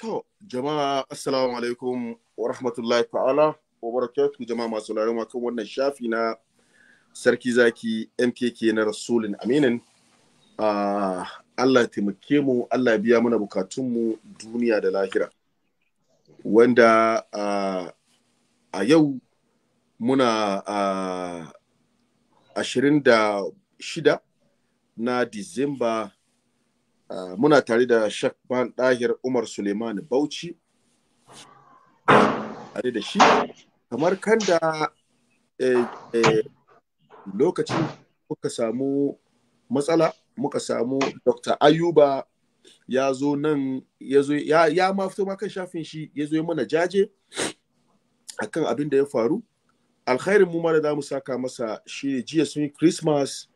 To, jama'a assalamu alaikum wa rahmatullahi ta'ala wa barakatuhu jama'a masu larama kan wannan shafi na sarki zaki MKK na Rasulun Aminin. Uh, Allah taimake mu, Allah biya mana bukatunmu duniya da lahira. Wanda ah, a yau muna a ah, ashirin da shida na Disamba Eh, muna tare da shakban ɗahir umar suleiman bauchi tare da shi kamar kan da eh, eh, lokacin muka samu matsala muka samu dr ayuba ya zo nan ya, ya ma fito ma kan shafin shi ya zo mana jaje akan abin da ya faru alkhairin mu ma da za mu saka masa shi jiya sun yi christmas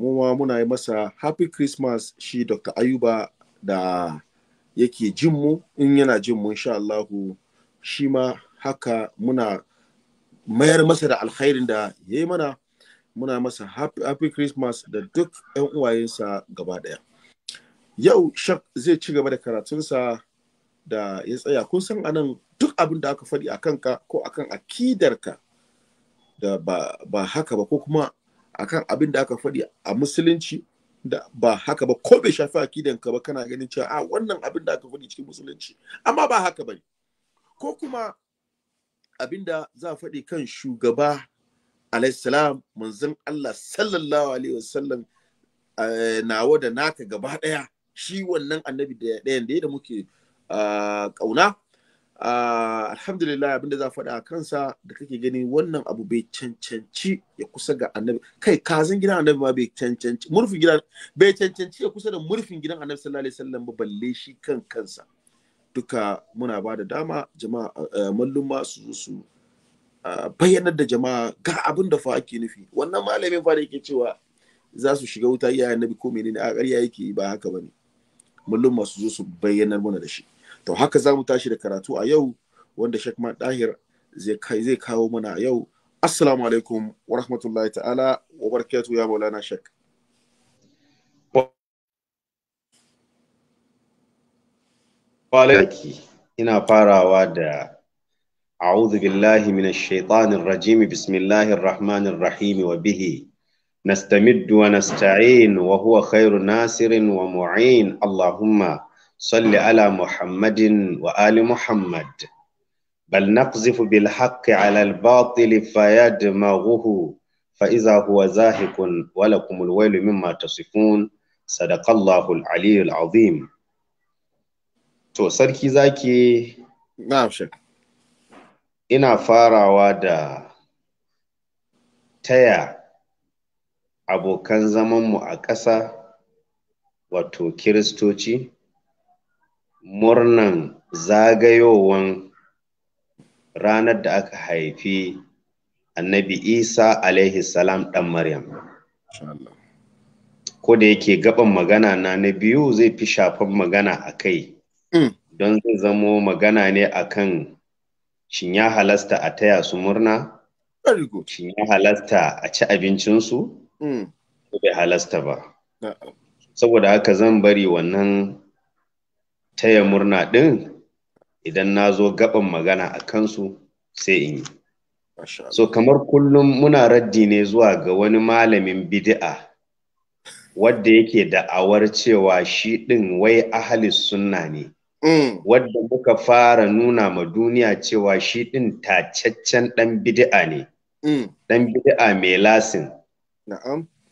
mu ma muna yi masa happy christmas shi dr ayuba da yake jin mu in yana jin mu insha Allahu shi ma haka muna mayar masa da alkhairin da ya yi mana muna masa happy, happy christmas da duk 'yan uwayensa gaba daya yau shak zai ci gaba da karatunsa da ya tsaya kun san anan duk abin da aka faɗi a kanka ko akan akidarka da ba, ba haka ba ko kuma akan abin da aka faɗi a musulunci da ba haka ba ko bai shafi akidan ka ba kana ganin cewa a ah, wannan abin da aka faɗi cikin musulunci amma ba haka ba ko kuma abin da za a faɗi kan shugaba alaihissalam manzon Allah sallallahu alaihi wasallam eh, nawa da naka gaba ɗaya shi wannan annabi da ɗayan da muke ah, ƙauna Ah, alhamdulillah abinda za faɗa a kansa da kake gani wannan abu bai cancanci ya kusa ga annabi kai kazan gidan annabi ma bai cancanci murfin gidan bai cancanci ya kusa da murfin gidan annabi sallallahu alaihi wasallam ba balle shi kan kansa duka muna ba da dama jama'a eh, ma su zo su ah, bayyanar da jama'a ga abin da fa ake nufi wannan malamin fa da yake cewa za su shiga wuta iyayen annabi ko menene a ƙarya yake ba haka bane ne su zo su bayyanar mana da shi to haka za mu tashi da karatu a yau wanda Sheikh Man Dahir zai kawo mana a yau assalamu alaikum wa rahmatullahi ta'ala wa barakatuh ya maulana Sheikh Walaki ina farawa da أعوذ بالله من الشيطان الرجيم بسم الله الرحمن الرحيم وبه نستمد ونستعين وهو خير ناصر ومعين اللهم صل على محمد وآل محمد بل نقذف بالحق على الباطل فيدمغه فإذا هو زاهق ولكم الويل مما تصفون صدق الله العلي العظيم to sarki zaki na'am shek ina farawa da taya abokan zamanmu a ƙasa wato kiristoci murnan zagayowan ranar da aka haifi annabi isa alaihi salam ɗan maryam ko da yake gaban magana na na biyu zai fi shafan magana a kai mm. don zai zamo magana ne akan shin ya halasta a taya su murna shin ya halasta a ci abincinsu mm. ko bai halasta ba saboda haka zan bari wannan taya murna ɗin idan na zo gaban magana a kansu sai in yi. So kamar kullum muna raddi ne zuwa ga wani malamin bid'a wadda yake da'awar cewa shi ɗin wai ahalis sunna ne. Mm. Wadda muka fara nuna ma duniya cewa shi ɗin tacaccen ɗan bid'a ne. Ɗan mm. mai lasin.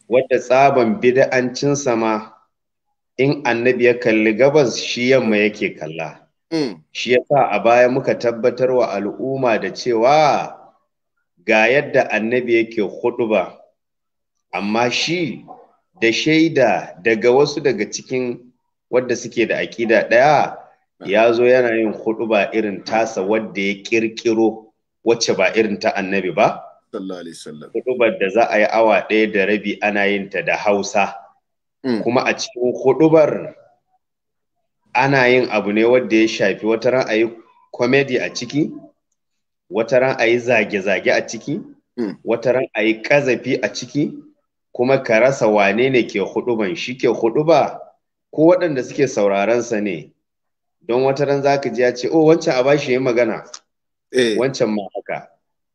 Wadda tsaban bid'ancinsa sama. in annabi ya kalli gabas shi yamma yake kalla mm. shi ya sa a baya muka tabbatar wa al'umma da cewa ga yadda annabi yake huɗuba amma shi da shaida daga wasu daga cikin wadda suke da aƙida ɗaya ya zo yana yin huɗuba irin tasa wadda ya ƙirƙiro wacce ba irin ta annabi ba huɗubar da za a yi awa ɗaya da rabi ana yin ta da hausa Mm. kuma a cikin hudubar ana yin abu ne wadda ya shafi wata ran a yi komedi a ciki wata ran a yi zage-zage a ciki mm. wata ran a yi kazafi a ciki kuma ka rasa wane ne ke huduban shi ke huduba ko waɗanda suke saurarensa ne don wata ran za ka ji ya ce o oh, wancan a bashi yi magana eh. wancan ma haka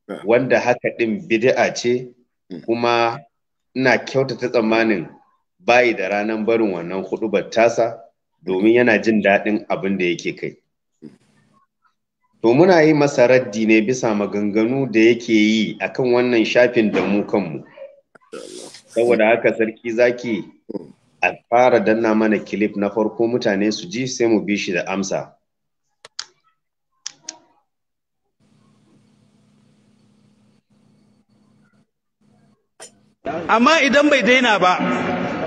eh. wanda haka ɗin bid'a ce mm. kuma ina kyautata tsammanin bayi da ranar barin wannan hudubar tasa domin yana jin daɗin abin da yake kai to muna yi masaraddi ne bisa maganganu da yake yi akan wannan shafin da mu kanmu saboda haka sarki zaki a fara danna mana kilif na farko mutane su ji sai mu bi shi da amsa amma idan bai daina ba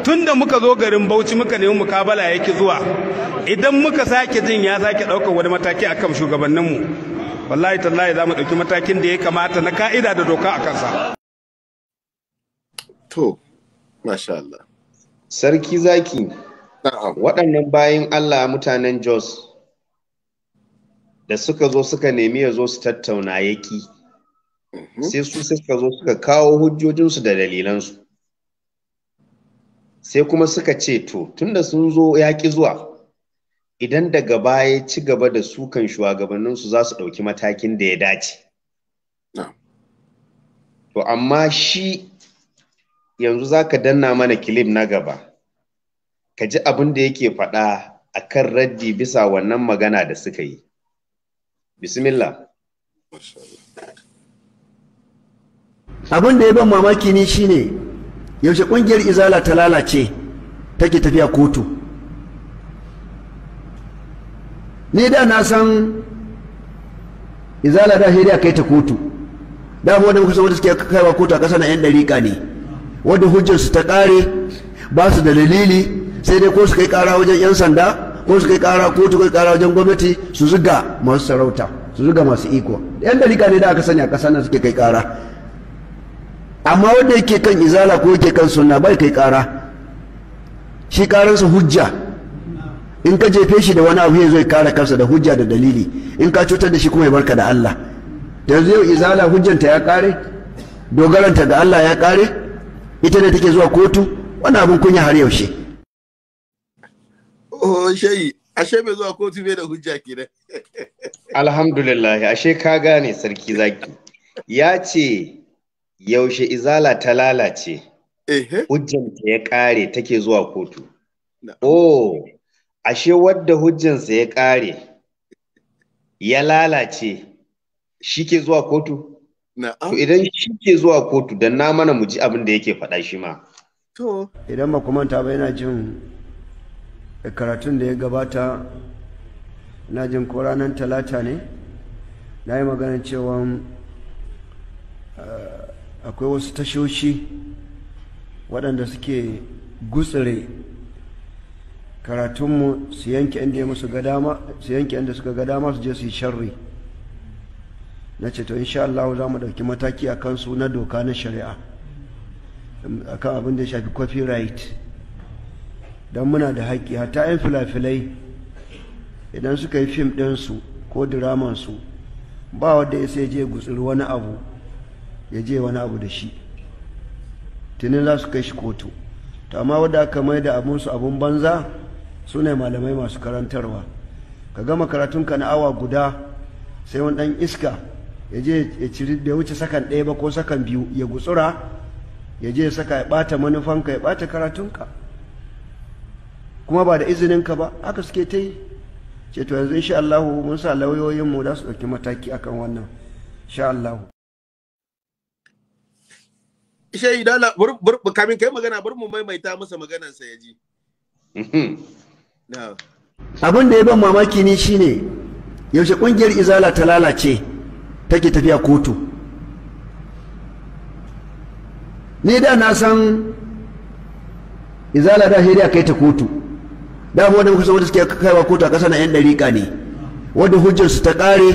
Tun da muka zo garin Bauchi muka nemi mukabala yake zuwa idan muka sake jin ya sake daukar wani mataki akan shugabanninmu wallahi tallahi za mu dauki matakin da ya kamata na ka'ida da doka a kansa to masha Allah sarki zaki waɗannan bayin Allah mutanen Jos da suka zo suka nemi ya zo su tattauna yaki mhm. sai su suka zo suka kawo hujjojinsu da dalilansu sai kuma suka ce to tunda sun zo ya ki zuwa idan daga baya ci gaba da sukan su za su ɗauki matakin da ya dace to amma shi yanzu za ka danna mana kilif na gaba ka ji abin da yake faɗa a kan raddi bisa wannan magana da suka yi bismillah abin da ya ban mamaki ne shine yaushe ƙungiyar izala ta lalace take tafiya kotu ni da na san izala da shi da kai ta kotu da mu wanda muka san wanda suke kaiwa kotu a ƙasa na 'yan dariƙa ne wanda hujjarsu ta ƙare ba su da dalili sai dai ko su kai ƙara wajen 'yan sanda ko su kai ƙara kotu kai ƙara wajen gwamnati su zuga masu sarauta su zuga masu iko 'yan dariƙa ne da aka sani a ƙasa na suke kai ƙara amma wanda yake kan izala ko yake kan sunna bai kai kara shi karansa hujja in ka jefe shi da wani abu ya ya kare kansa da hujja da dalili in ka cutar da shi kuma ya barka da Allah yanzu yau izala hujjanta ya kare dogaranta ga Allah ya kare ita ne take zuwa kotu wani abin kunya har yaushe oh shayi ashe bai zuwa kotu bai da hujja kenan alhamdulillah ashe ka gane sarki zaki ya ce yaushe izala ta lalace hujjanta ya ƙare take zuwa kotu oh ashe wadda hujjansa ya ƙare ya lalace shi ke zuwa kotu to idan shi ke zuwa kotu dan na mana mu ji abin da yake faɗa shi ma to idan ba manta ba yana jin karatun da ya gabata na jin ko ranar talata ne na yi maganin cewa eh, akwai wasu tashoshi waɗanda suke gutsire karatunmu su yanke inda musu ga su yanke inda suka ga dama su je su yi sharri na ce to insha Allah za mu ɗauki mataki a kansu na doka na shari'a akan abin da ya shafi copyright don muna da haƙƙi hatta 'yan filafilai idan suka yi fim ɗinsu ko diramansu ba wadda ya sai je gutsiri wani abu ya je wani abu da shi tunin za su kai shi kotu to amma wadda aka mai da abinsu abin banza su ne malamai masu karantarwa ka gama karatunka na awa guda sai wani dan iska ya je ya ciri da wuce sakan ɗaya ba ko sakan biyu ya gutsura ya je ya saka ya ɓata manufanka ya ɓata karatunka kuma ba da izininka ba haka suke ta yi ce to yanzu insha Allah mun sa lauyoyinmu za su ɗauki mataki akan wannan insha Allah shayi dala kamin kai magana bari mu maimaita masa maganar sa yaji mhm. abin da ya ban mamaki ne shine yaushe kungiyar izala ta lalace take tafiya kotu ni da na san izala da shari'a kai ta kotu da wanda muka san wanda suke kaiwa kotu a ƙasa na yan dariƙa ne wanda su ta ƙare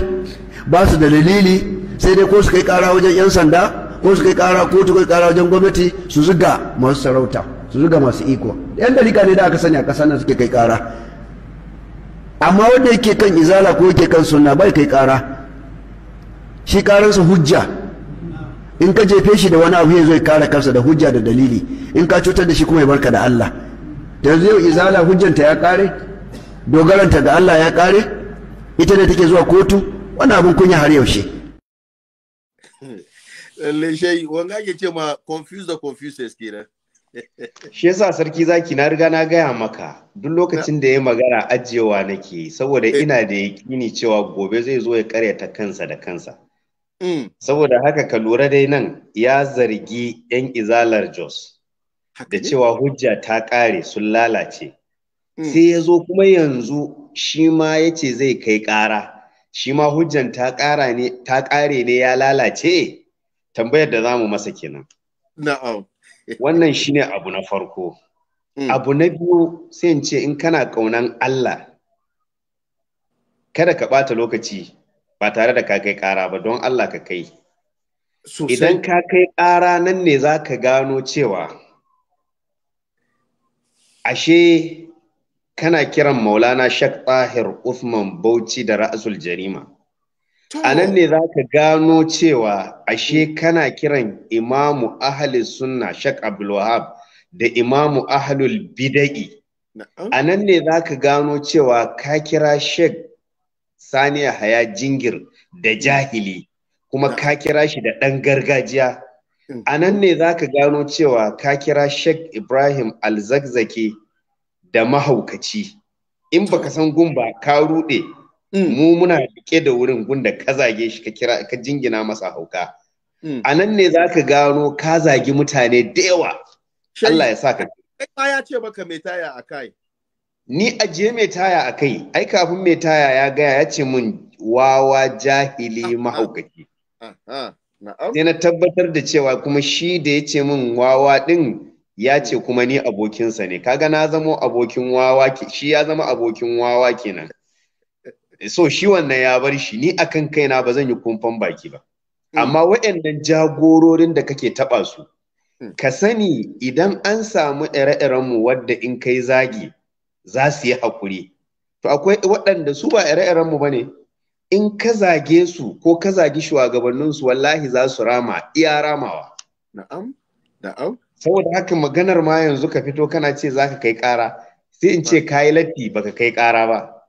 ba su da dalili sai dai ko su kai ƙara wajen yan sanda ko su kai kara ko su kai kara wajen gwamnati su zuga masu sarauta su zuga masu iko yan dalika ne da aka sani a ƙasa nan suke kai kara amma wanda yake kan izala ko yake kan sunna bai kai kara shi karansa hujja in ka jefe shi da wani abu ya zo ya kare kansa da hujja da dalili in ka cutar da shi kuma ya barka da Allah yanzu yau izala hujjanta ya kare dogaranta ga Allah ya kare ita ne take zuwa kotu wani abin kunya har yaushe Lalle wanga ke ce ma confuse confuses nan. Shi yasa sarki zaki na riga na gaya maka duk lokacin da ya magana ajiyewa nake saboda eh. ina da yakini cewa gobe zai zo ya karyata kansa da kansa. Mm. Saboda haka ka lura dai nan ya zargi 'yan izalar Jos da cewa hujja ta ƙare sun lalace. Mm. Sai ya zo kuma yanzu shi ma ya ce zai kai ƙara, shi ma hujjan ta ƙare ne ya lalace. tambayar da za mu masa kenan na'am wannan shine abu na farko mm. abu na biyu sai in ce in kana ƙaunan Allah kada ka ɓata lokaci ba tare da ka kai ƙara ba don Allah ka kai idan ka kai ƙara nan ne za ka gano cewa ashe kana kiran maulana shak tahir Uthman Bauchi da ra'asul jarima a nan ne za ka gano cewa ashe kana kiran imamu ahalin sunna shak abdulwahab da imamu ahalul bida'i a nan ne za ka gano cewa ka kira shek saniya haya jingir da jahili kuma ka kira shi da ɗan gargajiya mm. a nan ne za ka gano cewa ka kira shek ibrahim alzakzaki da mahaukaci in baka san gumba ka ruɗe Mm. mu muna rike da wurin gunda ka zage shi ka kira ka jingina masa hauka mm. a nan ne za ka gano ka zagi mutane da yawa Allah ya sa ka kai ya ce maka mai taya a kai ni ajiye mai taya a kai ai kafin mai taya ya gaya ya ce mun wawa jahili ah, ah. mahaukaci sai na tabbatar da cewa kuma shi da ya ce min wawa din ya ce mm. kuma ni abokinsa ne kaga na zamo abokin wawa shi ya zama abokin wawa kenan so shi wannan ya bar shi ni akan kaina ba zan yi kumfan baki ba hmm. amma waɗannan jagororin da kake taɓa su hmm. ka sani idan an samu ire-irenmu wadda in kai zagi za su yi haƙuri to akwai waɗanda su ba ire-irenmu ba ne in ka zage su ko ka zagi shugabanninsu wallahi za su rama iya ramawa na'am na'am saboda haka maganar ma yanzu ka fito kana ce za ka kai ƙara sai in ce ka yi latti baka kai ƙara ba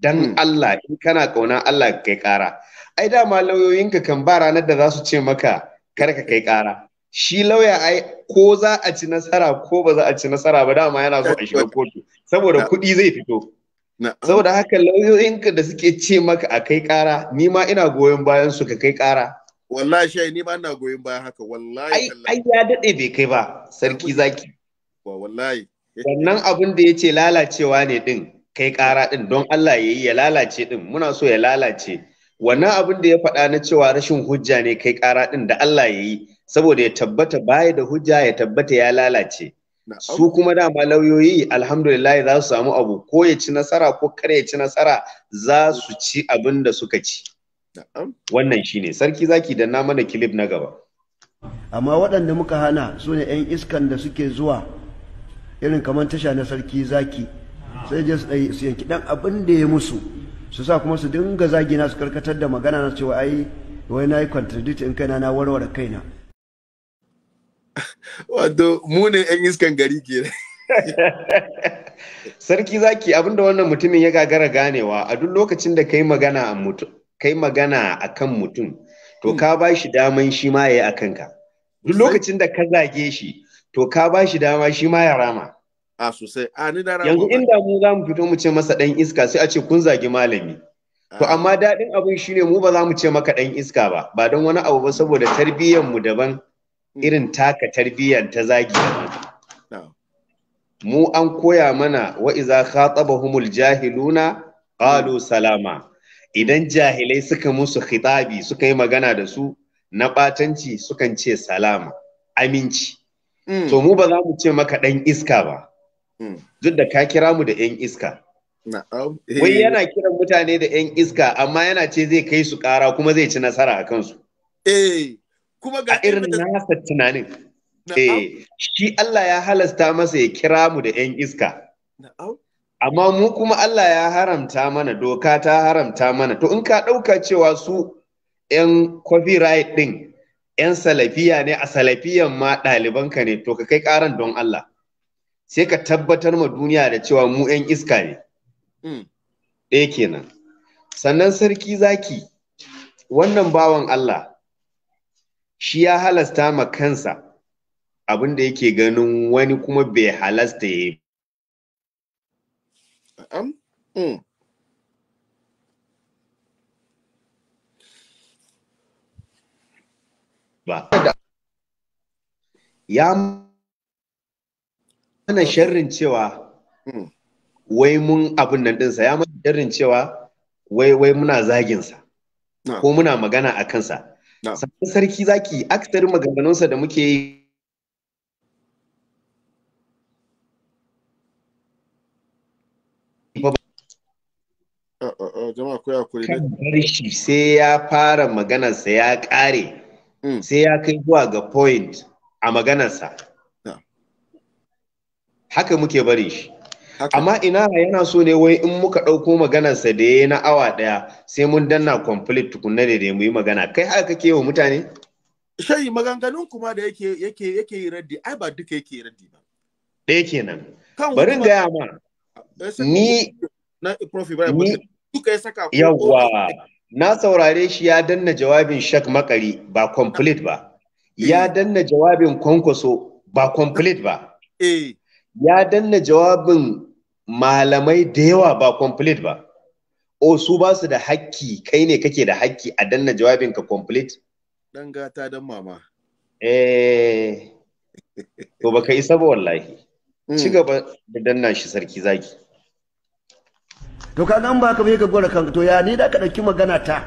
dan hmm. Allah in kana kauna Allah Ka kai kara ai da lauyoyin lauyoyinka kan ba ranar da za su ce maka kar ka kai kara shi lauya ai ko za a ci nasara ko ba za a ci nasara ba dama yana so a shiga kotu saboda kuɗi zai fito saboda haka lauyoyinka da suke ce maka a kai kara ni ma ina goyon bayan su ka kai kara wallahi shai ni ba ina goyon bayan haka wallahi ai ya dade bai kai ba sarki zaki wallahi wannan abin da ce lalacewa ne din kai kara ɗin don Allah ya yi ya lalace din muna so ya lalace wannan abin da ya faɗa na cewa rashin hujja ne kai kara ɗin da Allah ya yi saboda ya tabbata baya da hujja ya tabbata ya lalace su kuma dama lauyoyi alhamdulillah za su samu abu ko ya ci nasara ko kar ya ci nasara za su ci abin da suka ci wannan shine sarki zaki da na mana kilif na gaba amma waɗanda muka hana su ne 'yan iskan da suke zuwa irin kamar tasha na sarki zaki sai je su ɗaya su yanki ɗan abin da ya musu su sa kuma su dinga zagi na su karkatar da magana na cewa ai wai na yi contradict in kaina na warware kaina wato mu ne yan iskan gari ke sarki zaki abinda wannan mutumin ya gagara ganewa a duk lokacin da kai magana a mutum kai magana kan mutum to ka ba shi daman shi ma ya yi a kanka duk lokacin da ka zage shi to ka ba shi dama shi ma ya rama a sosai a ni dara yanzu inda mu za mu fito mu ce masa dan iska sai a ce kun zagi malami to ah. amma daɗin abin shine mu ba za mu ce maka dan iska ba ba don wani abu ba saboda tarbiyyar mu daban hmm. irin taka tarbiyyar ta zagi daban mu an koya mana wa iza khatabahumul jahiluna qalu hmm. salama idan jahilai suka musu khitabi suka yi magana da su na batanci sukan ce salama aminci hmm. to mu ba za mu ce maka dan iska ba Hmm. duk da ka kira mu da 'yan iska wai eh. yana kiran mutane da 'yan iska amma yana ce zai kai su ƙara kuma zai ci nasara a kansu eh kuma ga irin nasa tunanin eh shi Allah ya halasta masa ya kira mu da 'yan iska amma mu kuma Allah ya haramta mana doka ta haramta mana to in ka ɗauka cewa su 'yan copyright ɗin 'yan salafiya ne a salafiyan ma ɗalibanka ne to ka kai ƙaran don Allah sai ka tabbatar ma duniya da cewa mu 'yan iska ne mm. ɗaya kenan sannan sarki zaki wannan bawan Allah shi ya halasta ma kansa abin da yake ganin wani kuma bai halasta ya yi ba mm. ya mana sharrin cewa hmm. wai mun abin nan dinsa ya mana sharrin cewa wai wai muna zaginsa ko muna magana a kansa sannan sarki zaki aksarin maganganunsa da muke yi uh, uh, uh, sai ya fara maganarsa ya kare, hmm. sai ya kai zuwa ga point a maganarsa haka muke barin shi amma ina yana so ne wai in muka ɗauko maganarsa da ya na awa ɗaya sai mun danna complete tukunna da da mu yi magana kai haka kake wa mutane shayi maganganun kuma da yake yake yake yi raddi ai ba duka yake yi raddi ba ɗaya kenan bari ya ma eh, ni na profi ba duka ya saka yawa na saurare shi ya danna jawabin shak makari ba complete ba ya eh. danna jawabin kwankwaso ba complete ba eh ya danna jawabin malamai da yawa ba complete ba o su ba su da hakki kai ne kake da hakki a danna jawabin ka complete dan gata dan mama eh to baka isa ba wallahi mm. ci gaba da danna shi sarki zaki to ka ga ba ka bai ka gora kanka to ya ni da ka dauki magana ta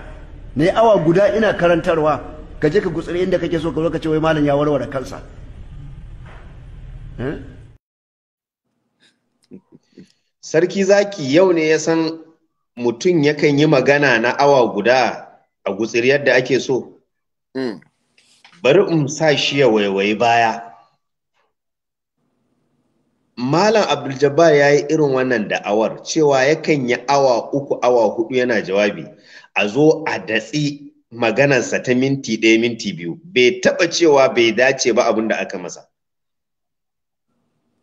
ne awa guda ina karantarwa ka je ka gutsure inda kake so ka zo ka ce wai malam ya warware kansa eh Sarki zaki yau ne ya san mutum yakan yi magana na awa guda a gutsir yadda ake so. Hmm. Bari in sa shi ya waiwayi baya. Malam abdul ya yi irin wannan da'awar cewa yakan yi awa uku awa hudu yana jawabi a zo a datsi maganarsa ta minti ɗaya minti biyu bai taɓa cewa bai dace ba abin da aka masa.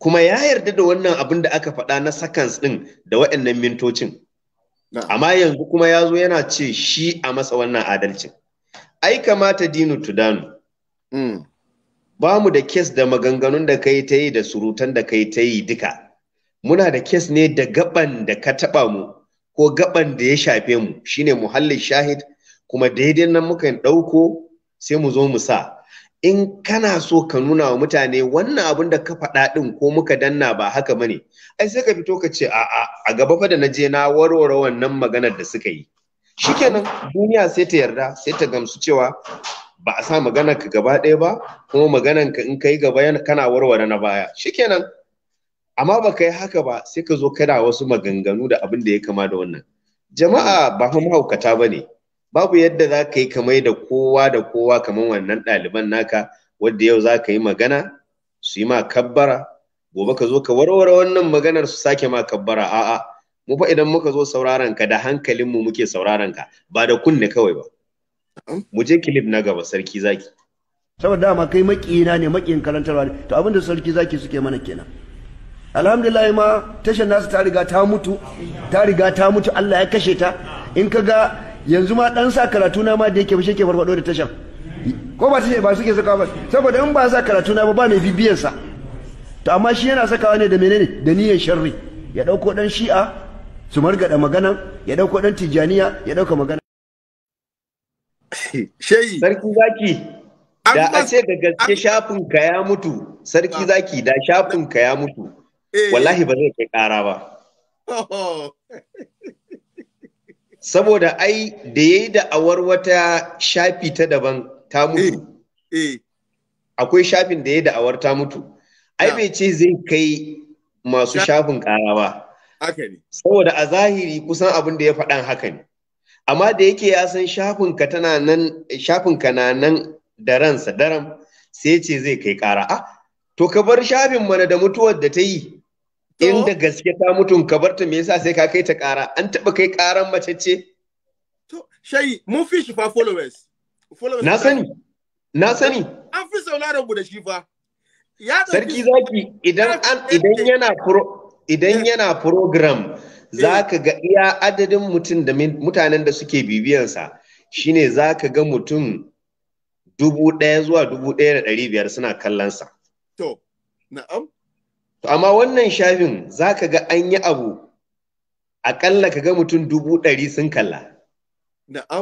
kuma ya yarda da wannan abin da aka faɗa na seconds ɗin da waɗannan mintocin amma yanzu kuma ya zo yana ce shi a masa wannan adalcin ai kamata dinu tudanu hmm. ba mu da kes da maganganun da kai ta yi da surutan da kai ta yi duka muna da kes ne da gaban da ka taɓa mu ko gaban da ya shafe mu shine muhallin shahid kuma daidai nan muka ɗauko sai mu zo mu sa in kana so ka nuna wa mutane wannan abin da ka faɗa ɗin ko muka danna ba haka ba ne ai sai ka fito ka ce a a gaba fa da na je na warware wannan maganar da suka yi shikenan duniya sai ta yarda sai ta gamsu cewa ba a sa maganar ka gaba ɗaya ba kuma maganar ka in ka yi gaba kana warware na baya shikenan amma ba ka yi haka ba sai ka zo kada wasu maganganu da abin da ya kama da wannan jama'a ba fa mahaukata ba ne babu yadda za ka yi kamai da kowa da kowa kamar wannan ɗaliban naka wadda yau za ka yi magana su yi ma kabbara gobe ka zo ka warware wannan maganar su sake ma kabbara a'a mu fa idan muka zo sauraron ka da hankalin mu muke sauraron ka ba da kunne kawai ba mu je clip na gaba sarki zaki saboda dama kai makiyina ne makiyin karantarwa ne to abinda sarki zaki suke mana kenan alhamdulillah ma tashar nasu ta riga ta mutu ta riga ta mutu Allah ya kashe ta in ka ga yanzu ma dan sa karatu na ma da yake shi ke farfado da tashar. ko ba ba suke saka ba saboda in ba sa karatu na ba ba mai bibiyan sa to amma shi yana sakawa ne da menene da niyyar sharri ya dauko dan shi'a su margada magana ya dauko dan tijaniya ya dauka magana shayi sarki zaki da a ce da gaske shafin ka ya mutu sarki ah. zaki da shafin ka ya mutu eh. wallahi ba zai kai kara ba oh. saboda ai da ya yi da'awar wata shafi ta daban ta eh, mutu eh. akwai shafin da ya yi da'awar ta mutu ai bai ce zai kai masu shafin kara ba saboda a zahiri kusan abin da ya faɗan haka ne amma da yake ya san shafinka tana nan shafinka na nan da ransa daram sai ce zai kai ƙara a ah, to ka bar shafin mana da mutuwar da ta yi Inda gaske ta mutum ka ta me yasa sai ka kai ta kara An taba kai karan mace ce? To, shayi, mun fi shi fa followers. Na sani, na sani. An fi sauna da da shi fa. Sarki zaki idan an idan yana pro idan yana program eh. zaka ga iya adadin mutum da mutanen da suke bibiyan sa shine zaka ga mutum dubu ɗaya zuwa dubu ɗaya da ɗari biyar suna kallonsa. To, na'am. to amma wannan shafin za ka ga an yi abu akalla ka ga mutum dubu ɗari sun kalla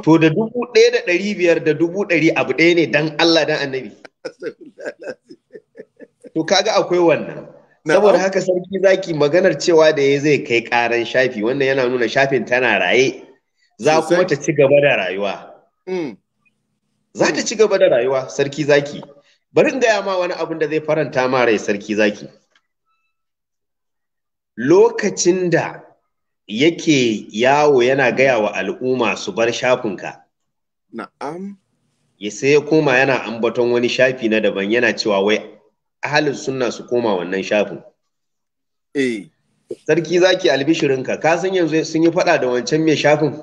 to da dubu ɗaya da ɗari biyar da dubu ɗari abu ɗaya ne dan Allah dan annabi to kaga akwai wannan saboda haka sarki zaki maganar cewa da ya zai kai ƙaran shafi wannan yana nuna shafin tana raye za kuma ta ci gaba da rayuwa mm. za ta ci gaba da rayuwa sarki zaki bari in gaya ma wani abin da zai faranta ma rai sarki zaki lokacin da yake yawo yana gaya wa al'umma su bar shafinka na'am ya sai ya koma yana ambaton wani shafi na daban yana cewa wai ahalin sunna su koma wannan shafin eh sarki zaki albishirinka ka san yanzu sun yi fada da wancan mai shafin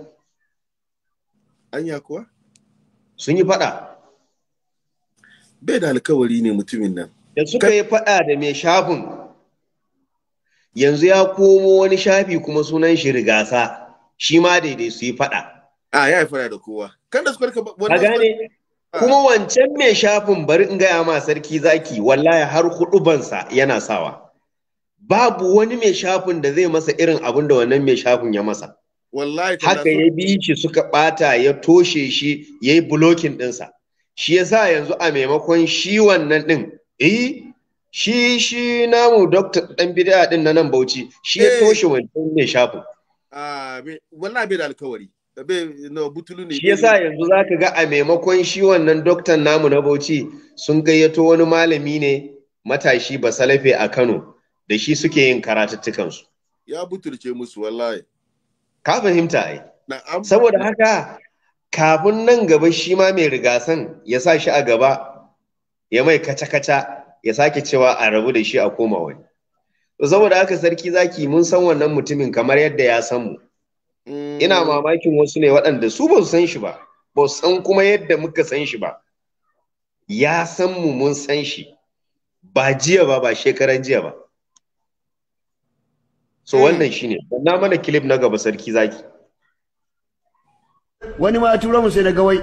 anya kuwa sun yi fada bai da alkawari ne mutumin nan da suka yi fada da mai shafin yanzu ya komo wani shafi kuma sunan shi rigasa shi ma daidai su yi faɗa. A ya yi faɗa da kowa. Kan da su gane? Kuma wancan mai shafin bari in gaya ma sarki zaki wallahi har bansa yana sawa. Babu wani mai shafin da zai masa irin abin da wannan mai shafin ya masa. haka ya bi shi suka ɓata ya toshe shi ya yi bulokin ɗinsa. Shi ya sa yanzu a maimakon shi wannan ɗin, eh shi shi namu doktor dan bid'a din na nan Bauchi shi ya eh. toshe wannan ne shafin a wallahi bai da alkawari Shi yasa yanzu za ka ga a maimakon shi wannan doktan namu na Bauchi sun gayyato wani malami ne matashi ba salafe a Kano da shi suke yin karatuttukansu. Ya butulce musu wallahi. Ka fahimta ai. Saboda haka kafin nan gaba shi ma mai rigasan ya sa shi a gaba ya mai kaca-kaca ya sake cewa a rabu da shi a koma wani to saboda haka sarki zaki mun san wannan mutumin kamar yadda ya san mu mm. ina mamakin wasu ne waɗanda su ba su san shi ba ba su san kuma yadda muka san shi ba ya san mu mun san shi ba jiya ba ba shekaran jiya ba so mm. wannan shine na mana clip na gaba sarki zaki wani ma ya tura mu sai da gawai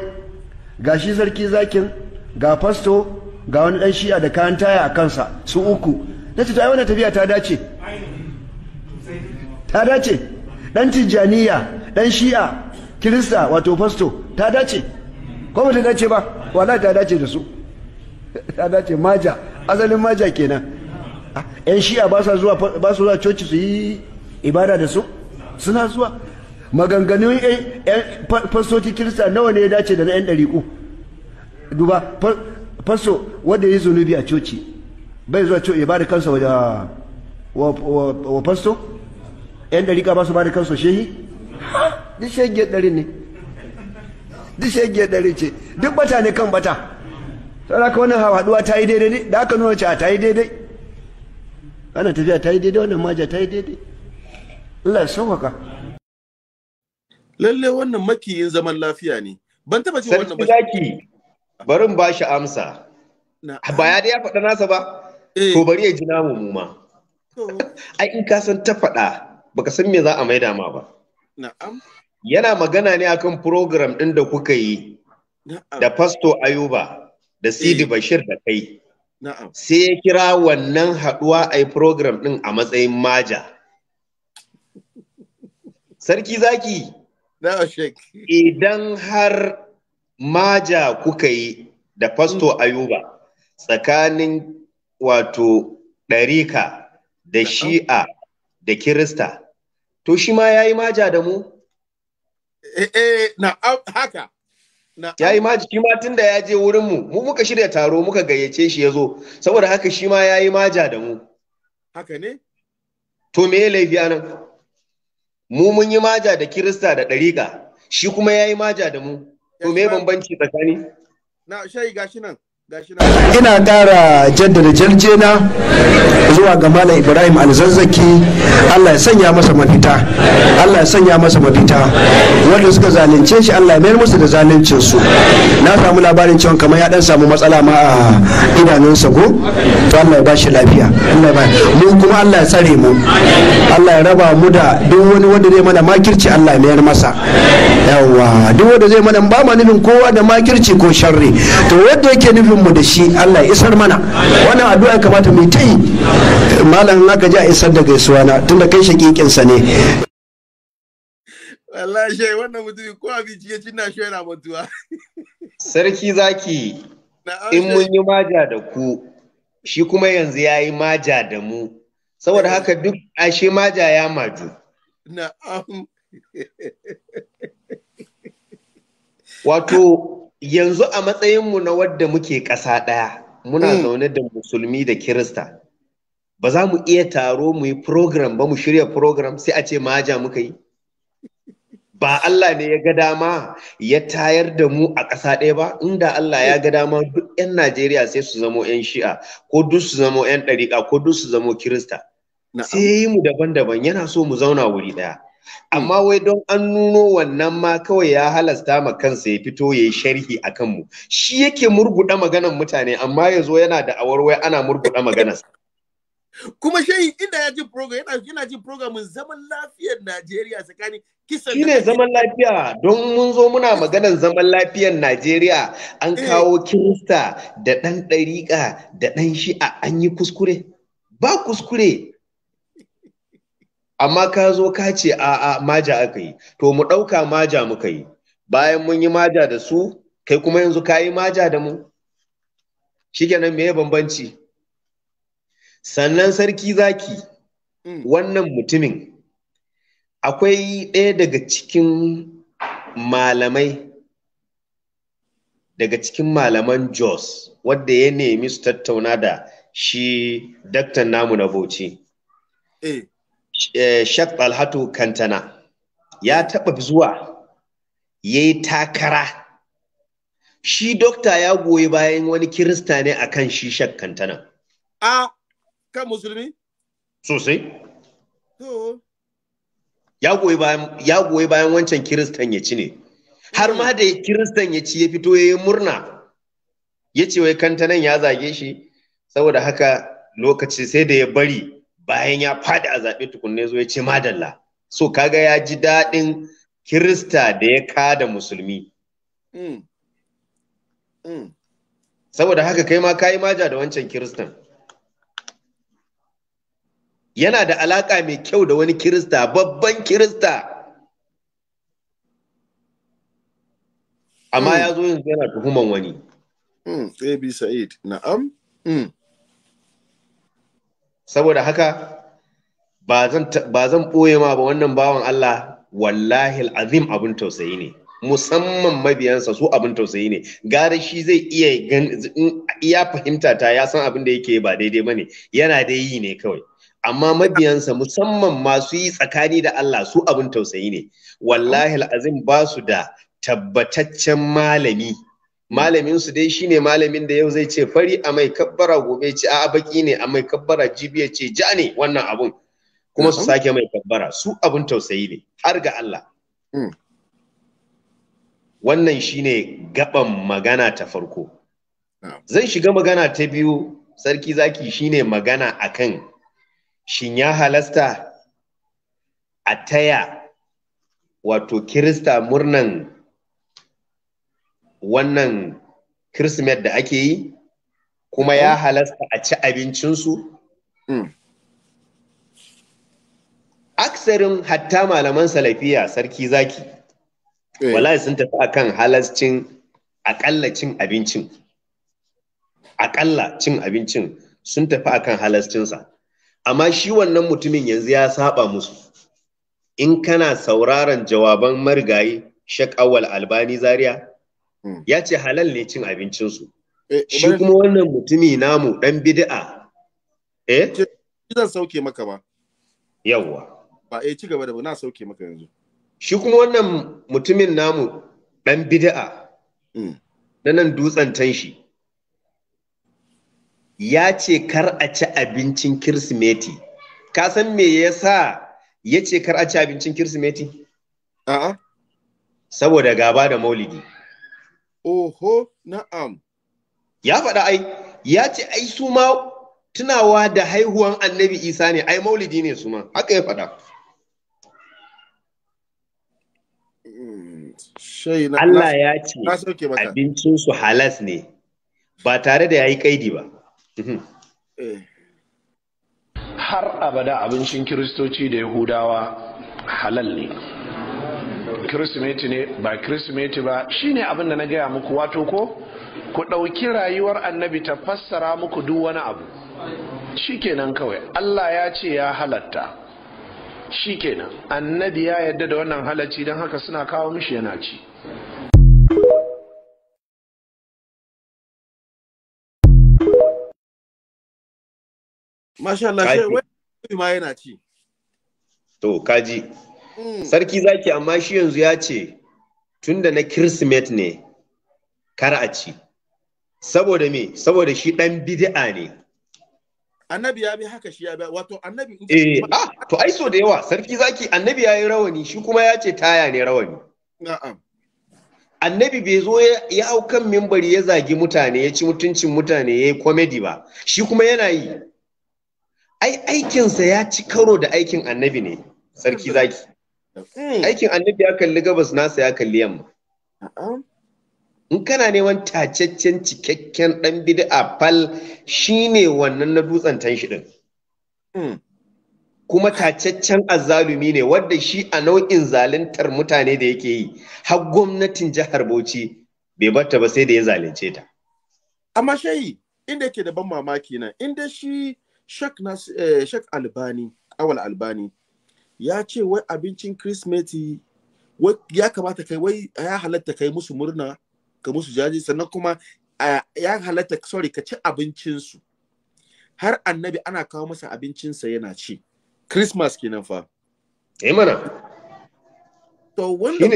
shi sarki zakin ga fasto ga wani dan shi'a da kayan taya a kansa su uku na ce ta ai wannan tafiya ta dace ta dace dan tijjaniya dan shi'a kirista wato fasto ta dace ko ba ta dace ba wala ta dace da su ta dace maja asalin maja kenan yan shi'a ba su zuwa coci su yi ibada da su suna zuwa maganganun fastoci kirista nawa ne ya dace da na yan ɗariƙu duba faso wanda ya zunubi a coci bai zuwa coci ya ba da kansa wa faso yan dariƙa ba su ba da kansa shehi duk shege ɗari ne duk shege ɗari ce duk bata ne kan bata saboda wannan haɗuwa ta yi daidai da aka nuna a ta yi daidai ana tafiya ta yi daidai wannan maja ta yi daidai Allah ya sauwaka lalle wannan makiyin zaman lafiya ne ban taba jin wannan ba barin ba shi amsa ba ya da ya faɗa nasa ba eh. to bari ya ji namu mu ma ai in ka san ta faɗa baka san me za a maida ma ba yana magana ne akan program ɗin da kuka yi da Fasto Ayuba da Sidi eh. Bashir da kai sai ya kira wannan haɗuwa a program ɗin a matsayin maja sarki zaki idan har maja kuka yi da fasto mm. ayuba tsakanin wato ɗarika da shi'a da kirista to shi ma ya yi maja da mu? eh eh na haka ya yi maja shi ma tun da ya je wurinmu mu muka shirya taro muka gayyace shi ya zo saboda haka shi ma ya yi maja da mu haka ne? to me ya laifi anan mu mun yi maja da kirista da ɗarika shi kuma ya yi maja da mu To me bambanci tsakani? Na shayi gashi nan. ina ƙara jaddada jarjena zuwa ga malam ibrahim alzazzaki allah ya sanya masa mafita allah ya sanya masa mafita wanda suka zalunce shi allah ya mayar musu da zaluncin su na samu labarin cewa kamar ya dan samu matsala ma a idanunsa ko to allah ya ba shi lafiya allah ba mu kuma allah ya tsare mu allah ya raba mu da duk wani wanda zai mana makirci allah ya mayar masa yawa duk wanda zai mana ba ma nufin kowa da makirci ko sharri to wanda yake nufin mu da shi Allah ya isar mana wannan addu'a ya kamata mu ta yi malam naka ji a isar da gaisuwa na tunda kai shakikin sa ne wallahi shi wannan mutum ko abin abinci ya cinna shi yana mutuwa sarki zaki in mun yi maja da ku shi kuma yanzu ya yi maja da mu saboda haka duk ashe maja ya maju na'am wato yanzu a matsayinmu na wadda muke ƙasa ɗaya muna hmm. zaune da musulmi da kirista ba za mu iya taro mu yi program ba mu shirya program sai a ce maja muka yi ba Allah ne ya ga dama ya tayar da mu a ƙasa ɗaya ba inda Allah ya ga dama duk 'yan Najeriya sai su zamo 'yan shi'a ko duk su zamo 'yan ɗariƙa ko duk su zamo kirista sai ya yi mu daban-daban yana so mu zauna wuri ɗaya amma wai don an nuno wannan ma kawai ya halasta ma kansa ya fito ya yi sharhi a kanmu shi yake murguɗa maganan mutane amma ya zo yana da awarwai ana murguɗa maganarsa kuma shi inda ya ji program yana yana ji programin zaman lafiyar Najeriya tsakanin kisan shine zaman lafiya don mun zo muna maganan zaman lafiyar Najeriya an eh. kawo kirista da ɗan ɗariƙa da ɗan shi'a an yi kuskure ba kuskure amma ka zo ka ce a a maja aka yi to mu ɗauka maja muka yi bayan mun yi maja da su kai kuma yanzu ka yi maja da mu shikenan me bambanci sannan sarki zaki mm. wannan mutumin akwai ɗaya daga cikin malamai daga cikin malaman jos wadda ya nemi su tattauna da shi daktan namu na bauchi eh. Eh, Sheikh Talhatu Kantana ya taɓa zuwa ya yi takara shi dokta ya goyi bayan wani kirista ne a kan shi Sheikh Kantana. A kan musulmi? Sosai. Ya goyi bayan wancan kiristan ya ci ne. Har ma da kiristan ya ci ya fito ya yi murna. Ya ce wai kantanan ya zage shi saboda haka lokaci sai da ya bari bayan ya faɗi a zaɓe tukunne zo ya ce madalla so kaga ya ji daɗin kirista da ya kada musulmi mm. Mm. saboda haka kai ma kayi maja da wancan kiristan yana da alaƙa mai kyau da wani kirista babban kirista amma mm. ya zo yanzu yana tuhuman wani. Mm, na'am? saboda haka ba zan ɓoye ma ba wannan bawan Allah wallahi azim abin tausayi ne musamman mabiyansa su abin tausayi ne gara shi zai iya iya fahimta ta ya san abin da yake ba daidai bane yana da yi ne kawai amma mabiyansa musamman masu yi tsakani da Allah su abin tausayi ne wallahi azim ba su da tabbataccen malami malamin su dai shine malamin da yau zai ce fari a mai kabbara gobe ce a'a baki ne a mai kabbara jibiya ce ja ne wannan abun kuma su sake mai kabbara su abun tausayi ne har ga Allah hmm. wannan shine gaban magana ta farko zan shiga magana ta biyu sarki zaki shine magana akan shin ya halasta a taya wato kirista murnan wannan kirsimet da ake yi kuma ya mm-hmm. halasta a ci abincinsu mm. aksarin hatta malaman salafiya sarki zaki eh. wallahi sun tafi akan halascin akalla cin abincin akalla cin abincin sun tafi akan halascinsa amma shi wannan mutumin yanzu ya saba musu in kana sauraron jawaban marigayi Sheikh Awal Albani Zaria Hmm. ya ce halal ne cin abincinsu eh, shi kuma wannan mutumi namu dan bid'a eh zan sauke maka ba yawwa ba eh ci gaba da ba na sauke maka yanzu shi kuma wannan mutumin namu dan bid'a hmm. na nan dutsen tan shi ya ce kar a ci abincin kirsimeti ka san me yasa ya ce kar a ci abincin kirsimeti a'a saboda gaba da maulidi Oho, na'am. Ya faɗa ai, ya ce ai su ma tunawa da haihuwan annabi Isa ne, ai maulidi ne su ma, haka ya faɗa. Allah ya ce abincinsu halas ne, ba tare da ya yi kaidi ba. Mhm. Eh. Har abada abincin Kiristoci da Yahudawa halal ne. kirsimeti ne ba kirsimeti ba shine abin da na gaya muku wato ko ku ɗauki rayuwar annabi ta fassara muku duk wani abu shikenan kawai Allah ya ce ya halatta shikenan annabi ya yadda da wannan halacci don haka suna kawo mishi yana ci Masha Allah, shi ma yana ci. To, kaji. Mm. sarki zaki amma shi yanzu ya ce tunda na kirsimet ne kar a ci saboda me saboda shi dan bid'a ne annabi ya bi haka shi ya bi wato annabi eh ah to ai so da yawa sarki zaki annabi yayi rawani shi kuma ya ce taya ne rawani na'am annabi bai zo ya hau kan mimbari ya zagi mutane ya ci mutuncin mutane ya yi komedi ba shi kuma yana yi ai aikinsa ya ci karo da aikin annabi ne sarki zaki Hmm. Aikin annabi ya kalli gabas nasa ya kalli yamma. In kana neman tacaccen cikakken ɗan bid'a fal shi ne wannan na dutsen tan shi hmm. Kuma tacaccen azzalumi ne wadda shi a nau'in zaluntar mutane da yake yi har gwamnatin jihar Bauchi bai bata ba sai da ya zalunce ta. Amma shayi inda yake da ban mamaki nan inda shi Shak eh, Albani, awal Albani, ya ce wai abincin Kirsimeti ya kamata kai wai ya halatta kai musu murna ka musu jaji sannan kuma ya halatta sorry ka ci abincinsu har annabi ana kawo masa abincinsa yana ci Christmas kenan fa eh mana to wanda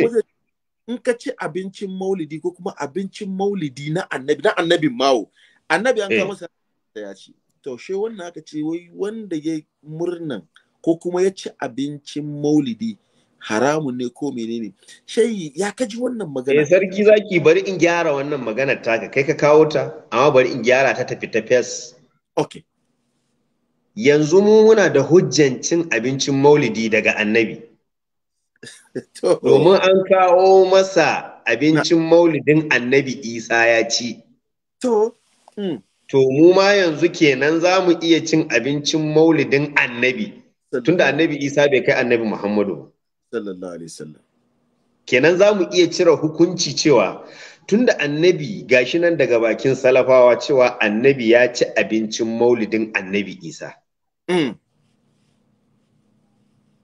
in ka ci abincin maulidi ko kuma abincin maulidi na annabi na annabin mawo annabi an kawo eh. masa ya ci to shi wannan aka ce wai wanda ya murnan ko kuma ya ci abincin maulidi haramu ne ko menene shayi ya kaji wannan magana eh sarki zaki bari in gyara wannan maganar taka kai ka kawo ta amma bari in gyara ta tafi ta fes yanzu mu muna da hujjan cin abincin maulidi daga annabi domin an kawo masa abincin maulidin annabi isa ya ci to hmm. to mu ma yanzu kenan za mu iya cin abincin maulidin annabi tunda annabi isa bai kai annabi muhammadu sallallahu alaihi wasallam kenan za mu iya cire hukunci cewa tunda annabi gashi nan daga bakin salafawa cewa annabi ya ci abincin maulidin annabi isa mm.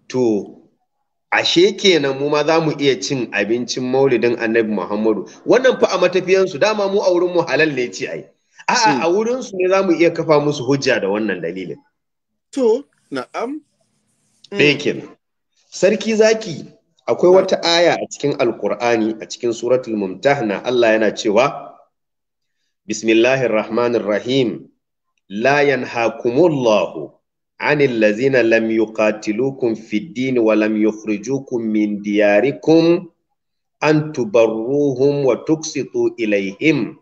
to ashe kenan mu ma za mu iya cin abincin maulidin annabi muhammadu wannan fa a matafiyansu dama mu a wurin mu halal ne ci ai a'a mm. a wurin su ne za mu iya kafa musu hujja da wannan dalilin to na'am Bekin. Mm. Sarki zaki akwai wata aya a cikin Alƙur'ani a cikin suratul Mumtahna Allah yana cewa Bismillahir Rahmanir Rahim la yanhakumullahu anil ladzina lam yuqatilukum fid din wa lam yukhrijukum min diyarikum an tubarruhum wa tuqsitu ilaihim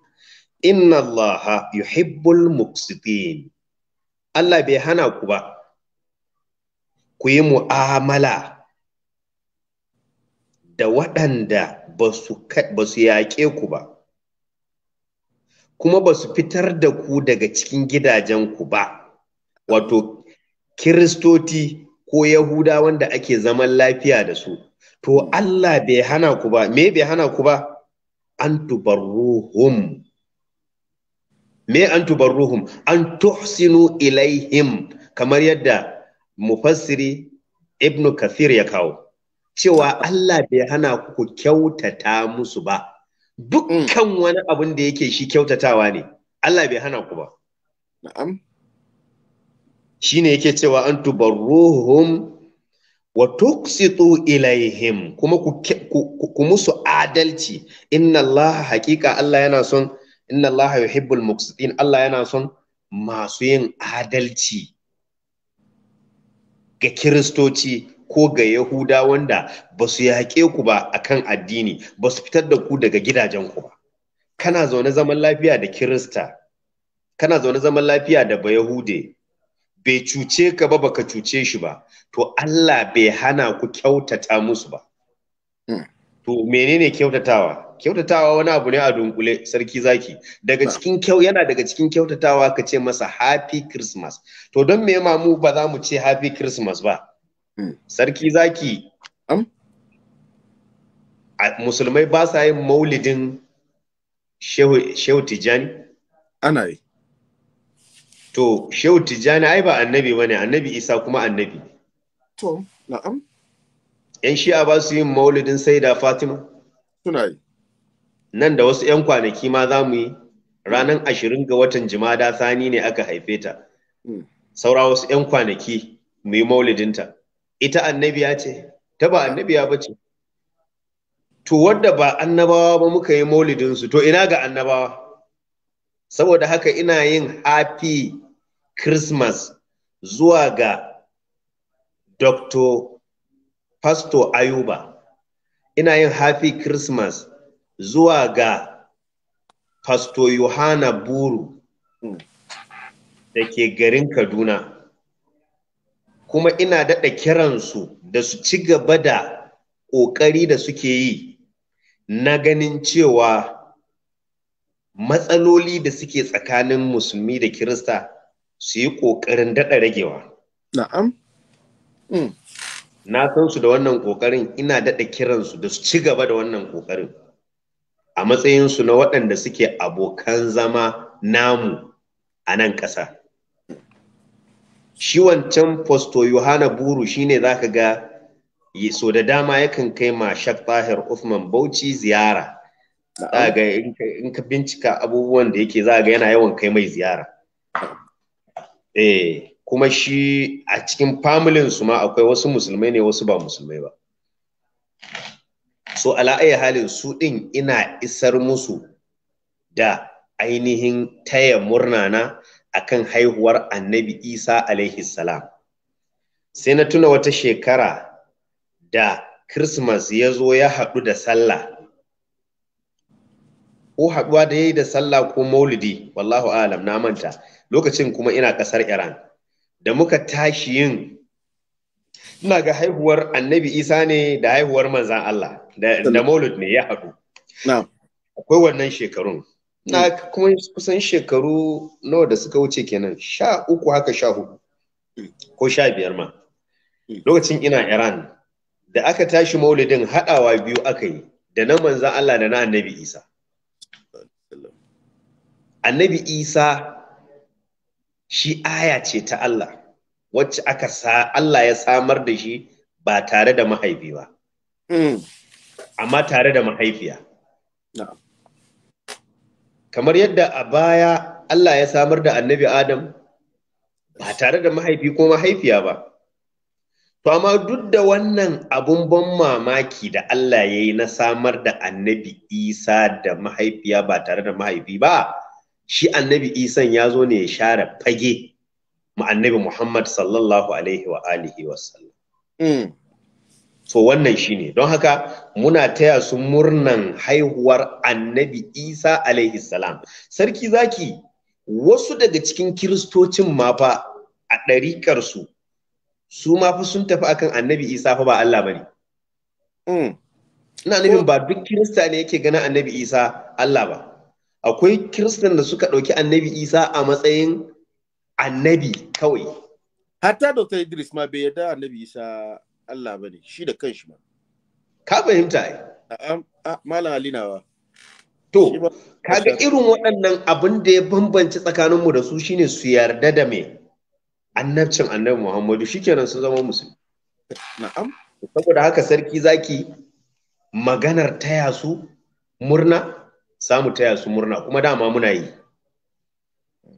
inna allaha yuhibbul muqsitin Allah bai hana ku ba ku yi mu'amala da waɗanda ba su yaƙe ku ba kuma ba su fitar da ku daga cikin gidajen ku ba wato kiristoci ko yahuda wanda ake zaman lafiya da su to Allah bai hana ku ba me bai hana ku ba an tubarruhum me an tubarruhum an tuhsinu ilaihim kamar yadda mufassiri Ibn kathir ya kawo cewa Allah bai hana ku kyautata musu ba dukkan mm. wani abun da yake shi kyautatawa ne Allah bai hana ku ba na'am shine yake cewa an tubarruhum wa tuqsitu ilaihim kuma ku, musu adalci inna Allah hakika Allah yana son inna Allah yuhibbul muqsitin Allah yana son masu yin adalci ga kiristoci ko ga yahuda wanda ba su yaƙe ku ba a kan addini ba su fitar da ku daga gidajen ku ba kana zaune zaman lafiya da kirista kana zaune zaman lafiya da ba yahude bai cuce ka ba baka cuce shi ba to Allah bai hana ku kyautata musu ba hmm. to menene kyautatawa kyautatawa wani abu ne a dunkule sarki zaki daga cikin kyau yana daga cikin kyautatawa ka ce masa happy christmas to don me ma mu ba za mu ce happy christmas ba hmm. sarki zaki musulmai ba sa yin maulidin shehu tijani ana yi to shehu tijani ai ba annabi bane annabi isa kuma annabi to na'am yan shi'a ba su yin maulidin sai da fatima suna yi nan da wasu 'yan kwanaki ma za mu yi ranar ashirin ga watan jimada sani ne aka haife ta hmm. saura wasu 'yan kwanaki mu yi maulidinta ita annabiya ce ta ba annabiya ba ce to wadda ba annabawa ba muka yi maulidinsu to ina ga annabawa saboda haka ina yin happy christmas zuwa ga dr pastor ayuba ina yin happy christmas zuwa ga Pasto Yohana Buru hmm. da ke garin Kaduna. Kuma ina daɗa kiransu da su ci gaba da ƙoƙari da suke yi na ganin cewa matsaloli da suke tsakanin musulmi da Kirista su yi ƙoƙarin daɗa ragewa. Na'am. Hmm. Na san su da wannan ƙoƙarin ina daɗa kiransu da su ci gaba da wannan ƙoƙarin. a matsayinsu na waɗanda suke abokan zama namu a nan ƙasa. Shi wancan Fosto Yohana Buru shi ne za ka ga so da dama yakan kai ma Shak Tahir Uthman Bauchi ziyara. Za ga in ka bincika abubuwan da yake za ga yana yawan kai mai ziyara. Eh, kuma shi a cikin familin ma akwai wasu musulmai ne wasu ba musulmai ba. so ala ayi halin su ɗin ina isar musu da ainihin taya murna na kan haihuwar annabi isa alaihi salam sai na tuna wata shekara da Christmas ya zo ya haɗu da sallah ko haɗuwa da ya da sallah ko maulidi wallahu alam na manta lokacin kuma ina ƙasar iran da muka tashi yin ina ga haihuwar annabi isa ne da haihuwar manzan Allah da maulud ne ya haɗu akwai wannan shekarun na hmm. kuma kusan shekaru nawa da suka wuce kenan sha uku haka sha hudu hmm. ko sha biyar ma hmm. lokacin ina iran da aka tashi maulidin haɗawa biyu aka yi da na manzan Allah da na annabi isa annabi isa shi aya ce ta Allah wacce aka sa Allah ya samar da shi ba tare da mahaifi ba hmm. amma tare da mahaifiya kamar yadda a baya Allah ya samar da annabi Adam ba tare da mahaifi ko mahaifiya ba To amma duk da wannan abun ban mamaki da Allah ya yi na samar da annabi Isa da mahaifiya ba tare da mahaifi ba, shi annabi Isan ya zo ne ya share fage ma annabi Muhammad sallallahu alaihi wa alihi wa sallam hmm. so wannan ne, don haka muna taya su murnan haihuwar annabi Isa alaihi salam sarki zaki wasu daga cikin kiristocin ma fa a ɗariƙarsu su ma fa sun tafi akan annabi Isa fa ba Allah bane mm. ina nufin ba duk kirista ne yake gana annabi Isa Allah ba akwai kiristan da suka ɗauki annabi Isa a matsayin annabi kawai hatta dr idris ma bai yarda annabi isa allah ba ne shi da kanshi ma ka fahimta yi. malam alinawa to kaga irin waɗannan abin da ya bambanci tsakaninmu da su shine su yarda da mai, annabcin annabi muhammadu shikenan su zama musulmi na'am saboda haka sarki zaki maganar taya su murna samu taya su murna kuma dama muna yi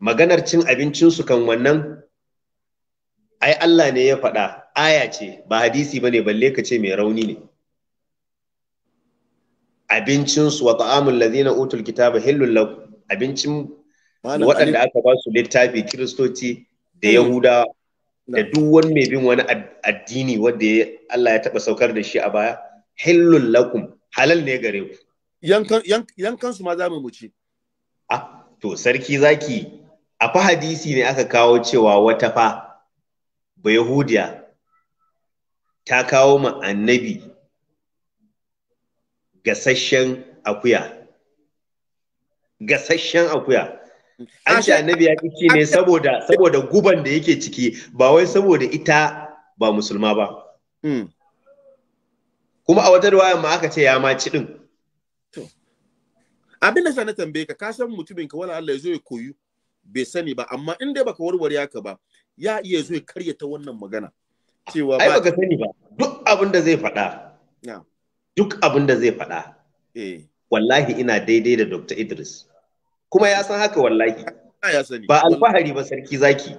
maganar cin abincinsu kan wannan ai Allah ne ya faɗa aya ce ba hadisi ba ne balle ka ce mai rauni ne abincinsu wa ta'amul ladina utul kitaba hillul lak abincin waɗanda aka ba su littafi kiristoci da hmm. yahuda da duk wani mai bin wani addini wanda Allah ya taɓa saukar da shi a baya hillul lakum halal ne gare ku yankan su ma za mu ci to sarki zaki a fa hadisi ne aka kawo cewa wata fa Yahudiya ta kawo ma annabi gasashen akuya Gasashen akuya an ce annabi ya kici ne saboda saboda guban da yake ciki ba wai saboda ita ba musulma ba hmm. kuma a wata ruwaya ma aka ce ya ma ci din abin da na tambaye ka ka san mutumin ka wala Allah ya zo ya koyu bai sani ba amma in dai baka warware haka ba ya iya zo ya karyata wannan magana cewa ba ai baka sani ba duk abin da zai faɗa duk abin da zai faɗa eh. wallahi ina daidai da Dr. Idris kuma ya san haka wallahi ah, ba alfahari ba sarki zaki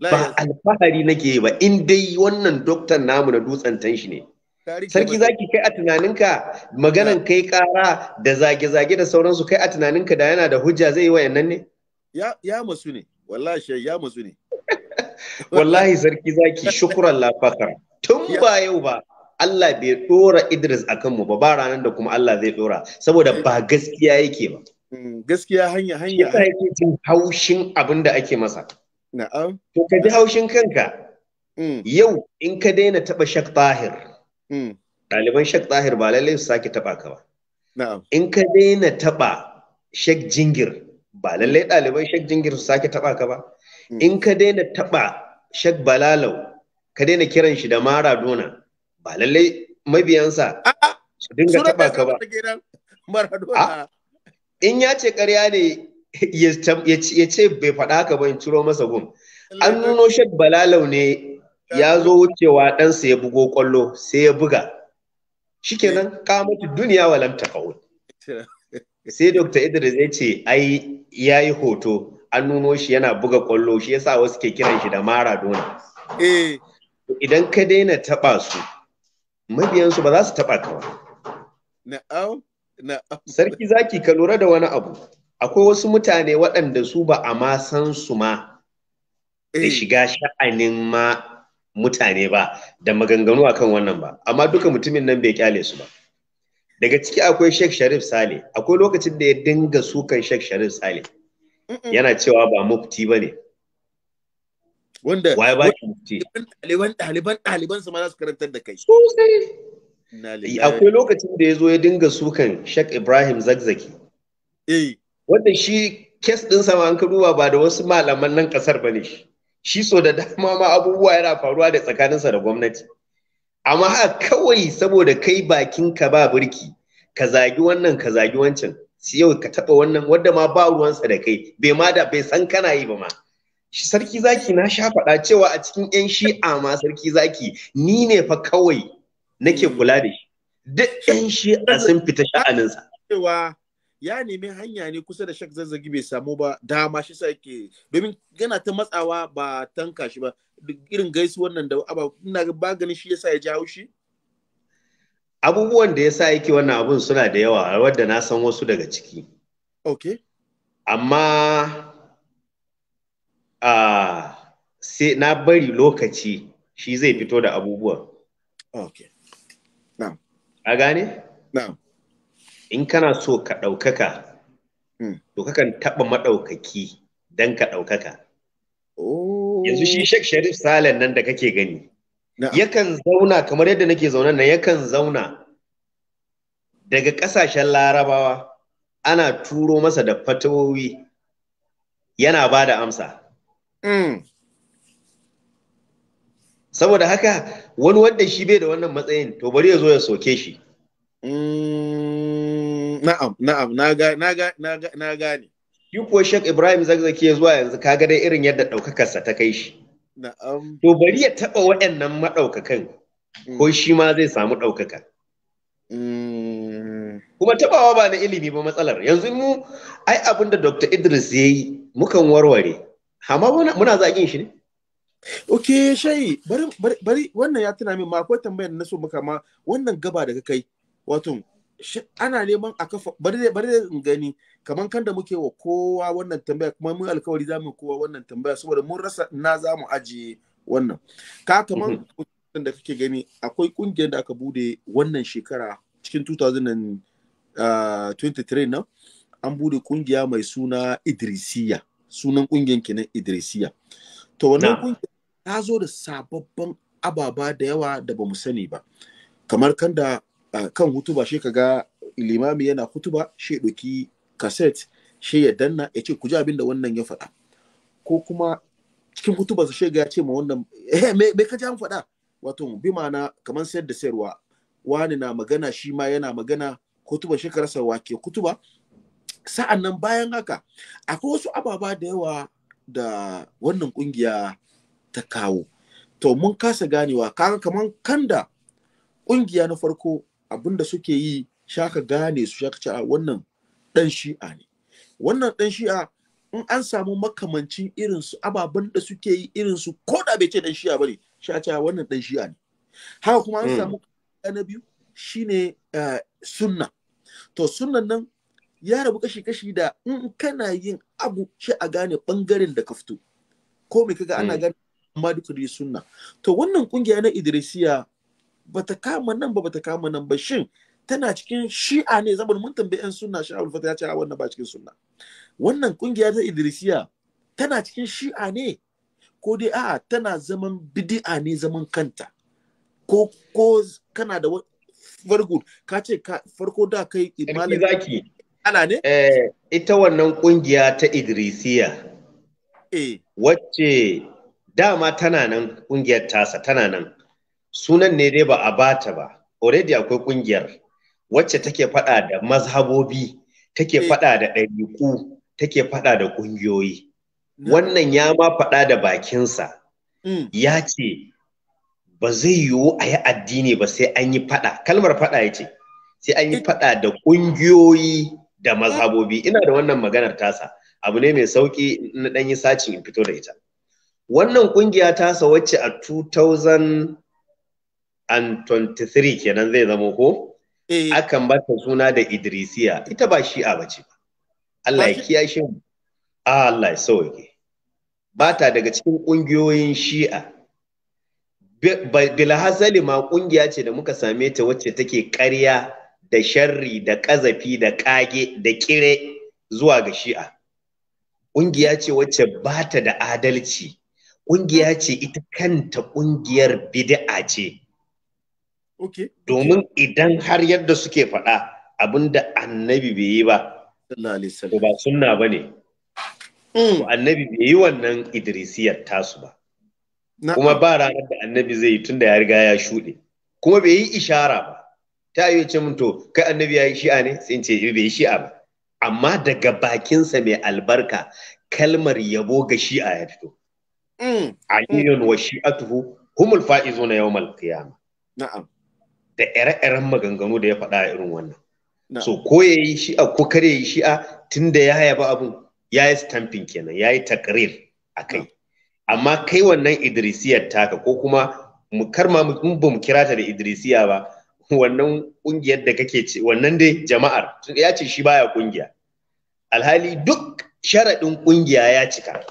ba alfahari nake ba in dai wannan doktan namu na dutsen tanshi ne Sarki zaki kai a tunaninka maganan kai kara da zage-zage da sauransu kai a tunaninka da yana da hujja zai yi wa nan ne? Ya masu ne, wallahi shi ya masu ne. wallahi sarki zaki shukuran lafakar. Tun ba yau ba Allah bai dora Idris a kanmu ba ba ranar da kuma Allah zai dora saboda ba eh. gaskiya yake ba. Mm, gaskiya hanya hanya. Yasa yake jin haushin abin da ake masa. Na'am. To ka ji haushin kanka. Mm. Yau in ka daina taɓa shak tahir. Hmm. ɗaliban shek zahir ba lallai su sake taɓa ka ba in ka daina taɓa shek jingir ba lallai ɗaliban shek jingir su sake taɓa ka ba hmm. in ka daina taɓa shek balalau ka daina kiran shi da maradona ba lallai mabiyansa su dinga taɓa ka ba in ya ce ƙarya ne ya ce bai faɗa ka ba in ciro masa gum an nuno shek balalau ne ya zo wucewa ɗansa ya bugo ƙwallo sai ya buga shikenan kamatu duniya walam tafa'ul sai dr idris ya ce ai ya yi hoto an nuno shi yana buga ƙwallo shi yasa wasu ke kiran shi da maradona eh. idan ka daina taɓa su mabiyansu ba za su taɓa ka ba sarki zaki ka lura da wani abu akwai wasu mutane waɗanda su ba a ma san su ma da eh. shiga sha'anin ma mutane ba da maganganu akan wannan ba amma duka mutumin nan bai kyale su ba daga ciki akwai Sheikh Sharif Sale akwai lokacin da ya dinga sukan Sheikh Sharif Sale yana cewa ba mufti ba ne wanda waye ba mufti ɗaliban ɗaliban ɗaliban su ma za su karantar da kai sosai eh, akwai lokacin da ya zo ya dinga sukan Sheikh Ibrahim Zagzaki eh. wanda shi kes ɗinsa ma an ka duba ba da wasu malaman nan ƙasar ba ne shi shi so da dama ma abubuwa yana faruwa da tsakaninsa da gwamnati amma ha kawai saboda kai bakin ka ba birki ka zagi wannan ka zagi wancan sai yau ka taɓa wannan wanda ma ba ruwansa da kai bai ma da bai san kana yi ba ma shi sarki zaki na sha faɗa cewa a cikin yan shi'a ma sarki zaki ni ne fa kawai nake kula da shi duk yan shi'a sun fita sha'aninsa cewa ya nemi hanya ne kusa da shak zazzagi bai samu ba dama shi sa yake domin yana ta matsawa ba tanka shi ba irin gaisuwan nan da aba ina ba ganin shi yasa ya jawo shi abubuwan da yasa yake wannan abun suna da yawa wadda na san wasu daga ciki okay amma a sai na bari lokaci shi zai fito da abubuwan okay na a gane na'am in kana so ka ɗaukaka hmm. to kakan taɓa maɗaukaki don ka ɗaukaka yanzu shi Sheikh Sharif Salen nan da kake gani yakan zauna kamar yadda nake zaune nan yakan zauna daga ƙasashen larabawa ana turo masa da fatawowi yana ba da amsa hmm. saboda haka wani wanda shi bai da wannan matsayin to bari ya zo ya soke shi hmm. na'am na'am na ga na ga na gane shi ko Sheikh Ibrahim Zakzaki zuwa yanzu kaga dai irin yadda ɗaukakarsa ta kai shi na'am to bari ya taɓa waɗannan maɗaukakan mm. ko shi ma zai samu ɗaukaka mm. kuma taɓawa ba na ilimi ba matsalar yanzu mu ai abin da Dr. Idris ya yi mukan warware amma muna zagin shi ne Ok, shayi, bari, wannan ya tuna min ma akwai tambayar na so maka ma wannan gaba da kai, wato ana neman a kafa bari zai bari gani kamar kan da muke wa kowa wannan tambaya kuma mun alkawari za mu kowa wannan tambaya saboda mun rasa na za mu ajiye wannan ka kamar mhm. da kake gani akwai kungiyar da aka bude wannan shekara cikin 2023 uh, na. an bude kungiya mai suna idrisiya sunan kungiyar kenan idrisiya to wannan kungiyar ta zo da sababbin ababa da yawa da bamu sani ba kamar kan da a kan hutuba shi kaga limami yana hutuba shi ɗauki kaset shi ya danna ya ce ku ji abin da wannan ya faɗa ko kuma cikin su shi ya ce ma wannan eh me ka ji an faɗa wato bi ma'ana kamar sayar da sayarwa wani na magana shi ma yana magana hutuba shi rasa wake hutuba sa'an nan bayan haka akwai wasu ababa da yawa da wannan kungiya ta kawo to mun kasa ganewa kaga kamar kanda ƙungiya na farko abin da suke yi shaka gane su shaka ce wannan dan shi'a ne wannan dan shi'a in an samu makamancin irin ababen da suke yi irin su ko da bai ce dan shi'a bane sha ce wannan dan shi'a ne haka kuma an hmm. samu na biyu shine eh, sunna to sunnan nan ya rabu kashi-kashi da in kana yin abu shi a gane bangaren da ka fito ko me kaga ana hmm. gane amma duka dai sunna to wannan kungiya na idrisiya bata kama nan ba bata kama nan ba shin tana cikin shi'a ne zaman mun tambayi yan sunna shi'a ulfata ya ce wannan ba cikin sunna wannan kungiya ta idrisiya tana cikin shi'a ne ko dai a'a tana zaman bidi'a ne zaman kanta ko ko kana da farko ka ce farko da kai imalin zaki ana ne eh ita wannan kungiya ta idrisiya eh wacce dama tana nan kungiyar tasa tana nan sunan ne dai ba a bata ba already akwai kungiyar wacce take faɗa da mazhabobi take eh. faɗa da ɗariƙu take faɗa da ƙungiyoyi wannan ya ma faɗa da bakinsa mm. ya ce ba zai yiwu a yi addini ba sai an yi faɗa kalmar faɗa yace sai an yi eh. faɗa da ƙungiyoyi da mm. mazhabobi ina da wannan maganar tasa abu ne mai sauƙi na ɗan yi sacin in fito da ita wannan ƙungiya tasa wacce a 2000 and 23 kenan zai zama ko eh. akan bata suna da idrisiya ita ba shi'a ba ce Allah ya kiyashe mu ah, Allah ya sauke ba ta daga cikin ƙungiyoyin shi'a bilhassali ma ƙungiya ce da muka same ta wacce take ƙarya da sharri da ƙazafi da ƙage da kire. zuwa ga shi'a ƙungiya ce wacce ba ta da adalci ƙungiya ce ita kanta ƙungiyar bid'a ce Okay. Domin idan har yadda suke faɗa abinda annabi bai yi ba. To ba sunna ba ne. Hmm. Annabi bai yi wannan idrisiyar tasu ba. Kuma ba ranar da annabi zai yi tun da ya riga ya shuɗe. Kuma bai yi ishara ba. Ta yi ce min to kai annabi ya yi shi'a ne sai ce eh, bai yi shi'a ba. Amma daga bakinsa mai albarka kalmar yabo ga shi'a ya fito. Hmm. Aliyun wa shi'atuhu humul fa'izuna yawmal qiyamah. Na'am. da ire-iren maganganu da ya faɗa a irin wannan so ko ya yi shi'a ko kare yi shi'a tun da ya yaba ba ya yi stamping kenan ya yi takarir a kai amma kai wannan idrisiyar taka ko kuma kar ma mun ba mu kira ta da idrisiya ba wannan kungiyar da kake ce wannan dai jama'ar ya ce shi baya kungiya alhali duk sharaɗin kungiya ya cika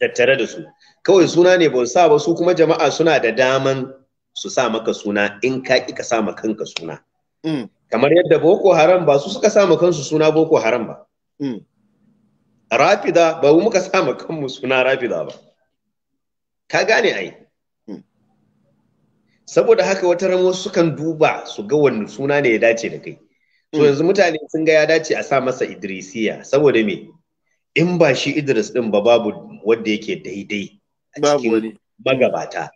tattare da su kawai suna ne ba sa ba su kuma jama'a suna da daman su sa maka suna in ka ki ka sa ma kanka suna mm. kamar yadda boko haram ba su suka sa ma kansu suna boko haram ba mm. rafida ba mu muka sa ma kanmu suna rafida ba ka gane ai mm. saboda haka wata su sukan duba su ga wani suna ne ya dace da kai so yanzu mutane sun ga ya dace a sa masa idrisiya saboda me in ba shi idris din ba babu wanda yake daidai a cikin magabata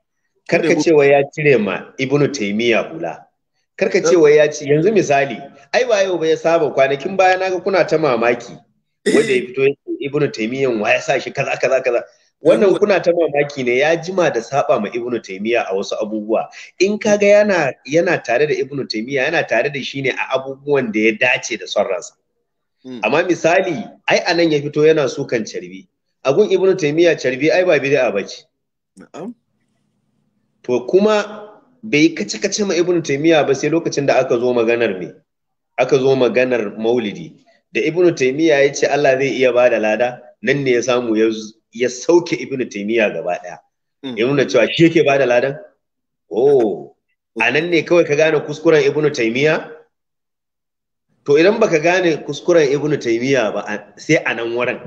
karka cewa ya cire ma ibnu Taymiyyah hula karka cewa ya ci yanzu misali ai ba yau ba ya saba kwanakin baya naga kuna ta mamaki eh. wanda ya fito ibnu Taymiyyah wa ya sa shi kaza kaza kaza wannan kuna ta mamaki ne ya jima da saba ma ibnu Taymiyyah a wasu abubuwa in kaga yana yana tare da ibnu Taymiyyah yana tare da shi ne a abubuwan da ya dace da son ransa hmm. amma misali ai anan ya fito yana sukan carbi agun ibnu Taymiyyah carbi ai ba bid'a bace na'am to kuma bai kace kace ma ibnu taymiya ba sai lokacin da aka zo maganar me aka zo maganar maulidi da ibnu taymiya ya ce Allah zai iya bada lada nan ne ya samu ya sauke ibnu taymiya gaba daya mm. ya nuna cewa shi yake bada ladan oh a nan ne kawai ka gane kuskuren ibnu taymiya to idan baka gane kuskuren ibnu taymiya ba sai a nan wurin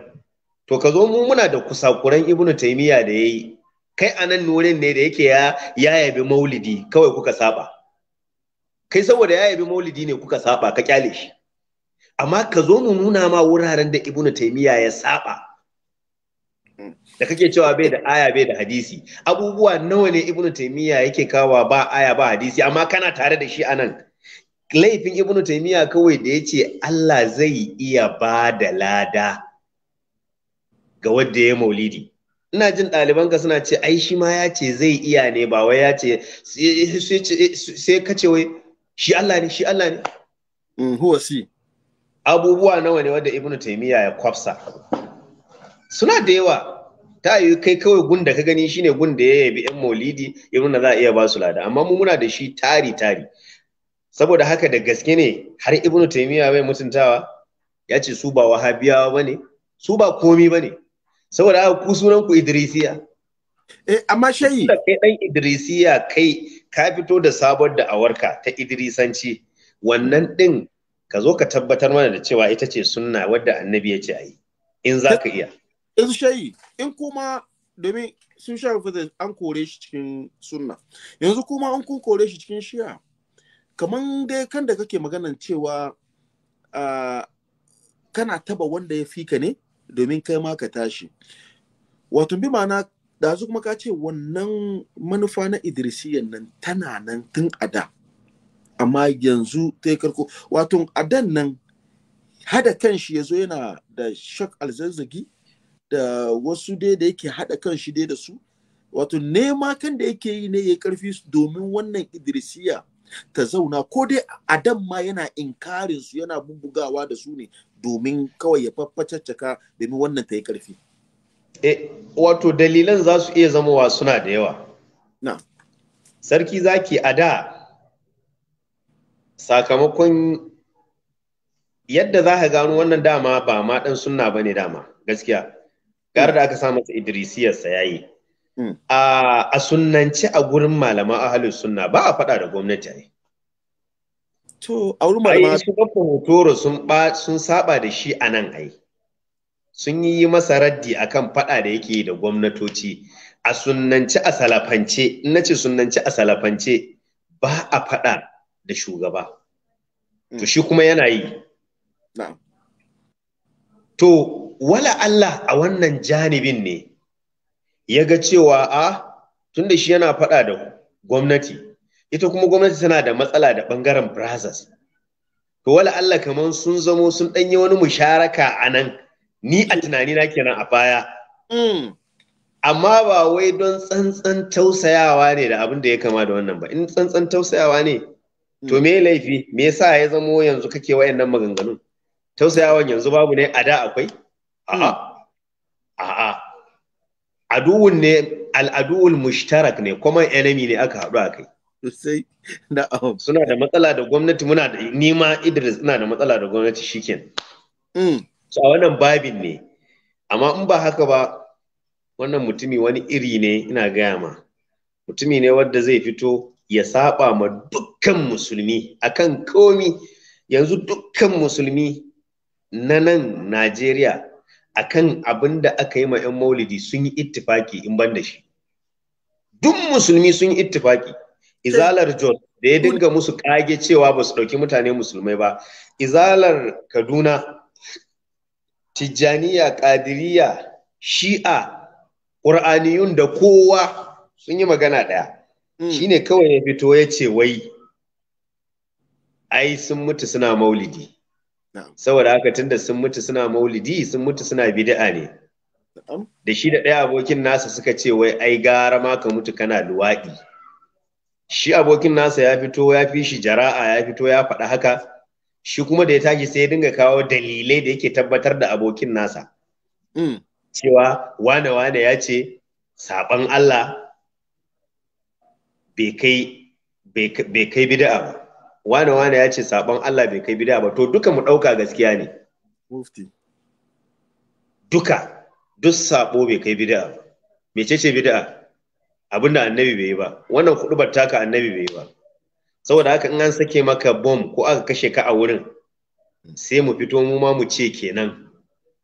to ka zo mu muna da kusakuran ibnu taymiya da yayi kai anan nan wurin ne da yake ya ya yabi maulidi kawai kuka saba kai saboda ya yabi maulidi ne kuka saba ka kyale shi amma ka zo mu nuna ma wuraren da ibnu taymiya ya saba da kake cewa bai da aya bai da hadisi abubuwa nawa ne ibnu taymiya yake kawa ba aya ba hadisi amma kana tare da shi anan laifin ibnu taymiya kawai da yace Allah zai iya ba da lada ga wanda ya maulidi ina jin ɗalibanka suna ce ai shi ma ya ce zai iya ne ba wai ya ce sai ka ce wai shi Allah ne shi Allah ne mm, huwa si abubuwa nawa ne wanda ibnu taymiya ya kwafsa suna da yawa ta yi kai kawai gun da ka gani shine gun da ya yabi yan maulidi ibnu za a iya ba su lada amma mu muna da shi tari tari saboda haka da gaske ne har ibnu taymiya bai mutuntawa ya ce su ba wahabiyawa bane su ba komi bane saboda haka ku sunan ku Idrisiya eh amma shayi da kai dan Idrisiya kai ka fito da sabon da awarka ta Idrisanci wannan din ka zo ka tabbatar mana da cewa ita ce sunna wadda annabi ya ce a in za ka iya yanzu shayi in kuma domin sun sha an kore shi cikin sunna yanzu kuma an kun kore shi cikin shiya kaman dai kan da kake maganan cewa ah, kana taba wanda ya fika ne domin kai ma ka tashi wato bi ma'ana da zu kuma ka ce wannan manufa na idrisiyan nan tana nan tun ada. amma yanzu ta yi karko wato adan nan hada kan shi ya zo yana da shak alzazzagi da wasu dai da yake hada kan shi dai da su wato nema kan da yake yi ne ya karfi domin wannan idrisiya ta zauna ko dai adam ma yana inkarin su yana bugawa da su ne domin kawai ya faffacaccaka domin wannan ta yi ƙarfi. E, wato dalilan za su iya zamowa suna da yawa. Na. Sarki zaki a da sakamakon yadda za ka gano wannan dama ba ma ɗan sunna ba ne dama gaskiya. Gara da aka sa masa Idrisiyarsa ya yi. Hmm. a sunnanci a gurin malaman ahalus sunna ba a faɗa da gwamnati ne to a wurin malaman su babban hotoro sun ba saba da shi a nan ai sun yi masa raddi a kan faɗa da yake da gwamnatoci a sunnanci a salafance in ce sunnanci a salafance ba a faɗa da shugaba to hmm. shi kuma yana yi to wala Allah a wannan janibin ne ya ga cewa a tun da shi yana faɗa da gwamnati ita kuma gwamnati tana da matsala da ɓangaren brazos to wala Allah kaman sun zamo sun ɗanyi wani musharaka a nan ni a tunani na kenan a baya mm. amma ba wai don tsantsan tausayawa ne da abin da ya kama da wannan ba in tsantsan tausayawa ne to mm. me laifi me yasa ya zamo yanzu kake wayannan maganganun tausayawan yanzu babu ne a da akwai mm. a'a a'a aduwun ne al'aduwul mushtarak ne kuma enemy ne aka haɗu a kai sosai na'am suna da matsala da gwamnati muna da nima Idris ina da matsala da gwamnati shiken mm so a wannan babin ne amma in ba haka ba wannan mutumi wani iri ne ina gaya ma mutumi ne wanda zai fito ya saba ma dukkan musulmi akan komi yanzu dukkan musulmi na nan Najeriya akan abinda aka yi ma 'yan maulidi sun yi ittifaki in ban da shi duk musulmi sun yi ittifaki izalar john da ya dinga musu kage cewa ba su ɗauki mutane musulmai ba izalar kaduna tijjaniya ƙadiriya shi'a ƙur'aniyun da kowa sun yi magana ɗaya mm. Shi ne kawai ya fito ya ce wai ai sun mutu suna maulidi saboda haka tunda sun mutu suna maulidi sun mutu suna bid'a ne da shi da ɗaya abokin nasa suka ce wai ai gara ma ka mutu kana luwaɗi shi abokin nasa ya fito ya fi shi jara'a ya fito ya faɗa haka shi kuma da ya tashi sai ya dinga kawo dalilai da yake tabbatar da abokin nasa mm. cewa wane wane ya ce saɓan Allah bai kai bid'a ba wane wane ya ce sabon Allah bai kai bid'a ba to duka mu ɗauka gaskiya ne mufti duka duk sabo bai kai bid'a ba ce bid'a abinda annabi bai yi ba wannan ba taka annabi bai yi ba saboda haka in an sake maka bom ko aka kashe ka a wurin sai mu fito mu ma mu ce kenan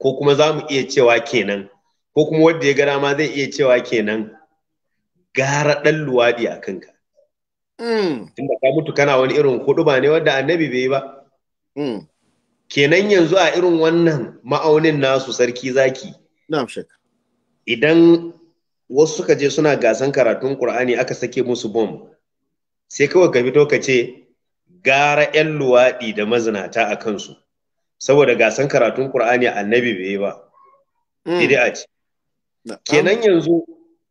ko kuma za mu iya cewa kenan ko kuma wanda ya gara ma zai iya cewa kenan gara ɗan luwaɗi a kanka Mm. Tunda ka mutu kana wani irin ba ne wanda annabi bai yi ba. Mm. Kenan yanzu a irin wannan ma'aunin nasu sarki zaki. Idan wasu suka je suna gasan karatun Kur'ani aka sake musu bom. Sai kawai ka fito ka ce gara 'yan luwaɗi da mazinata a kansu. Saboda gasan karatun Kur'ani annabi bai yi ba. Mm. a ce. Kenan yanzu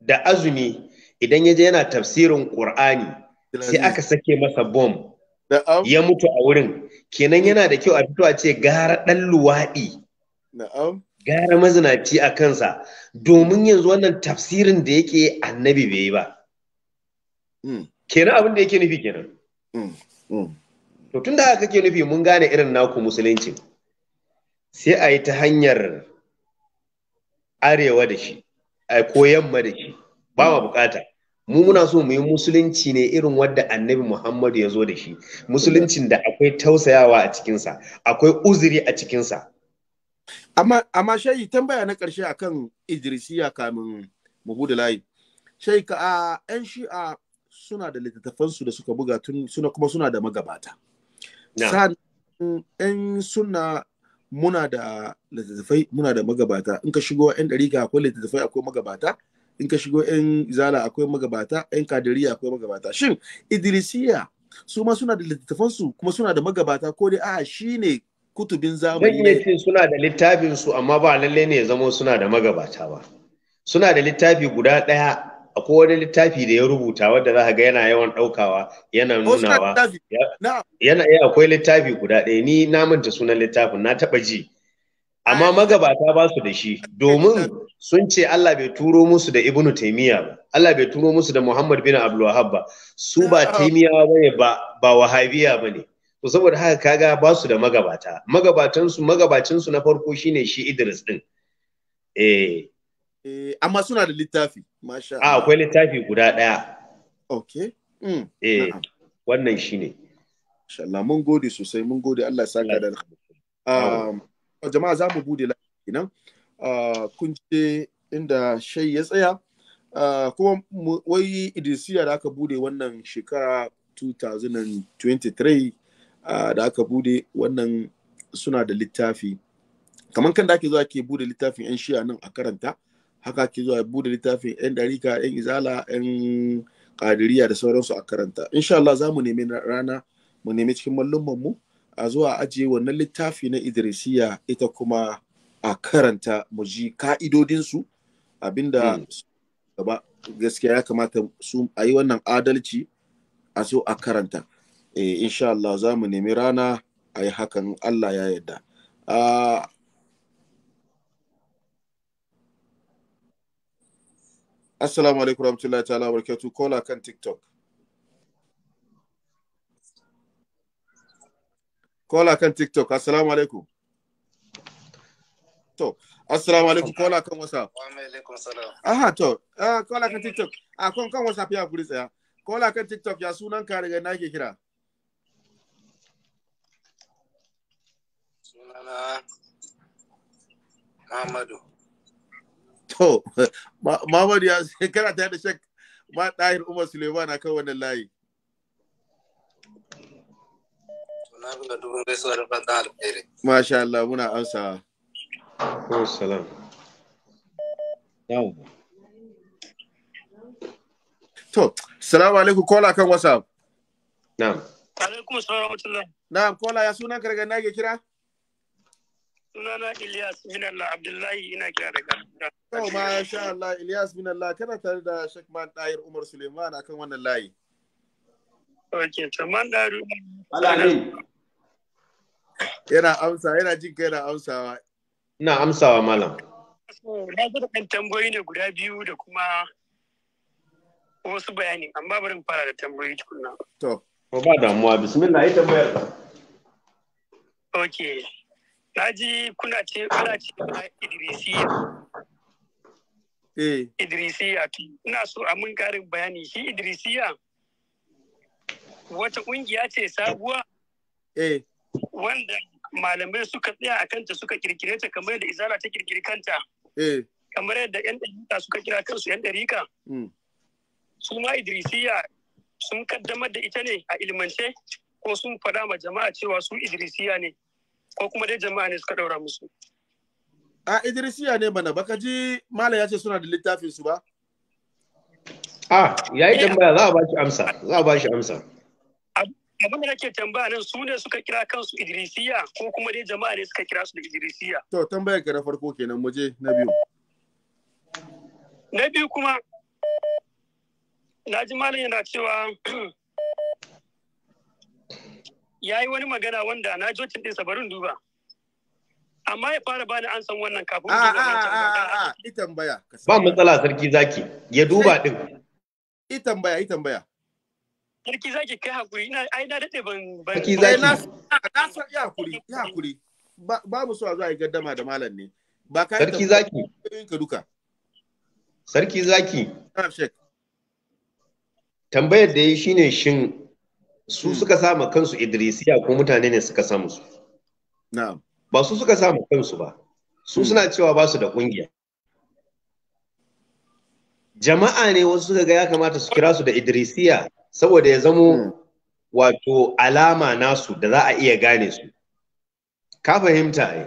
da azumi idan ya je yana tafsirin Kur'ani. sai aka sake masa bom ya mutu a wurin kenan yana da kyau a fito a ce gara ɗan luwaɗi gara mazinaci a kansa domin yanzu wannan tafsirin da yake annabi bai yi ba hmm. kenan abin da yake nufi kenan hmm. Hmm. to tun da kake nufi mun gane irin naku musulunci sai a yi ta hanyar arewa da shi a ko yamma da shi ba ma bukata mu muna so mu yi musulunci ne irin wadda annabi muhammadu ya zo da shi musuluncin da akwai tausayawa a cikinsa akwai uzuri a cikinsa amma amma shayi tambaya na ƙarshe akan idrisiya kamin mu layi shayi ka a yan shi'a suna da littattafansu da suka buga tun suna kuma suna da magabata sa'an yan suna muna da littattafai muna da magabata in ka shigo yan ɗari akwai littattafai akwai magabata in ka shigo yan zala akwai magabata yan kadiriya akwai magabata shin idrisiya su ma suna da littattafansu kuma suna da magabata ko dai shi ne kutubin zamani ne suna da littafin su amma ba lalle ne ya zama suna da magabata ba suna da littafi guda ɗaya akwai wani littafi da ya rubuta wadda za ga yana yawan ɗaukawa yana oh, nunawa yana eh, akwai littafi guda ɗaya ni na manta sunan littafin na taba ji amma magabata ba su da shi domin sun ce Allah bai turo musu da Ibn Taymiyyah ba Allah bai turo musu da Muhammad bin Abdul Wahhab ba su ba Taymiyyah ba, ba ba Wahhabiyya bane to saboda haka kaga ba su da magabata magabatan su magabacin su na farko shine shi Idris din eh eh amma suna da littafi masha ah, Allah akwai littafi guda daya okay mm. eh wannan shine insha Allah mun gode sosai mun gode Allah ya saka da um, jama'a za mu bude kenan ah, kun ce inda shai ya tsaya ah, kuma wai idrisiya da aka bude wannan shekara 2023 ah, da aka bude wannan suna da littafi kamar kan da ake zuwa ke bude littafin 'yan shiya nan a karanta haka ke zuwa bude littafin 'yan darika 'yan izala 'yan kadiriya da sauransu a karanta insha Allah za mu nemi rana mu nemi cikin mallumman mu a zuwa ajiye wannan littafi na idrisiya ita kuma a karanta mu ji ka'idodinsu abinda hmm. gaba gaskiya ya kamata su a yi wannan adalci a so a karanta e, insha Allah za mu nemi rana a yi hakan Allah ya yarda ah, assalamu alaikum warahmatullahi ta'ala barakatuh kola kan tiktok kola kan tiktok assalamu alaikum to assalamu alaikum kola kan whatsapp wa alaikum salam aha to ah, kola kan tiktok a ah, kon kan whatsapp ya kuri tsaya kola kan tiktok ya sunan ka daga ke kira sunana Muhammadu to Muhammadu ya kana ta da shek ma tahir Umar Suleiman akan wannan layi masha Allah muna amsa salam to salamu alaikum kola kan whatsapp na'am alaikum salam na'am kola ya sunan ka nage kira sunana Ilyas Minallah Abdullahi ina kira daga To Allah Ilyas Minallah kana tare da Sheikh Man Dair Umar Suleiman akan wannan layi. Okay, Man Dair yana amsa yana jin kai na amsawa ina amsawa malam na zo kan tambayoyi ne guda biyu da kuma wasu bayani amma barin fara da tambayoyi tukunna to ko ba damuwa bismillah yi tambayar ka ok na ji kuna ce ana ce idrisiya eh idrisiya ina so a mun karin bayani shi idrisiya wata ƙungiya ce sabuwa eh wanda malamai suka tsaya a kanta suka kirkire ta kamar yadda izala ta kirkiri kanta eh. kamar yadda yan ɗarika suka kira kansu yan ɗarika hmm. su ma idrisiya sun kaddamar da ita ne a ilmance ko sun faɗa ma jama'a cewa su idrisiya ne ko kuma dai jama'a ne suka ɗaura musu a idrisiya ne bana baka ji malam ya ce suna da littafin su ba ah, a yayi tambaya za a ba shi amsa za a ba shi amsa abin da nake tambaya nan su ne suka kira kansu idrisiya ko kuma dai jama'a ne suka kira su da idrisiya to tambayar ka na farko kenan mu je na biyu na biyu kuma na ji malam yana cewa ya yi wani magana wanda na wacin ɗinsa barin duba amma ya fara bani an san wannan kafin a a a a tambaya ba matsala sarki zaki ya duba din ita tambaya ita tambaya Sarki zaki kai hakuri ina ai na dade ban ban Sarki zaki na san ya hakuri ya hakuri so a yi gaddama da malam ne ba Sarki zaki ka duka Sarki zaki ah, Tambayar da yi shine shin su hmm. suka sama kansu Idrisiya ko mutane ne suka samu su Na'am ba su suka sama kansu ba su hmm. suna cewa ba su da kungiya jama'a ne wasu suka ga ya kamata su kira su da Idrisiya saboda ya zamo hmm. wato alama nasu da za a iya gane su ka fahimta ai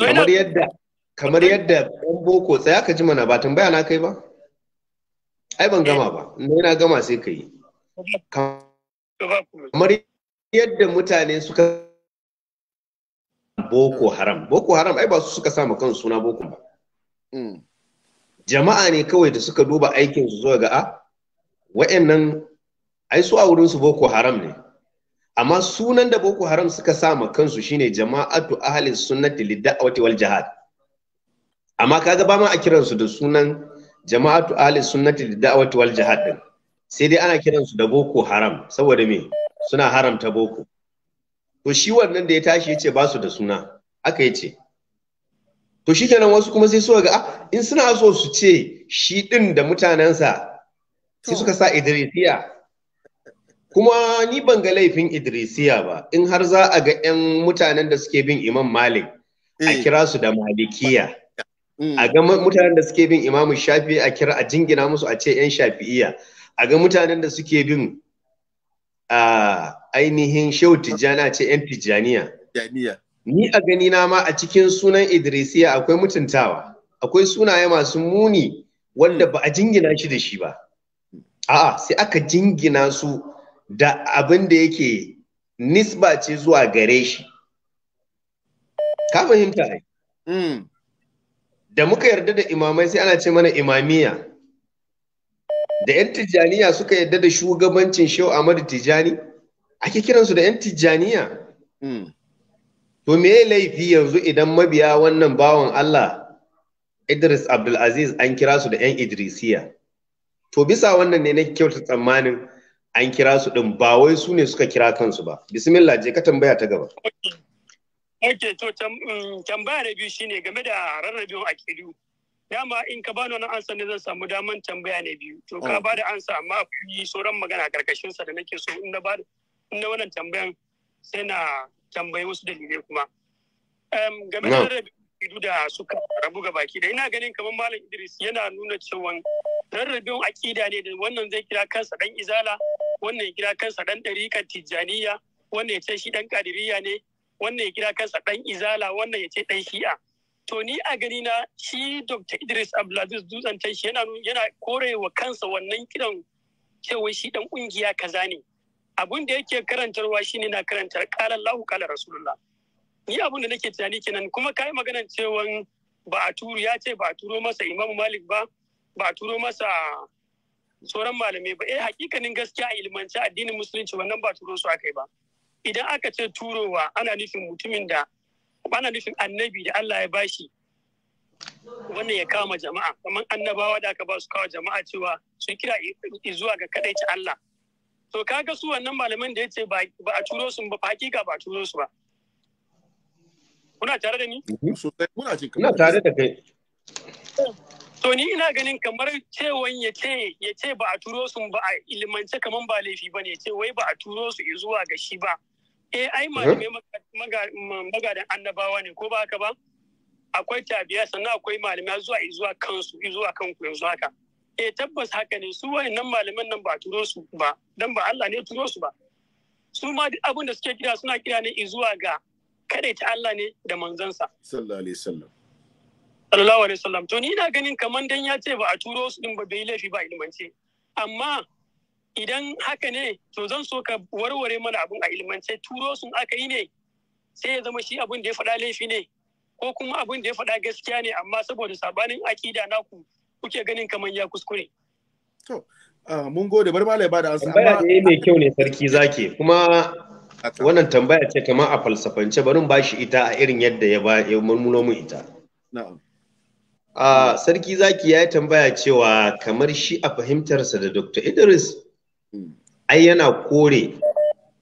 kamar yadda kamar yadda ɗan boko tsaya ka ji mana ba tambaya na kai ba ai ban gama ba na gama sai ka yi kamar yadda mutane suka boko haram boko haram ai ba su suka sa kan suna boko ba hmm. jama'a ne kawai da suka duba aikin su zuwa ga a ah, wa'annan ai su a wurin su boko haram ne amma sunan da boko haram suka sa ma kansu shine jama'atu ahli sunnati lid wal jihad amma kaga ba ma a kiransu da sunan jama'atu ahli sunnati lid wal jihad din sai dai ana kiransu da boko haram saboda me suna haramta boko to shi wannan da ya tashi yace ce ba su da suna aka yace to shi kenan wasu kuma sai suka ga ah, in suna so su ce shi din da mutanensa sai suka sa idrisiya kuma ni ban ga laifin idrisiya ba in har za a ga 'yan mutanen da suke bin imam malik a eh. kira su da malikiya mm. a ga mutanen da suke bin imamu shafi a kira a jingina musu a ce 'yan shafi'iya a ga mutanen da suke bin a ainihin shehu tijjani a ce 'yan tijjaniya ni a gani na ma a cikin sunan idrisiya akwai mutuntawa akwai sunaye masu muni wanda ba a jingina shi da shi ba a'a sai aka jingina su da abin da yake nisba ce zuwa gare shi ka fahimta ai mm. da muka yarda da imamai sai ana ce mana imamiya da 'yan tijjaniya suka yarda da shugabancin shehu Ahmadu tijjani ake kiransu da 'yan tijjaniya mm. to me laifi yanzu idan mabiya wannan bawan Allah Idris Abdulaziz an kira su da 'yan Idrisiya to bisa wannan ne na kyauta tsammanin an kira su ɗin ba wai su ne suka kira kansu ba bismillah je ka tambaya ta gaba ok to mm, tambaya da biyu shine game da rarrabin akidu dama in ka bani wani ansa ne zan samu daman tambaya na biyu to ka oh. bada ansa amma yi sauran magana a karkashin sa da nake so in na ba in wannan tambayan sai na tambayi wasu dalilai kuma game da rarrabin idu da suka rabu ga baki da ina ganin kamar malam idris yana nuna cewa rarrabin akida ne da wannan zai kira kansa dan izala wannan ya kira kansa dan ɗarikan tijjaniya wannan ya ce shi dan kadiriya ne wannan ya kira kansa dan izala wannan ya ce dan shi'a to ni a gani na shi dr idris abdulaziz dutsen shi yana yana korewa kansa wannan kiran cewa shi dan kungiya kaza ne abun da yake karantarwa shine na karantar qala lahu qala rasulullah ni abin da nake tunani kenan kuma kai maganar cewa ba a turu ya ce ba a turo masa imamu malik ba ba a turo masa sauran malamai ba eh hakikanin gaskiya ilmanci addinin musulunci wannan ba turo su akai ba idan aka ce turowa ana nufin mutumin da ana nufin annabi da Allah ya bashi wannan ya kama jama'a kamar annabawa da aka ba su kawo jama'a cewa su kira zuwa ga kadaici Allah to kaga su wannan malamin da ya ce ba a turo su ba hakika ba a turo su ba kuna tare da ni ina tare da kai to ni ina ganin kamar cewan ya ce ya ce ba a turo su ba a ilimance kamar ba laifi ba ne ce wai ba a turo su zuwa ga shi ba eh ai malamai magadan annabawa ne ko ba haka ba akwai tabiya sannan akwai malamai zuwa zuwa kansu zuwa kanku yanzu haka eh tabbas haka ne su wayannan malaman nan ba a turo su ba dan ba Allah ne turo su ba su ma duk abin da suke kira suna kira ne zuwa ga kada ta Allah ne da manzansa sallallahu alaihi wasallam sallallahu alaihi wasallam to ni na ganin kamar dan ya ce ba a turo su din ba bai laifi ba ilmance amma idan haka ne to zan so ka warware mana abin a ilmance turo sun aka yi ne sai ya zama shi abin da ya faɗa laifi ne ko kuma abin da ya faɗa gaskiya ne amma saboda sabanin akida naku kuke ganin kamar ya kuskure to ah, mun gode bar malai ba da ansa amma mai kyau ne sarki zaki kuma wannan tambaya ce kamar a falsafance barin ba shi ita a irin yadda ya ba ya murmuno mu ita a sarki zaki ya yi tambaya cewa kamar shi a fahimtarsa da dr idris hmm. ai yana kore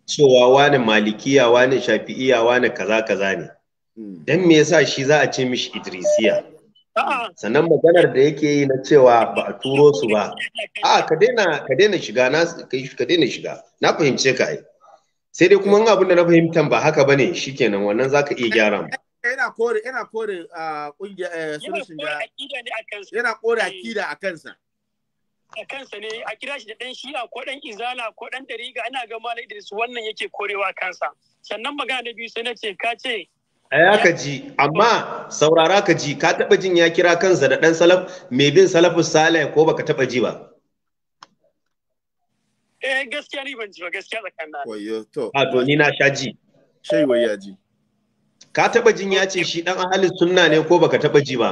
cewa wani malikiya wani shafi'iya wani kaza kaza ne hmm. dan me yasa shi za a ce mishi idrisiya sannan maganar da yake yi na cewa ba a turo su ba a ka daina shiga na fahimce ka ai sai dai kuma abin da na fahimtan ba haka bane shikenan wannan zaka iya gyara mu yana kore yana kore kungiya solution da yana kore eh. akida a kansa a kansa ne a kira shi da dan shi'a ko dan izala ko dan dariga ana ga malai Idris wannan yake korewa kansa sannan magana da biyu sai na ce ka ce Aya ka ji amma saurara ka ji ka taba jin ya kira kansa da dan salaf mai bin salafus salih ko baka taba ji ba eh gaskiya ni ban ji ba gaskiya tsakanin wayo to a to ni na sha ji wai ya ji ka taba jin ya ce shi dan ahalin sunna ne ko baka taba ji ba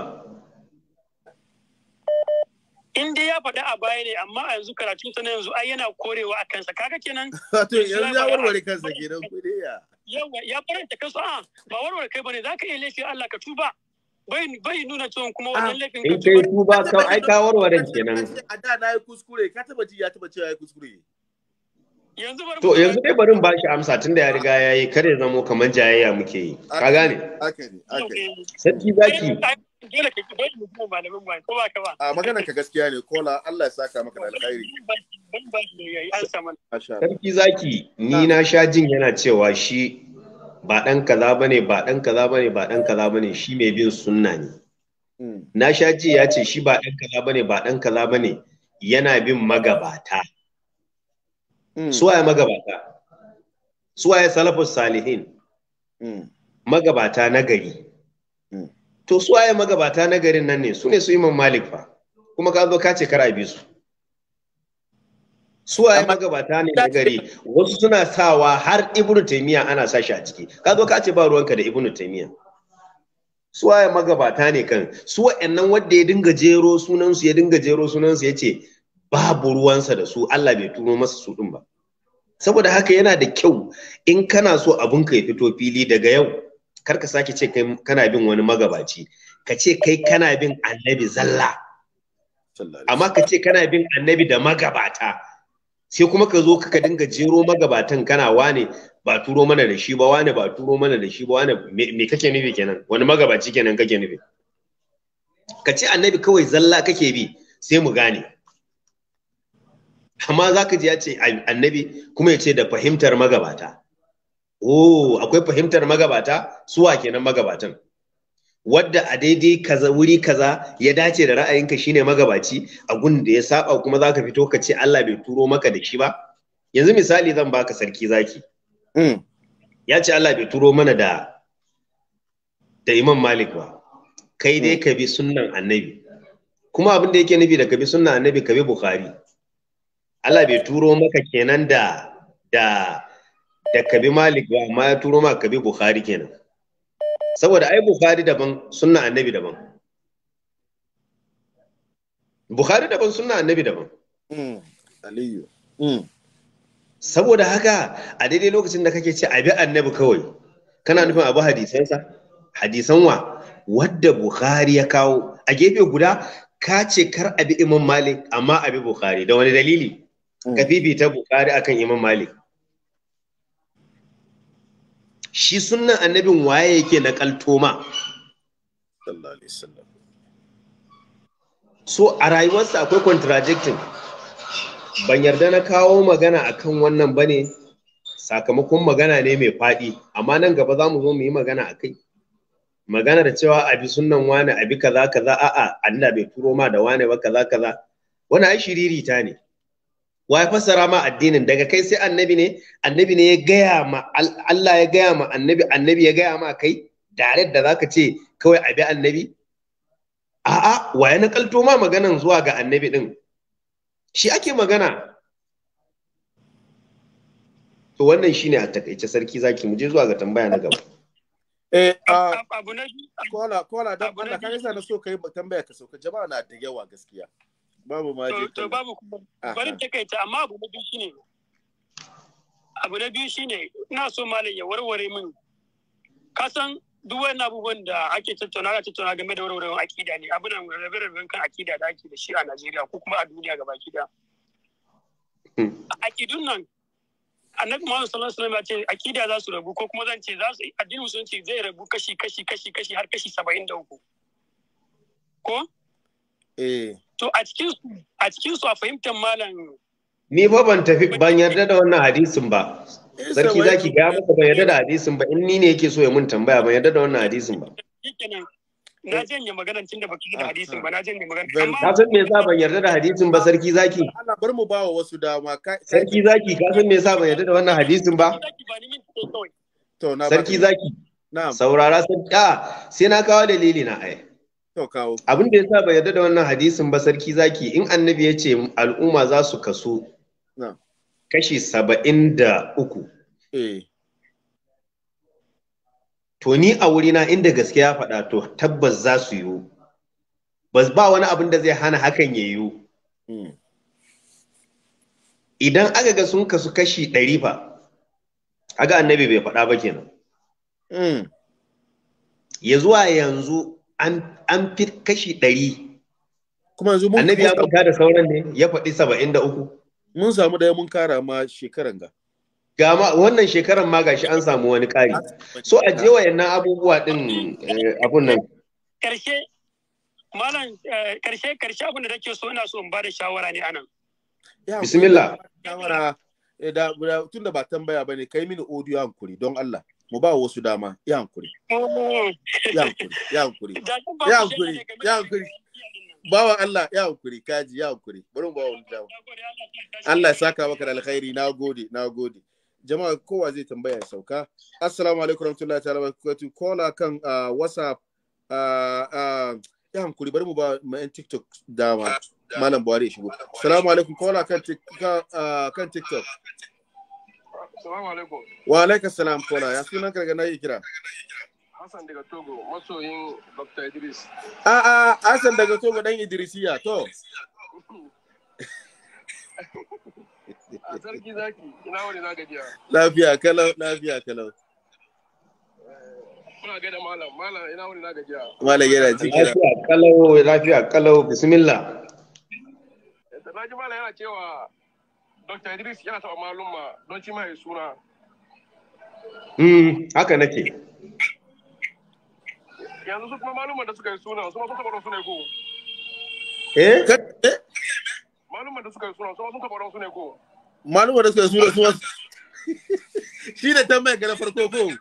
in dai ya faɗi a baya ne amma a yanzu karatun sa yanzu ai yana korewa a kansa kaga kenan to yanzu ya warware kansa kenan ku dai ya yawa ya faranta kansa a ba warware kai bane zaka iya laifin Allah ka tuba bai nuna cewa kuma ah, wannan laifin ka tuba in kai tuba kan ai warware kenan a da na yi kuskure ka taba ji ya taba cewa ya kuskure To yanzu dai barin ba shi amsa tun da ya riga ya yi kare zamo kamar jayayya muke yi. Ka gane? Sarki zaki. A magana ka gaskiya ne kola Allah ya saka maka da alkhairi. Sarki zaki ni na sha jin yana cewa shi ba ɗan kaza ba ne ba ɗan kaza ba ne ba ɗan kaza ba ne shi mai bin sunna ne. Mm. Na sha ji ya ce shi ba ɗan kaza ba ne ba ɗan kaza ba ne yana bin magabata. Mm. suwaye magabata suwaye salafus salihin mm. magabata na gari mm. to suwaye magabata na garin nan ne su ne su imam malik fa kuma ka zo ka ce kar a bi su suwaye magabata ne na gari wasu suna sawa har ibnu taymiya ana sa shi a ciki ka zo ka ce ba ruwanka da ibnu taymiya suwaye magabata ne kan su wa'annan wanda ya dinga jero sunansu ya dinga jero sunansu ya ce babu ruwansa da su Allah bai turo masa su ɗin ba saboda haka yana da kyau in kana so abun ka ya fito fili daga yau kar ka sake ce kai kana bin wani magabaci ka ce kai kana bin annabi zalla amma ka ce kana bin annabi da magabata sai kuma ka zo ka dinga jero magabatan kana wane ba turo mana da shi ba wane ba turo mana da shi ba wane me kake nufi kenan wani magabaci kenan kake nufi ka ce annabi kawai zalla kake bi sai mu gane amma za ka ji ya ce annabi kuma ya ce da fahimtar magabata oh akwai fahimtar magabata suwa kenan magabatan wadda a daidai kaza wuri kaza ya dace da ra'ayinka shine magabaci a gun da ya saba kuma za ka fito ka ce Allah bai turo maka da shi ba yanzu misali zan baka sarki zaki mm. ya ce Allah bai turo mana da da Imam Malik ba kai dai mm. ka bi sunnan annabi kuma abin da yake nufi da ka bi sunnan annabi ka bi Bukhari Allah bai turo maka kenan da da da kabi Malik ba amma ya turo maka kabi Bukhari kenan saboda ai Bukhari daban sunna annabi daban Bukhari daban sunna annabi daban hmm, Aliyu hmm. saboda haka a daidai lokacin da kake ce abi annabi kawai kana nufin abu hadisansa hadisan wa wadda Bukhari ya kawo a gefe guda ka ce kar abi Imam Malik amma abi Bukhari da wani dalili Mm. ka fifita bukari akan imam malik shi sunnan annabin waye yake na kaltoma so a rayuwarsa akwai contradicting ban yarda na kawo magana akan wannan ba ne. sakamakon magana ne mai faɗi amma nan gaba za mu zo mu yi magana a kai maganar cewa abi sunnan wani abi kaza kaza a'a Allah bai turo ma da wani ba kaza kaza wani ai shiririta ne wa ya fassara ma addinin daga kai sai annabi ne annabi ne ya gaya ma Allah ya gaya ma annabi annabi ya gaya ma kai direct da zaka ce kawai a bi annabi a'a wa ya nakalto ma maganan zuwa ga annabi din shi ake magana to wannan shine a takaice sarki zaki mu je zuwa ga tambaya na gaba Eh, kola, kola, da kana kan na so ka yi tambaya ka sauka jama'a na da yawa gaskiya. babu ma je to babu bari takaita amma abu na biyu shine abu na biyu shine ina so malam ya warware min ka san duk wani abubuwan da ake tattauna ga tattauna game da warwarewar akida ne abin nan rabe-raben kan akida da ake da shi a Najeriya ko kuma a duniya gaba kida da hmm. akidun nan annabi Muhammad sallallahu alaihi wasallam ya ce akida za su rabu ko kuma zan ce za su addinin musulunci zai rabu kashi kashi kashi kashi har kashi 73 ko eh to a cikin a cikin su a fahimtar malam ni ba ban tafi ban yarda da wannan hadisin ba eh, sarki zaki ga maka ban yarda da hadisin ba in ni ne yake so ya mun tambaya ban yarda da wannan hadisin ba na janye maganar da baki da hadisin ba na janye maganar ka san me yasa ban yarda da hadisin ba sarki zaki Allah bar mu bawa wasu dama sarki zaki ka san me yasa ban yarda da wannan hadisin ba sarki zaki na'am saurara ah, sai na kawo dalili na ai Abin da ya sa bai yarda da wannan hadisin ba sarki zaki in annabi ya ce al'umma za su kasu kashi saba'in da uku. Eh. To ni a wurina inda gaskiya faɗa to tabbas za su yiwu. ba wani abin da zai hana hakan ya yiwu. Hmm. Idan aka ga sun kasu kashi ɗari ba, aga annabi bai faɗa ba kenan. Hmm. Ya zuwa yanzu an fi kashi ɗari kuma yanzu mun annabi ya buga da sauran ne ya faɗi saba'in da uku mun samu ɗaya mun kara ma shekaran ga ga ma wannan shekaran ma gashi an samu wani ƙari so a je yannan abubuwa din eh, abun nan karshe malam eh, karshe karshe abun da take so ina so in da shawara ne anan bismillah shawara eh, da tunda ba tambaya bane kai mini audio kuri don Allah mu ba wasu dama ya hankuri ya hankuri ya hankuri ya hankuri ya hankuri bawa Allah ya hankuri kaji ya hankuri bari mu ba wani dama Allah ya saka maka da alkhairi na gode na gode jama'a kowa zai tambaya ya sauka assalamu alaikum warahmatullahi ta'ala barakatuh kola kan uh, whatsapp uh, uh, ya hankuri bari mu ba ma yan tiktok dama malam buhari ya shigo assalamu alaikum kola kan tiktok Salamu alaikum. Wa alaikum salam kola, ya suna karga na yi kira. Hassan daga Togo, masoyin Dr. Idris. A'a, Hassan daga Togo dan Idrisiya, to. A sarki zaki, ina wani na gajiya. Lafiya kalau, lafiya kalau. Eh, kuna gaida malam, malam ina wani na gajiya. Malam yana ji kira. Lafiya kalau, lafiya kalau, bismillah. Eh, na ji malam yana cewa Dr. Idris yana taɓa ma don shi ma ya suna. Hmm, haka nake. Yanzu su kuma malumman da suka yi suna, su ma sun taɓa suna ko? Eh? Eh? Malumman da suka yi suna, su ma sun taɓa suna ko? Malumman da suka yi suna, su ma shi ne tambayar ga na farko ko? Eh,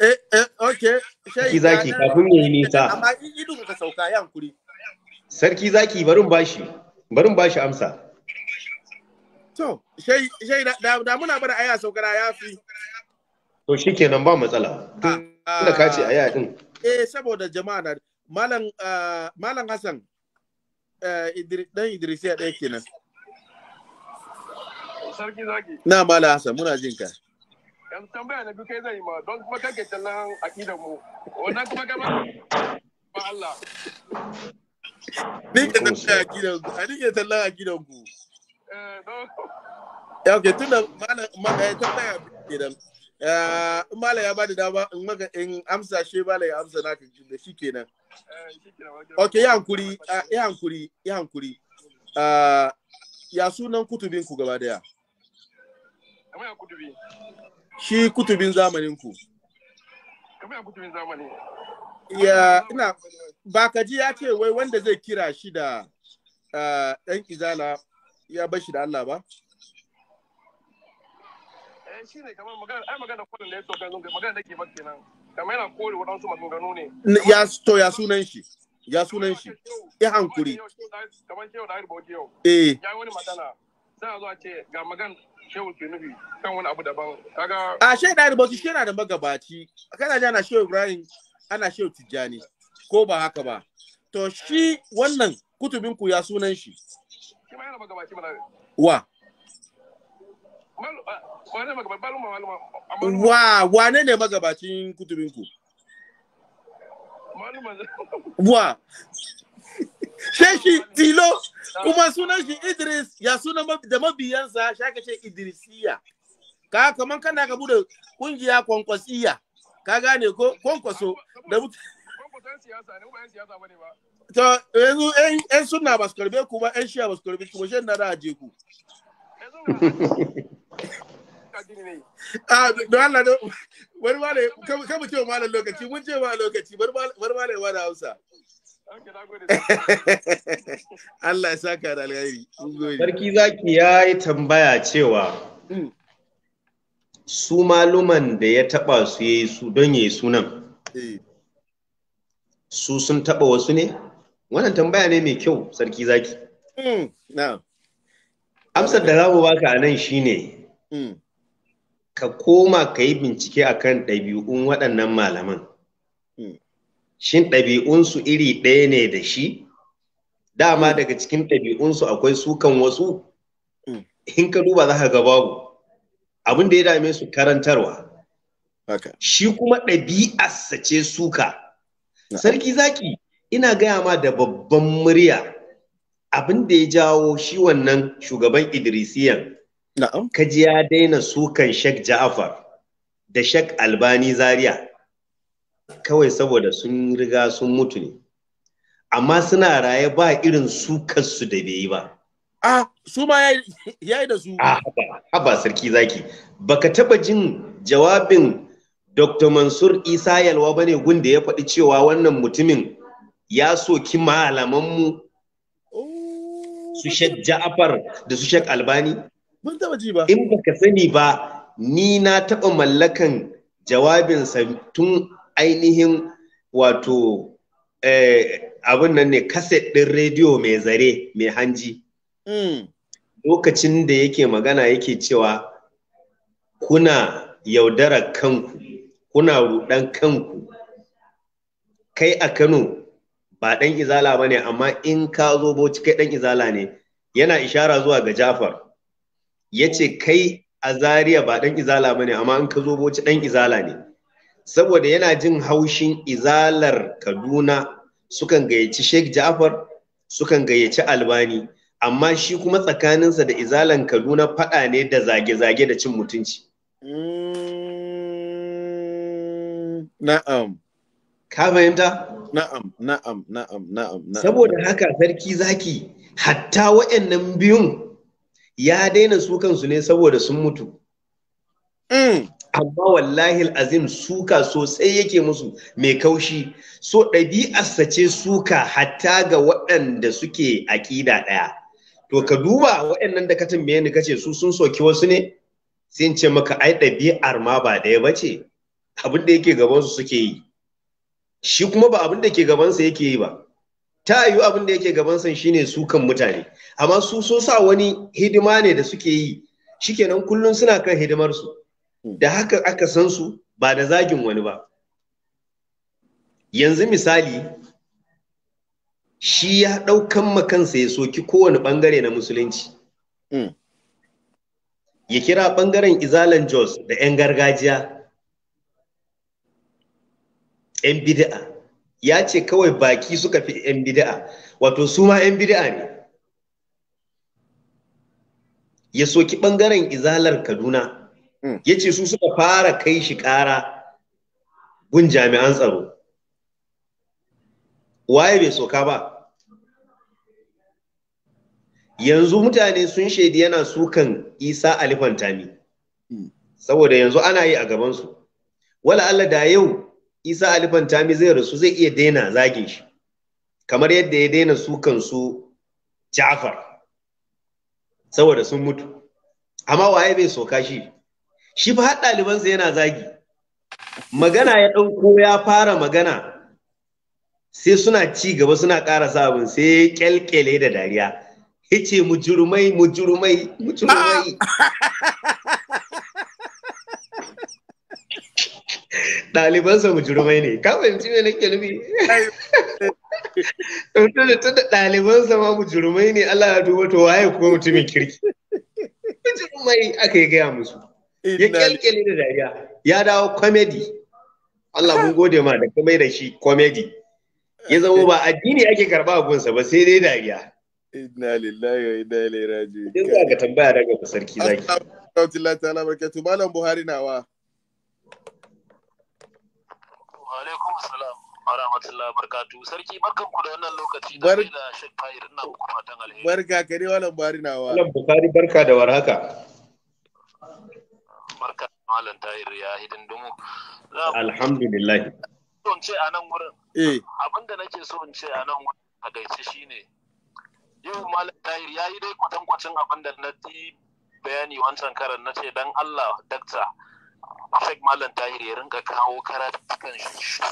eh, eh, okay. Sarki zaki, kafin ya yi nisa. Amma in ka sauka, ya Sarki zaki, barin bashi, barin bashi amsa. To, shai da muna bada aya saukara ya fi. To shi kenan ba matsala. Ah. Tunda ka ce aya din. Eh saboda jama'a na Malam ah, Malam Hassan eh, dan Idrisiya ɗaya kenan. Sarki zaki. Na Malam Hassan muna jin ka. Yan tambaya na biyu kai zai ma don kuma kake tallan aqidar mu. Wannan kuma gaba ba Allah. Ni ke tallan aqidar ku. Ni ke tallan aqidar ku. Eh, ya ke tun eh, da tambaya kenan. In mala ya bada dama in maka in amsa she mala ya amsa naka da shi kenan. Ok, ya hankuri, eh, ya hankuri, ya hankuri. Ya sunan kutubin ku gaba daya. Shi kutubin zamanin ku. kutubin zamani. Ya, ina, ba ka ji ya ce wai wanda zai kira shi da ɗan izala ya bar shi da Allah ba eh, shi ne kamar magana ai magana ne ya kan zunga magana nake kenan kamar yana kore wadansu maganganu ne ya to ya sunan shi ya sunan shi ya hankuri kamar shehu da harbo yau eh ya wani magana sai a zo a ce ga magana kan wani da shi yana da magabaci kana ji ana shehu Ibrahim ana ko ba haka ba to shi wannan kutubin ku ya sunan shi shi wa ah, wa ne ne magabacin kutubin ku wa sheshi tilo ah. kuma sunan shi idris ya sunan da mabiyansa shaka ce idrisiya ka kaman kana ka bude kungiya kwankwasiya ka gane ko kwankwaso da mutane to yanzu yan suna ba su karbe ku ba yan shiya ba su karbe ku ba shan na da ku a ah, don Allah da wani ma ne kama ce ma lokaci mun ce ma lokaci bar ma da Hausa Allah ya saka da alheri sarki zaki ya yi tambaya cewa mm. su maluman da ya taba su yi su don yi sunan eh. su sun taba wasu ne Wannan tambaya ne mai kyau sarki zaki. Hmm, Amsar da zamu baka a nan shine hmm. ka koma ka yi bincike akan ɗabi'un waɗannan malaman. Hmm. Shin ɗabi'unsu iri ɗaya ne da shi? Dama daga cikin ɗabi'unsu akwai sukan wasu? In ka duba za ka ga babu. Abin da ya dame su karantarwa. Shi kuma ɗabi'arsa sace suka. Sarki zaki ina gaya ma da babban murya abin da ya jawo shi wannan shugaban idrisiyan kaji ya daina sukan shek ja'afar da shek albani zaria kawai saboda sun riga sun mutu ne amma suna raye ba irin sukansu da bai yi ba A su ma ya yi da su. haba sarki zaki. Baka taba jin jawabin Dr. Mansur Isa Yalwa bane gun da ya faɗi cewa wannan mutumin ya soki malamanmu oh, su shek ja'afar da su shek albani in baka sani ba ni na taɓa mallakan jawabinsa tun ainihin wato eh, abin nan ne kaset ɗin rediyo mai zare mai hanji hmm. lokacin da yake magana yake cewa kuna yaudara kanku kuna ruɗan kanku kai a kano ba ɗan izala ba ne amma in ka zo bauchi kai ɗan izala ne yana ishara zuwa ga jafar ya ce kai a Zariya ba ɗan izala ba ne amma in ka zo bauchi ɗan izala ne saboda yana jin haushin izalar kaduna sukan gayyaci sheikh jafar sukan gayyaci albani amma shi kuma tsakaninsa da izalan kaduna faɗa ne da zage-zage da cin mutunci mm, na'am ka fahimta na'am na'am na'am na'am saboda haka sarki zaki hatta wa'annan biyun ya daina su kansu ne saboda sun mutu mm. amma wallahi azim suka sosai yake musu mai kaushi so ɗabi'ar sace suka hatta ga waɗanda suke aƙida ɗaya to ka duba waɗannan da katin tambaye ka kace su sun soki wasu ne sai ce maka ai ɗabi'ar ma ba ɗaya ba ce abin da yake gabansu suke yi shi kuma ba abin da ke gabansa yake yi ba ta yiwu abin da yake gabansa shine sukan mutane amma su so sa wani hidima ne da suke yi shikenan kullum suna kan hidimarsu da haka aka san su ba da zagin wani ba yanzu misali shi ya ɗaukan kansa ya soki kowane ɓangare na musulunci hmm. ya kira ɓangaren izalan jos da 'yan gargajiya 'yan bid'a ya ce kawai baki suka fi 'yan bid'a wato su ma 'yan bid'a ne ya soki ɓangaren izalar kaduna hmm. ya ce su suka fara kai shi ƙara gun jami'an tsaro waye bai soka ba yanzu mutane sun shaidi yana sukan isa alifantami hmm. saboda yanzu ana yi a gabansu wala Allah da yau isa alifan tami zai rasu zai iya daina zagin shi kamar yadda ya daina su kansu jafar saboda sun mutu amma waye bai soka shi shi fa har ɗalibansa yana zagi magana ya ɗauko ya fara magana sai suna ci gaba suna ƙara sabon sai kyalkyale da dariya ce, mujurumai mujurumai mujurumai ɗalibansa mujurmai ne ka fahimci me nake nufi to da ɗalibansa ma mujurmai ne Allah ya duba to waye kuma mutumin kirki mujurmai aka yi gaya musu ya kyalkyali da dariya ya dawo comedy Allah mun gode ma da kamai da shi comedy ya zama ba addini ake karɓa a gunsa ba sai dai dariya inna lillahi wa inna ilaihi raji'un Ina ga ka tambaya daga sarki zaki Allah ta'ala barkatu malam Buhari nawa alaikum salam wa rahmatullahi barkatu sarki barkan ku da wannan lokaci da da shek fayir ina muku fatan alheri barka kare walan barinawa walan bukari barka da warhaka barka malam tayir ya hidin dumu alhamdulillah so in ce a nan wurin eh abinda nake so in ce a nan wurin a gaice shine yau malam tayir ya yi dai kwatankwacin abinda na ti bayani wancan karan na ce dan Allah dakta Sheikh Malam Tahir ya rinka kawo karatukan shi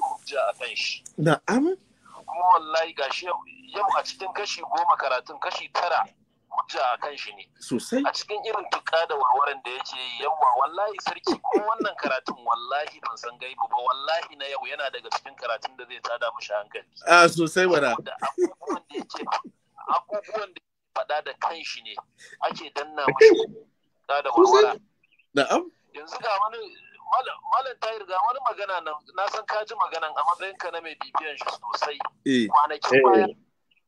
hujja a kan shi. Na'am. Kuma wallahi gashi yau a cikin kashi goma karatun kashi tara hujja a kan shi ne. Sosai. A cikin irin tuka da warwaran da yake yi yawa wallahi sarki kuma wannan karatun wallahi ban san gaibu ba wallahi na yau yana daga cikin karatun da zai tada mishi hankali. A sosai wada. Da abubuwan da yake abubuwan da faɗa da kan shi ne ake danna mashi da warwara. Na'am. yanzu ga wani malam Tahir ga wani magana nan na san ka ji maganan a matsayin ka na mai bibiyan shi sosai eh. kwanakin eh. bayan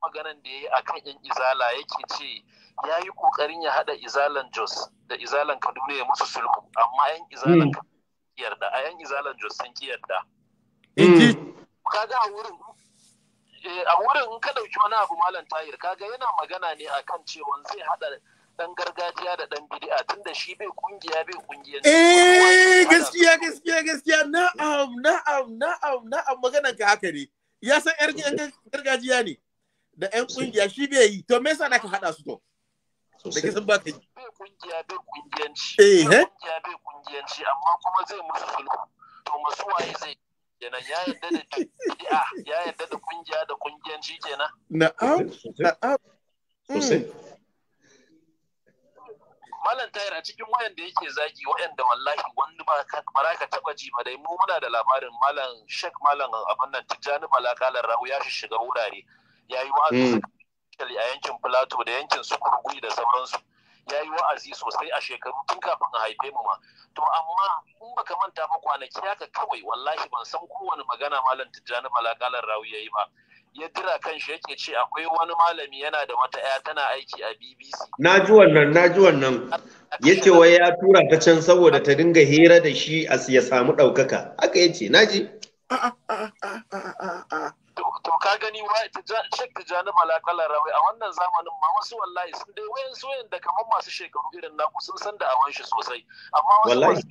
maganan da ya yi a kan yan izala yake ce ya yi kokarin ya haɗa izalan jos da izalan kaduna ya musu sulhu amma yan izalan hmm. yarda a yan izalan jos sun ki yarda hmm. kaga a wurin eh, a wurin in ka ɗauki wani abu malam tayir kaga yana magana ne akan cewa zai haɗa dan gargajiya da dan bid'a tunda shi bai kungiya bai kungiya eh gaskiya gaskiya gaskiya na'am na'am na'am na'am magana ka haka ne ya san yar gargajiya ne da yan kungiya shi bai yi to me yasa ka hada su to da kisan ba ka yi bai kungiya bai kungiyanci eh kungiya bai kungiyanci amma kuma zai musu sulhu to masu waye zai kenan ya yarda da bid'a ya yarda da kungiya da kungiyanci kenan na'am na'am hmm. sosai malam tayar a cikin wayanda yake zagi wayanda wallahi wani ba ka taba ji ba dai mu muna da labarin malam shek malam abin nan tijjani balakalar rahu ya shiga wurare ya yi wa'azi hmm. a yankin plateau da yankin sukurgui da sauransu ya yi wa'azi sosai a shekaru tun kafin a haife mu ma to amma in baka manta ba kwanaki haka kawai wallahi ban san kowane magana malam tijjani balakalar rahu ya yi ba ya jira kan shi yake ce akwai wani malami yana da wata ya tana aiki a BBC. Na ji wannan, na ji wannan. Ya ce wai ya tura ta can saboda ta dinga hira da shi a ya samu ɗaukaka. Haka ya ce, na ji. To ka gani wa ta jani malakalar Rawai a wannan zamanin ma wasu wallahi sun dai wayan soyan da kamar masu shekaru irin naku sun san da awan shi sosai. Amma wasu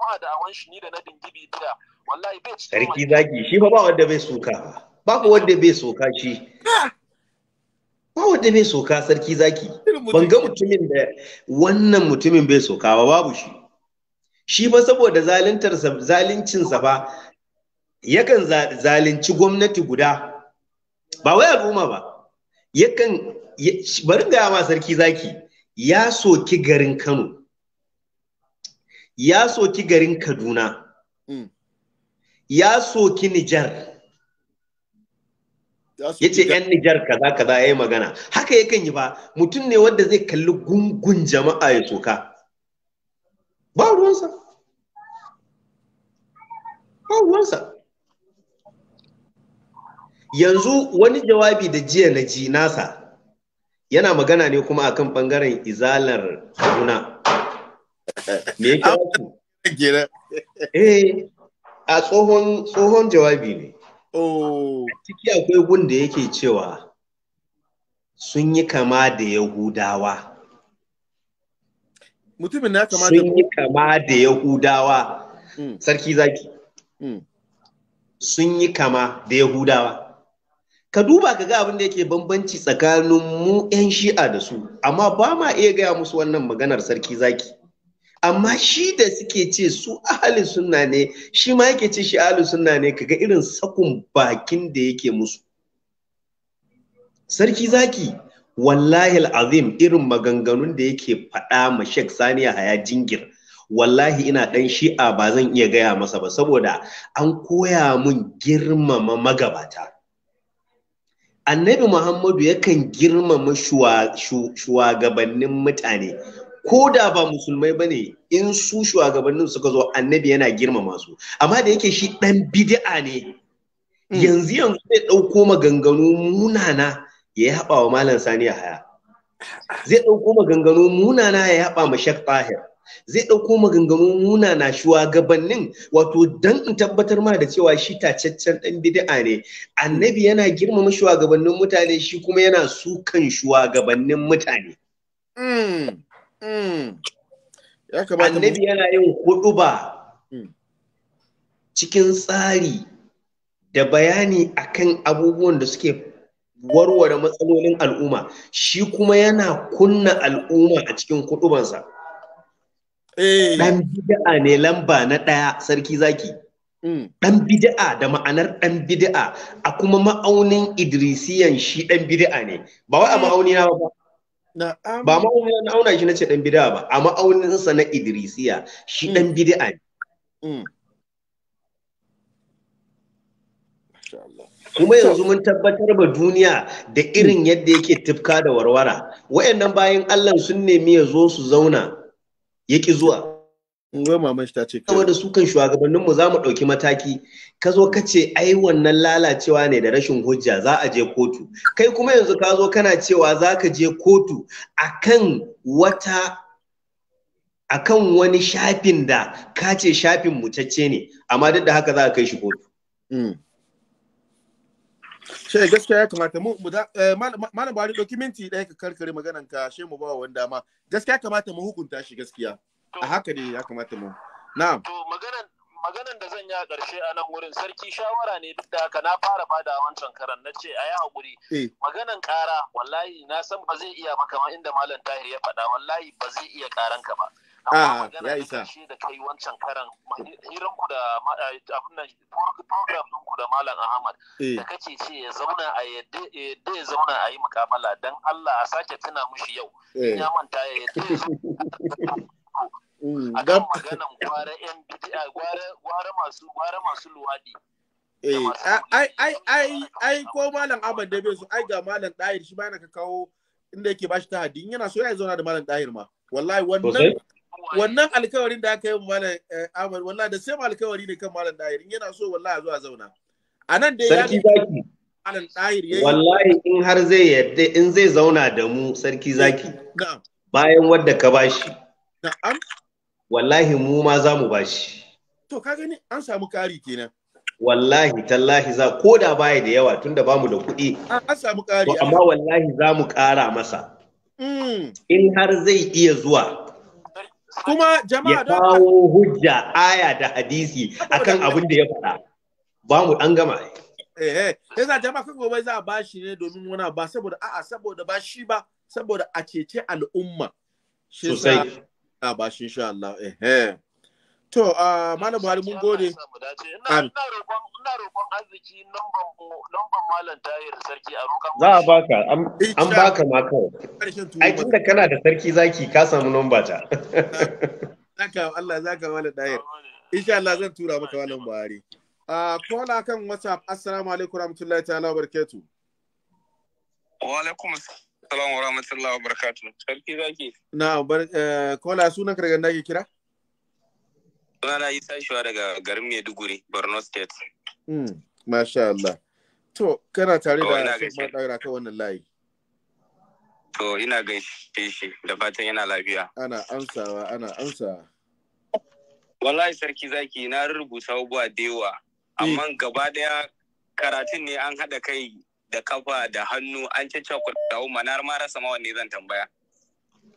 ba da awan shi ni da na dingibi biya. Wallahi bai ci. Sarki zaki shi ba ba wanda bai suka. babu wanda bai soka shi ba wanda bai soka sarki zaki ban ga mutumin da wannan mutumin bai soka ba babu shi shi ba saboda zaluntar zaluncinsa ba yakan zalunci gwamnati guda ba wai al'umma ba yakan bari ga ma sarki zaki ya soki garin Kano ya soki garin Kaduna mm. ya soki Nijar ya ce yan nijar kaza kaza ya yi magana haka yakan yi ba mutum ne wanda zai kalli gungun jama'a ya soka ba ruwansa ba ruwansa yanzu wani jawabi da jiya na ji nasa yana magana ne kuma akan bangaren izalar kaduna me yake eh a tsohon jawabi ne Oh. Ciki akwai wanda yake cewa sun yi kama da Yahudawa. Mutumin na kama da Sun yi kama da Yahudawa. Mm. Sarki zaki. Mm. Sun yi kama da Yahudawa. Ka duba ka ga abin da yake bambanci tsakanin mu 'yan shi'a da su, amma ba ma iya gaya musu wannan maganar sarki zaki. amma shi da suke ce su ahalin sunna ne shi ma yake ce shi ahalin sunna ne kaga irin sakun bakin da yake musu sarki zaki wallahi azim irin maganganun da yake faɗa ma shek Saniya Haya Jingir wallahi ina ɗan shi'a ba zan iya gaya masa ba saboda an koya mun girmama magabata annabi Muhammadu yakan girmama shugabannin mutane ko da ba musulmai bane in su shugabannin suka zo annabi yana girmama su amma da yake shi dan bid'a ne hmm. yanzu yanzu zai dauko maganganu munana ya yi wa malam sani ya haya zai dauko maganganu munana ya haɓa ma shak tahir zai dauko maganganu munana shugabannin wato dan in tabbatar ma da cewa shi tacaccen dan bid'a ne annabi yana girmama shugabannin mutane shi kuma yana sukan shugabannin mutane Mm. Hmm. Annabi yana yin huɗuba hmm. cikin tsari da bayani akan abubuwan da suke warware matsalolin al'umma shi kuma yana kunna al'umma a cikin kuɗubansa. Eh. Ɗan bida'a ne lamba na ɗaya sarki zaki. Hmm. Ɗan bid'a da ma'anar ɗan bid'a a kuma ma'aunin Idrisiyan shi ɗan bida'a ne. Ba wai a ma'auni na ba. ba ma'aunin na auna shi na ce dan bid'a ba a ma'auninsa na idrisiya shi dan mm. bid'a ne mm. kuma yanzu mun tabbatar ba duniya da irin mm. yadda yake tufka da warwara wayannan bayan Allah sun nemi ya zo su zauna yaki zuwa Wai maman ta ce. Saboda su kan shugabannin mu za mu ɗauki mataki. Ka zo ka ce ai wannan lalacewa ne da rashin hujja za a je kotu. Kai kuma yanzu ka zo kana cewa za ka je kotu akan wata akan wani shafin da ka ce shafin mutacce ne amma duk da haka za a kai shi kotu. Mm. Shai gaskiya ya kamata mu eh, malam Buhari doki minti ɗaya ka karkare maganan ka shi mu ba wani dama gaskiya kamata mu hukunta shi gaskiya. a haka ne ya kamata mu na'am to maganar maganan da zan yi a ƙarshe a nan wurin sarki shawara ne duk da haka na fara bada wancan karan na ce a yi haƙuri eh. maganan ƙara wallahi na san ba zai iya maka kamar inda malam tahir ya faɗa wallahi ba zai iya ƙaran ka ba ah, amma ya isa. shi da kai wancan karan hirin ku da eh, abin nan program ɗin ku da malam ahmad eh. da kace ce ya zauna a yadda ya zauna a yi mukamala dan Allah a sake tuna mushi yau ya manta ya yadda ya Mm. akan maganan gwara yan bid'a gwara gwara masu gwara masu luwadi eh, ai ai ai ko malam Ahmad da bai so ai ga malam Dahir shi bayan ka kawo inda yake bashi tahaddi yana so ya zauna da malam Dahir ma wallahi wannan wannan alkawarin da aka yi malam eh, Ahmad wallahi da sai alkawari ne kan malam Dahir yana so wallahi zuwa zauna a nan dai ya wallahi in har zai yarda in zai zauna da mu sarki eh, zaki bayan wadda ka bashi wallahi mu ma za mu bashi to ka gani an samu kari kenan wallahi tallahi za ko da baya da yawa tun tunda bamu da kuɗi an samu kari amma wallahi za mu ƙara masa mm. in har zai iya zuwa kuma jama'a da kawo hujja aya da hadisi akan abin da ya faɗa ba mu an gama eh eh yasa jama'a kan gobe za a bashi ne domin wani ba saboda a'a saboda ba shi ba saboda a cece al'umma sosai a ba shi Allah eh to a ah, malam Buhari mun gode ina roƙon arziki numban malam sarki a roƙon za a baka an baka ma kawai ai tunda kana da sarki zaki ka samu ta zaka Allah zan tura maka malam Buhari ah, kan WhatsApp assalamu alaikum warahmatullahi wa Assalamu wa rahmatullahi wa barakatuh. Sarki zaki. Na, eh, kola sunan ka daga ke kira? Sunana Isa Shuwa daga garin Maiduguri, Borno State. Mm, masha Allah. To, kana tare da Usman Daura ka wannan layi. To, ina gaishe shi da fatan yana lafiya. Ana amsawa, ana amsawa. Wallahi sarki zaki na rubuta abubuwa da yawa, eh. amma gaba daya karatun ne an haɗa kai da kafa da hannu an caccakuɗa umma na ma rasa ma wanne zan tambaya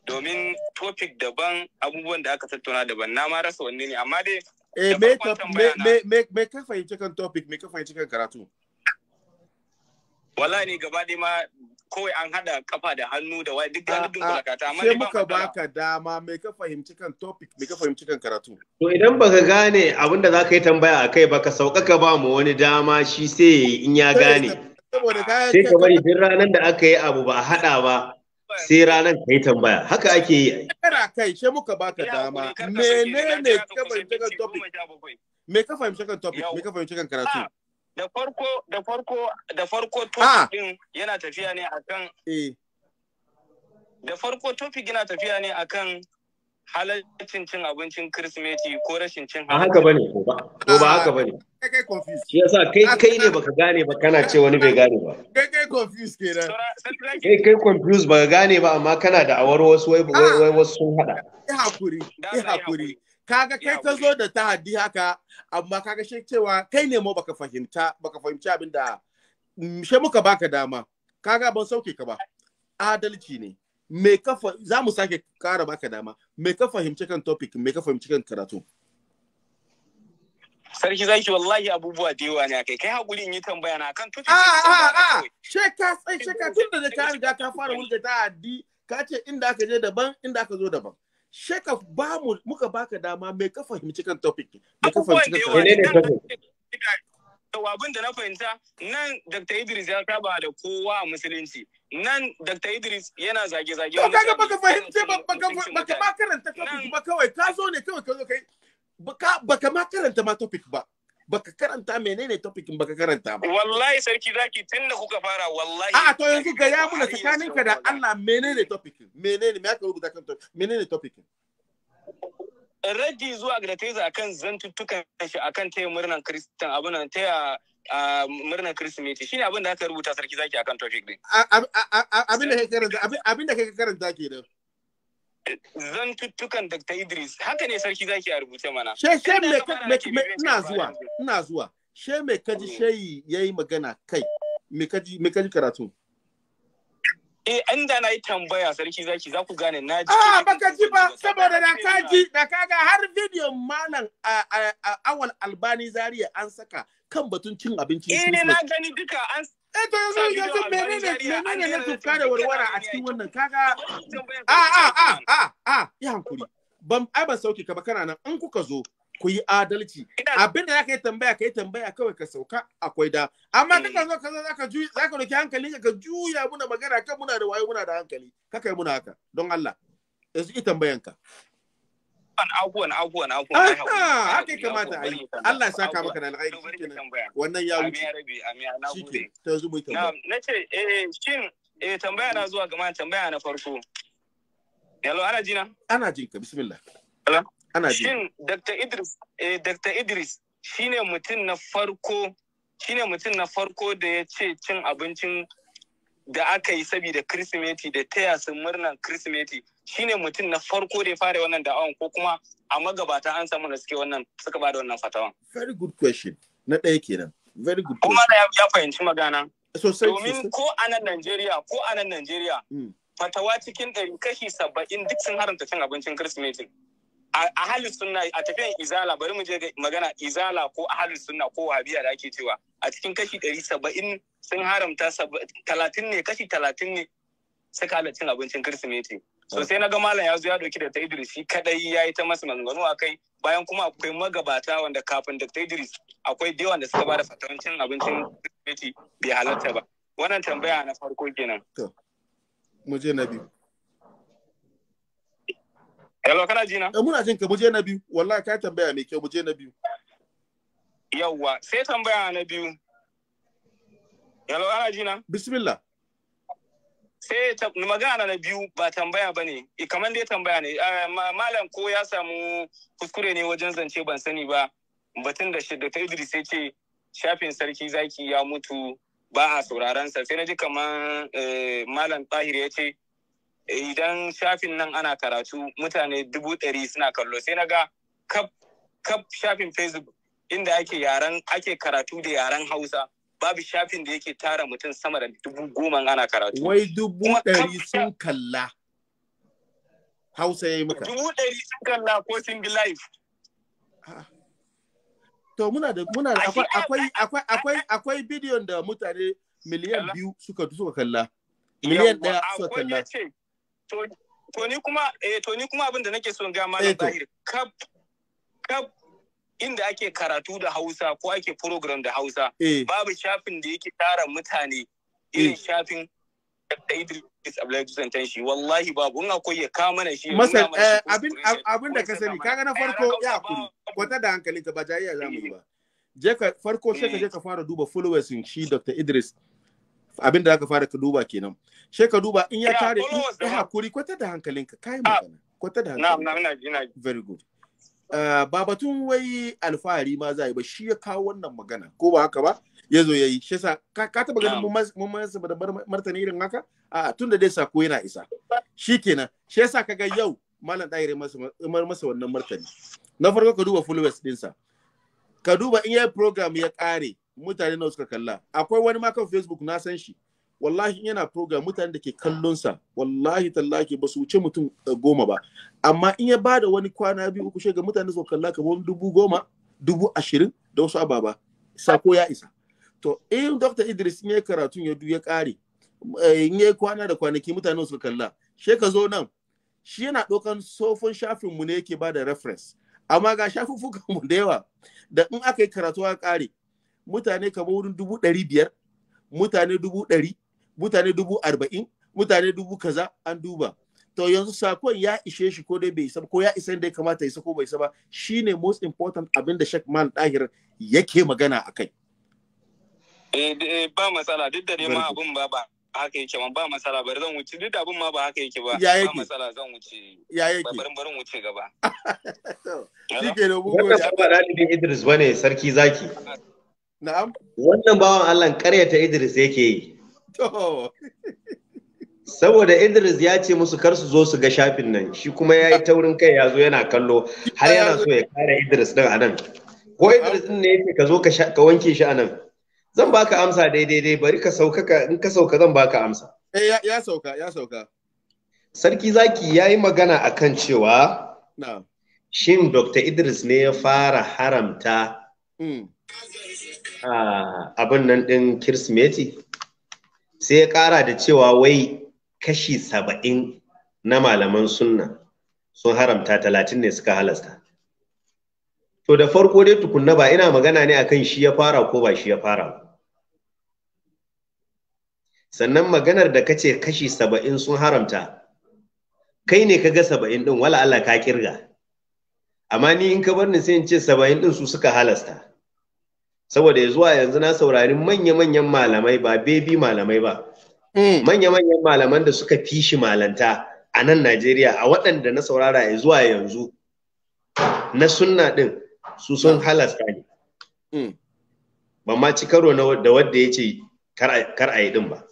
domin topic daban abubuwan da aka tattauna daban na ma rasa wanne ne amma dai eh me me me ka fahimci kan topic me ka fahimci kan karatu wala ne gaba dai ma kawai an hada kafa da hannu da wai duk ganin dunkulakata amma sai muka baka dama me ka fahimci kan topic me ka fahimci kan karatu to idan baka gane abinda zaka yi tambaya akai baka sauƙaƙa ba mu wani dama shi sai in ya gane saboda kayan sai ka bari ranar da aka yi abu ba a hada ba sai ranar ka yi tambaya haka ake yi kana kai she muka baka dama menene ka fahimci kan topic me ka fahimci kan topic me ka fahimci kan karatu ah, da farko da farko da farko topic ah! yana tafiya ne akan eh. da farko topic yana tafiya ne akan halaccin cin abincin Kirsimeti ko rashin cin halaccin. Haka bane ko ba ko ba haka bane. Kai kai confused. Shi yasa kai kai ne baka gane ba kana ce wani bai gane ba. Kai kai confused kenan. Kai kai confused baka gane ba amma kana da awar wasu wai wai wasu sun hada. Ki hakuri, ki hakuri. Kaga kai ta zo da tahaddi haka amma kaga shi cewa kai ne mo baka fahimta baka fahimci abin da mm, she muka baka dama. Kaga ban sauke ka ba. Adalci ne. Me kafa za mu sake kara baka dama. me ka fahimci kan topic me ka fahimci kan karatu sarki zaki wallahi abubuwa da yawa ne kai kai hakuri in yi tambaya na kan topic a a a sheka sai ah, ah. sheka tun da ka riga ka fara wurga ta addi ka ce inda aka je daban inda aka zo daban sheka ba mu muka baka dama me ka fahimci kan topic me ka fahimci kan topic to abin da na fahimta nan Dr. Idris ya saba da kowa a musulunci nan Dr. Idris yana zage-zage wani kaga baka fahimce baka ma karanta topic ba kawai ka zo ne kawai ka zo kai baka ma karanta ma topic ba baka karanta menene in baka karanta ba wallahi sarki zaki tunda kuka fara wallahi a to yanzu ga ya muna tsakaninka da Allah menene topic menene me aka rubuta kan topic menene topic. Raji zuwa ga teza akan zantuttukan shi akan taya murnan kristan abin taya murnan kirsimeti shine abin da aka rubuta sarki zaki akan topic din abin da kai karanta ke da zantuttukan Dr. Idris haka ne sarki zaki a rubuta mana she me ina zuwa ina zuwa she me kaji mm. shayi yayi magana kai me me kaji karatu Eh, an da na yi tambaya sarki zaki za ku gane na ji. Ah, baka ji ba, saboda da ka ji, da ka ga har bidiyon malam awal albani zaria an saka kan batun cin abinci. Eh, na gani duka an Eh, to yanzu yanzu menene menene na tuka da warwara a cikin wannan kaga. Ah, ah, ah, ah, ah, ya hankuri. Ban ai ban sauke ka ba kana nan in kuka zo ku yi adalci abin da zaka yi tambaya ka yi tambaya kawai ka sauka akwai da amma kaka eh. zo ka zo zaka juyi zaka doki hankali ka juya muna magana kan muna da wayo muna da hankali Ka kai muna haka don Allah yanzu yi tambayan ka abuwan abuwan abuwan haka kamata a yi Allah ya saka maka da alkhairi shikenan wannan ya wuce shikenan ta yanzu mu yi tambaya na ce eh shin eh tambaya na zuwa ga tambaya na farko yalo ana jina ana jinka bismillah ana shin Dr. Idris eh, Dr. Idris shine mutum na farko shine mutum na farko da ya ce cin abincin da aka yi saboda Kirsimeti da taya su murnan Kirsimeti shine mutum na farko da ya fara wannan da'awan ko kuma a magabata an samu da suke wannan suka bada wannan fatawan. Very good question. Na ɗaya kenan. Very good question. Kuma ya fahimci magana. Sosai Domin ko a nan Najeriya ko a nan Najeriya. Mm. Fatawa cikin ɗari kashi saba'in duk sun haramta cin abincin Kirsimeti. a halin sunna a tafiyan izala bari mu je magana izala ko a halin sunna ko wahabiya da ake cewa a cikin kashi ɗari saba'in sun haramta talatin ne kashi talatin ne suka ka cin abincin kirsimeti so sai na ga malam ya zo ya ɗauki da ta idris shi kadai ya yi ta masa maganganu a kai bayan kuma akwai magabata wanda kafin da idris akwai da yawan da suka ba da fatawan abincin kirsimeti bai halatta ba wannan tambaya na farko kenan mu je na biyu Hello, kana jina? na. Eh, muna jin ka muje na biyu. Wallahi ka tambaya mai kyau muje na biyu. Yawwa, sai tambaya na biyu. Hello, ana na. Bismillah. Sai ta magana na biyu ba tambaya ba ne, eh, kamar dai tambaya ne. Ah, malam ko ya samu kuskure ne wajen zance ban sani ba. Batun da shi da ta Idris sai ce shafin sarki zaki ya mutu ba a sauraron sa sai na ji kamar eh, malam Tahir ya ce idan shafin nan ana karatu mutane dubu ɗari suna kallo sai na ga kaf shafin facebook inda ake yaran ake karatu da yaren hausa babu shafin da yake tara mutum sama da dubu goma ana karatu wai dubu ɗari sun kalla hausa ya yi maka dubu ɗari sun kalla ko single life to muna da muna da akwai akwai akwai akwai bidiyon da mutane miliyan biyu suka suka kalla miliyan ɗaya suka kalla to ni kuma eh to ni kuma nake son ga malam eh, zahiri. kap kap inda ake karatu da Hausa ko ake program da Hausa eh. babu shafin da yake tara mutane eh. irin shafin da Idris Abdullahi Dusan tanshi wallahi babu in akwai ya ka mana shi masal abin abin da ka sani kaga na farko ya kuri kwata da hankalinka ba jayya zamu yi ba je ka farko sai ka je ka fara duba followers shi Dr. Idris Abinda aka fara ka duba kenan she ka duba in ya kare in hakuri kwata da hankalinka kai magana kwata da hankalinka na'am na'am ina very good Uh, ba batun wai alfahari ma zai yi ba shi ya kawo wannan magana ko ba haka ba ya zo ya yi shi sa ka taba ganin mun masa da martani irin haka a tun da dai sako yana isa shi kenan shi yasa ka ga yau malam ɗahir masa wannan martani na farko ka duba fulwes ɗinsa ka duba in ya program ya ƙare mutane na suka kalla akwai wani ma kan facebook na san shi wallahi yana program mutane da ke kallonsa wallahi tallaki ba su wuce mutum eh, goma ba amma in ya bada wani kwana biyu uku shiga mutane su kalla kamar dubu goma dubu ashirin da wasu ababa sako ya isa to in dr idris in ya karatu ya du kare eh, in ya kwana da kwanaki mutane su kalla she ka zo nan shi yana ɗaukan sofon shafin mu ne yake bada reference amma ga shafuffukan mu da yawa da in aka yi karatu ya kare mutane kamar wurin dubu ɗari biyar mutane dubu ɗari mutane dubu arba'in mutane dubu kaza an duba to yanzu sakon ya ishe shi ko dai bai isa ko ya isa da ya kamata isa ko bai isa ba shine most important abin da Sheikh Man Dahir yake magana akai eh, eh ba matsala duk da ma abun ba ba haka yake ba matsala bari zan wuce duk da abun ma ba haka yake ba ba matsala zan wuce ya yake bari bari wuce gaba to shike da bugu da ba dalibin Idris bane sarki zaki Na'am. Wannan bawan Allah karyata Idris yake yi. To. Saboda Idris ya ce musu kar su zo su ga shafin nan, shi kuma ya yi taurin kai ya zo yana kallo har yana so ya kare Idris din a nan. Ko Idris din ne yake ka zo ka wanke shi a nan. Zan baka amsa daidai dai bari ka sauka ka in ka sauka zan baka amsa. Eh ya sauka ya sauka. Sarki zaki ya yi magana akan cewa. Na'am. Shin Dr. Idris ne ya fara haramta. Hmm. abin nan ɗin kirsimeti sai ya ƙara da cewa wai kashi saba'in na malaman sunna sun haramta talatin ne suka halasta to da farko dai tukunna ba ina magana ne akan shi ya fara ko ba shi ya fara sannan maganar da kace kashi saba'in sun haramta kai ne ka ga saba'in ɗin wala Allah ka kirga amma ni in ka bar ni sai in ce saba'in ɗin su suka halasta saboda ya zuwa yanzu na saurari manya-manyan malamai ba bebi malamai ba hmm. manya-manyan malaman da suka fi shi malanta a nan Najeriya a waɗanda na saurara ya zuwa yanzu na sunna ɗin su sun hmm. halasta ne hmm. ba ma ci karo da wadda ya ce kar a yi ɗin ba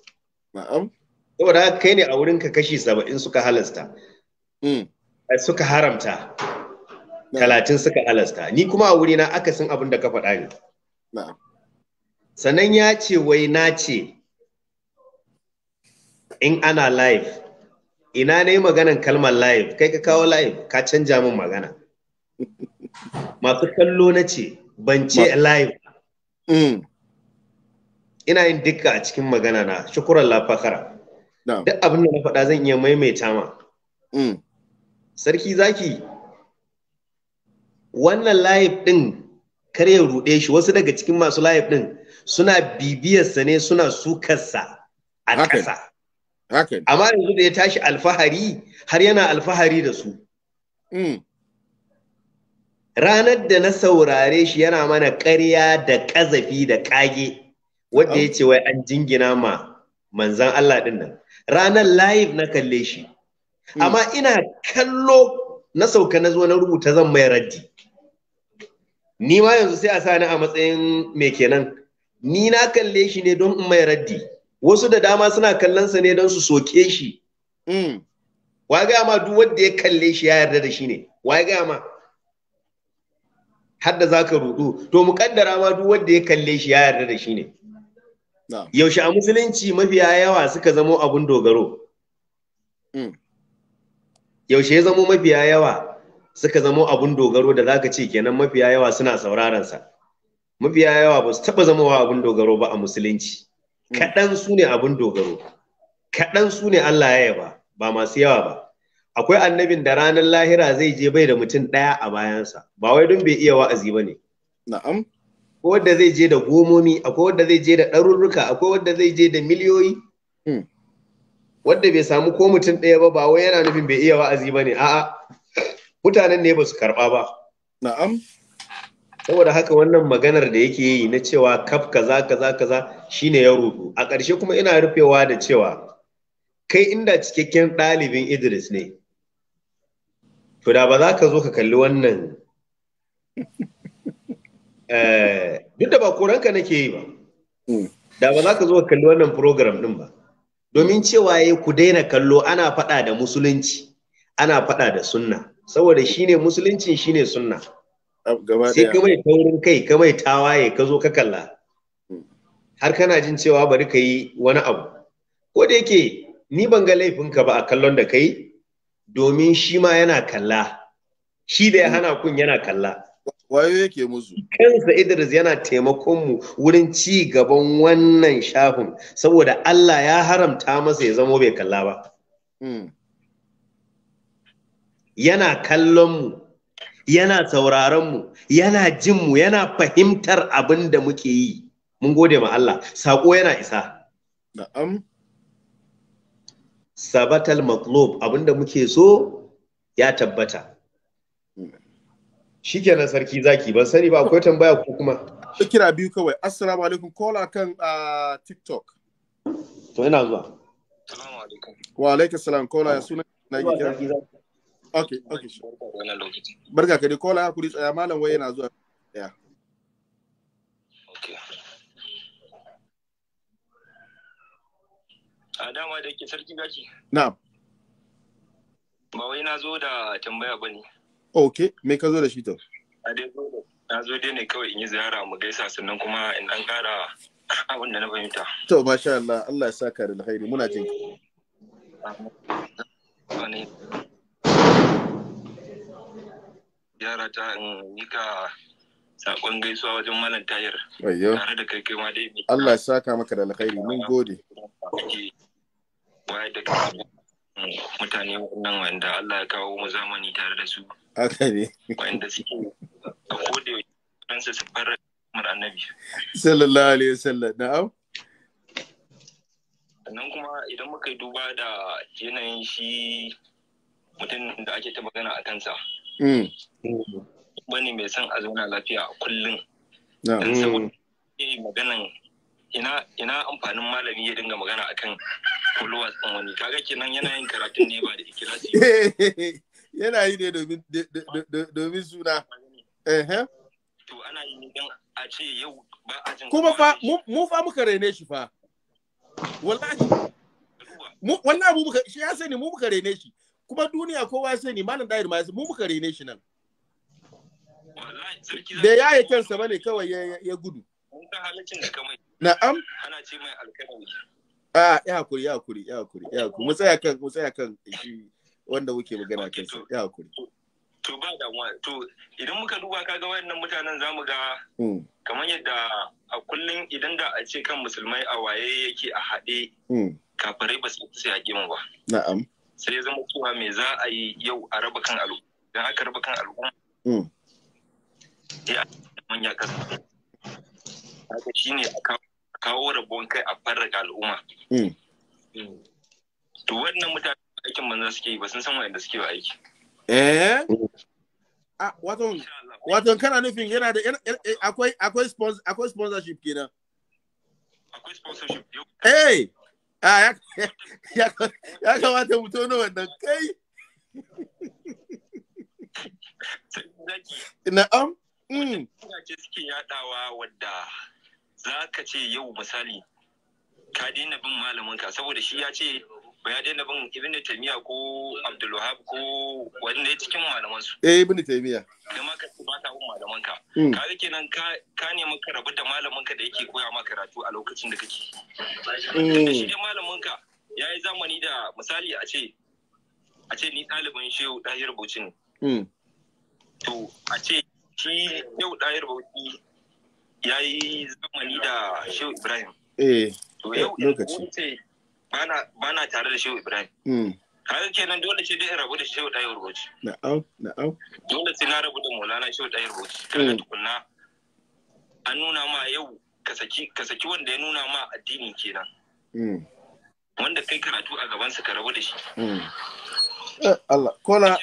saboda kai ne a wurin ka kashi saba'in suka halasta suka haramta talatin suka halasta ni kuma a wurina akasin abin da ka faɗa ne Sannan ya ce wai na ce in ana live, ina ne maganan kalmar live, kai ka kawo live, ka canja min magana. Masu kallo na ce, ban ce live. Mm. Ina yin dukka a cikin magana na, shukuran lafakara. Duk abin da na faɗa zan iya maimaita ma. Mm. Sarki zaki, wannan live ɗin kar ya ruɗe shi wasu daga cikin masu layif din suna bibiyarsa ne suna sukarsa a ƙasa amma yanzu da ya tashi alfahari har yana alfahari da su mm. ranar da na saurare shi yana mana ƙarya da ƙazafi da ƙage wadda ya ce wai an jingina ma manzan Allah ɗin nan ranar layif na kalle shi mm. amma ina kallo na sauka na zo na rubuta zan mai raddi ni ma yanzu sai a sa ni a matsayin me kenan ni na kalle shi ne don in mai raddi wasu da dama suna kallon sa ne don su soke shi mm. wa ga ma duk wanda ya kalle shi ya yarda da shi ne wa ga ma har da zaka rudu to mu kaddara ma duk wanda ya kalle shi ya yarda da shi ne yaushe a musulunci mafiya yawa suka zamo abun dogaro mm. yaushe ya zamo mafiya yawa suka zamo abun dogaro da zaka ce kenan mafiya yawa suna sauraron sa mafiya yawa ba su taba zama abun dogaro ba a musulunci mm. kaɗan su ne abun dogaro kaɗan su ne Allah ya yaba ba masu yawa ba akwai annabin da ranar lahira zai je bai da mutum ɗaya a bayansa ba wai don bai iya wa'azi ba ne na'am akwai wanda zai je da gomomi akwai wanda zai je da ɗarurruka akwai wanda zai je da miliyoyi mm. wanda bai samu ko mutum ɗaya ba ba wai yana nufin bai iya wa'azi ba ne a'a mutanen ne ba su karɓa ba na'am saboda haka wannan maganar da yake yi na cewa kaf kaza kaza kaza shine ya rubu, a ƙarshe kuma ina rufewa da cewa kai inda cikakken ɗalibin Idris ne to da ba za ka zo ka kalli wannan eh, duk da ba koranka nake yi ba hmm. da ba za ka zo ka kalli wannan program din ba domin cewa ya ku daina kallo ana faɗa da musulunci ana faɗa da sunna saboda shine musulunci shine sunna sai ka mai taurin kai ka mai tawaye ka zo ka kalla hmm. har kana jin cewa bari ka yi wani abu ko da yake ni ban ga laifinka ba a kallon da kai domin shi ma yana kalla shi da ya hmm. hana kun yana kalla wayo yake musu kansa Idris yana taimakon mu wurin ci gaban wannan shafin saboda Allah ya haramta masa ya zamo bai kalla ba hmm. yana kallon mu yana sauraron mu yana jin mu yana fahimtar abin da muke yi mun gode ma Allah sako yana isa na'am sabatal maqlub abin da muke so ya tabbata shikenan sarki zaki ban sani ba akwai tambaya ko kuma kira biyu kawai assalamu alaikum kola kan uh, tiktok to ina zuwa wa alaikum salam kola ya suna na kira Okay, okay. Barka ka dai kola kuri tsaya malam wai yana zuwa. Yeah. Okay. A da ke sarki gaci. Na'am. Ba wai na zo da tambaya ba ne. Okay, me ka zo da shi to? A na zo dai ne kawai in yi ziyara mu gaisa sannan kuma in an kara abin da na fahimta. To masha Allah, Allah ya saka da alkhairi muna jin. Amin. yara ta mika sakon gaisuwa wajen malam tayar tare da kai kai dai Allah ya saka maka da alkhairi mun gode wai da mutane wannan wanda Allah ya kawo mu zamani tare da su haka ne wanda suke a kode su fara mar annabi sallallahu alaihi wasallam na'am sannan kuma idan muka duba da yanayin shi mutum da ake ta magana a kansa Mm. Wani mai son a zauna lafiya a kullum mm. maganan ina ina amfanin malami ya dinga magana akan followers din wani kaga kenan yana yin karatun ne ba da ikilasi yana yi ne domin suna to ana yi don a ce yau ba a jin kuma fa mu fa muka rene shi fa wallahi wannan abu muka shi ya sani mu muka rene shi kuma duniya kowa ya sani malam dair ma mu muka rene shi nan da ya yi kansa bane kawai ya gudu na'am ana ce mai alkalami a ya hakuri ya hakuri ya hakuri ya hakuri mu tsaya kan mu tsaya kan shi wanda muke magana kan sa ya hakuri to ba da to idan muka duba kaga wayannan mutanen zamu ga hmm. kamar yadda a kullun idan da a ce kan musulmai a waye yake a haɗe hmm. kafirai ba su sai a ba na'am sai ya zama cewa me za a yi yau a raba kan al'umma idan aka raba kan al'umma ya hmm. manya kasa haka shi ne a kawo rabon kai a farraka al'umma hmm. Hmm. to wannan mutane aikin manza suke yi ba sun san wanda suke ba aiki eh ah, wato wato kana nufin yana da eh, eh, akwai akwai akwai sponsorship kenan akwai sponsorship eh Ah, a ya kamata mu tono wannan kai na'am mm. ina ce suke yadawa wadda za ka ce yau misali ka daina bin malamin ka saboda shi ya ce ba ya daina bin ibn taymiya ko abdul wahab ko wani ne cikin malaman su eh ibn taymiya da ma ka ba ta bin malaman hmm. ka kaga nan ka ka ne maka rabu da malamin ka da yake koya maka karatu a lokacin da kake hmm. shi da malamin ka yayi zamani da misali a ce a ce ni ɗalibin shehu ɗahir bauchi ne hmm. to a ce shi shehu ɗahir bauchi yayi zamani da shehu ibrahim eh to eh, yau lokaci Ba na tare da shehu ibrahim hmm. kaga kenan dole ce dai rabu da shehu dai rubuci na'am na'am dole sai na rabu da maulana shehu dai rubuci hmm. kaga tukunna an nuna ma yau ka saki wanda ya nuna ma addini kenan hmm. wanda kai karatu a gaban su ka rabu da shi eh, Allah kola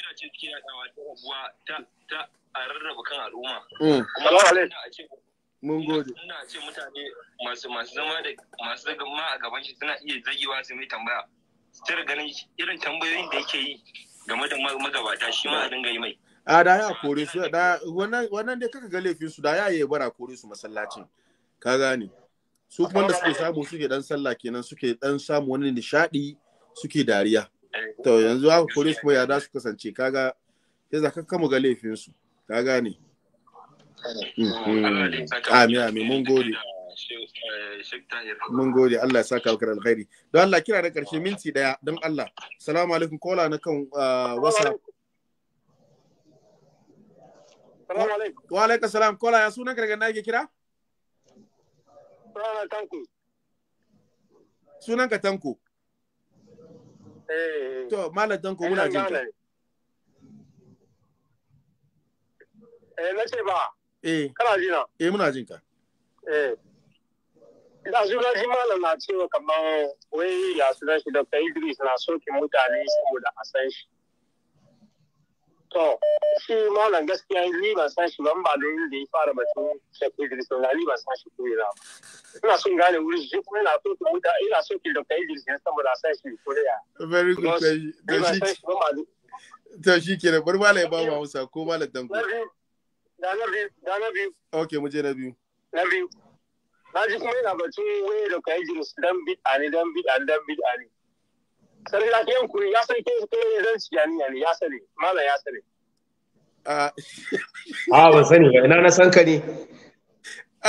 ta ta a rarraba kan al'umma kuma a ce mun gode ina ce mutane masu masu zama da masu zama a gaban shi suna iya zagewa su mai tambaya su ganin irin tambayoyin da yake yi game da magabata shi ma a dinga yi mai a da ya kore su da wannan wannan dai kaka ga laifin su da ya yi bara kore su masallacin ka gane su kuma da suke samu suke dan sallah kenan suke dan samu wani nishadi suke dariya to yanzu aka kore su ya da su kasance kaga sai zaka kama ga laifin su ka gane Mm-hmm. Amin amin mun gode. Eh, mun gode Allah ya saka alkar alkhairi. Don Allah kira da karshe minti daya don Allah. Salamu alaikum kola na kan wasa. Uh, Wa alaika salam kola ya sunan kargan yake kira? Sunana Tanko. Sunan ka Tanko. Eh. To Malam Tanko muna jin Eh na ce ba. eh kana ji na eh muna jin ka eh ina zuwa ji malam na cewa kamar wai ya sunan shi Dr. Idris na soke mutane saboda a san shi to shi malam gaskiya ni ban san shi ban ba don da ya fara batun Dr. Idris na ni ban san shi ko ina ina son gane wurin shi kuma ina so ki muta ina so ki Dr. Idris ne saboda a san shi ko da very good da shi da shi kenan bar malai ba mu Hausa malam Danko Da na biyu, na biyu. Ok, mu je na biyu. Na biyu. Na ji kuma yana batun waye da kai jirus dan bid'a ne, dan bid'a ne, dan bid'a ne. Sarki lafiyan kuri ya san ke ne zan ci jami'a ne, ya sani, malam ya sani. A ban sani ba, ina na san ka ne.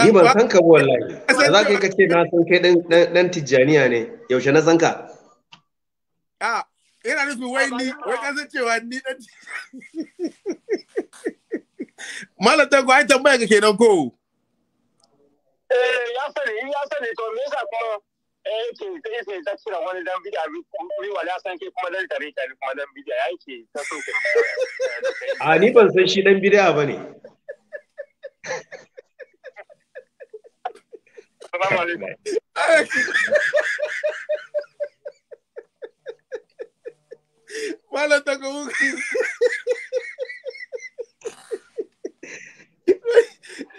Ni ban san ka wallahi. Za ka yi kace na san kai dan tijjaniya ne. Yaushe na san ka? A ina nufin wai ni, wai kasancewa ni dan ta ko ai tambaya kake kenan ko? Eh ya sani in ya sani to me yasa kuma eh ke ke ta kira wani dan bidiya ni wala san ke kuma dan tare ta, kuma dan bidiya ya ke ta so ke. A ni ban san shi dan bidiya bane. Assalamu alaikum. Malam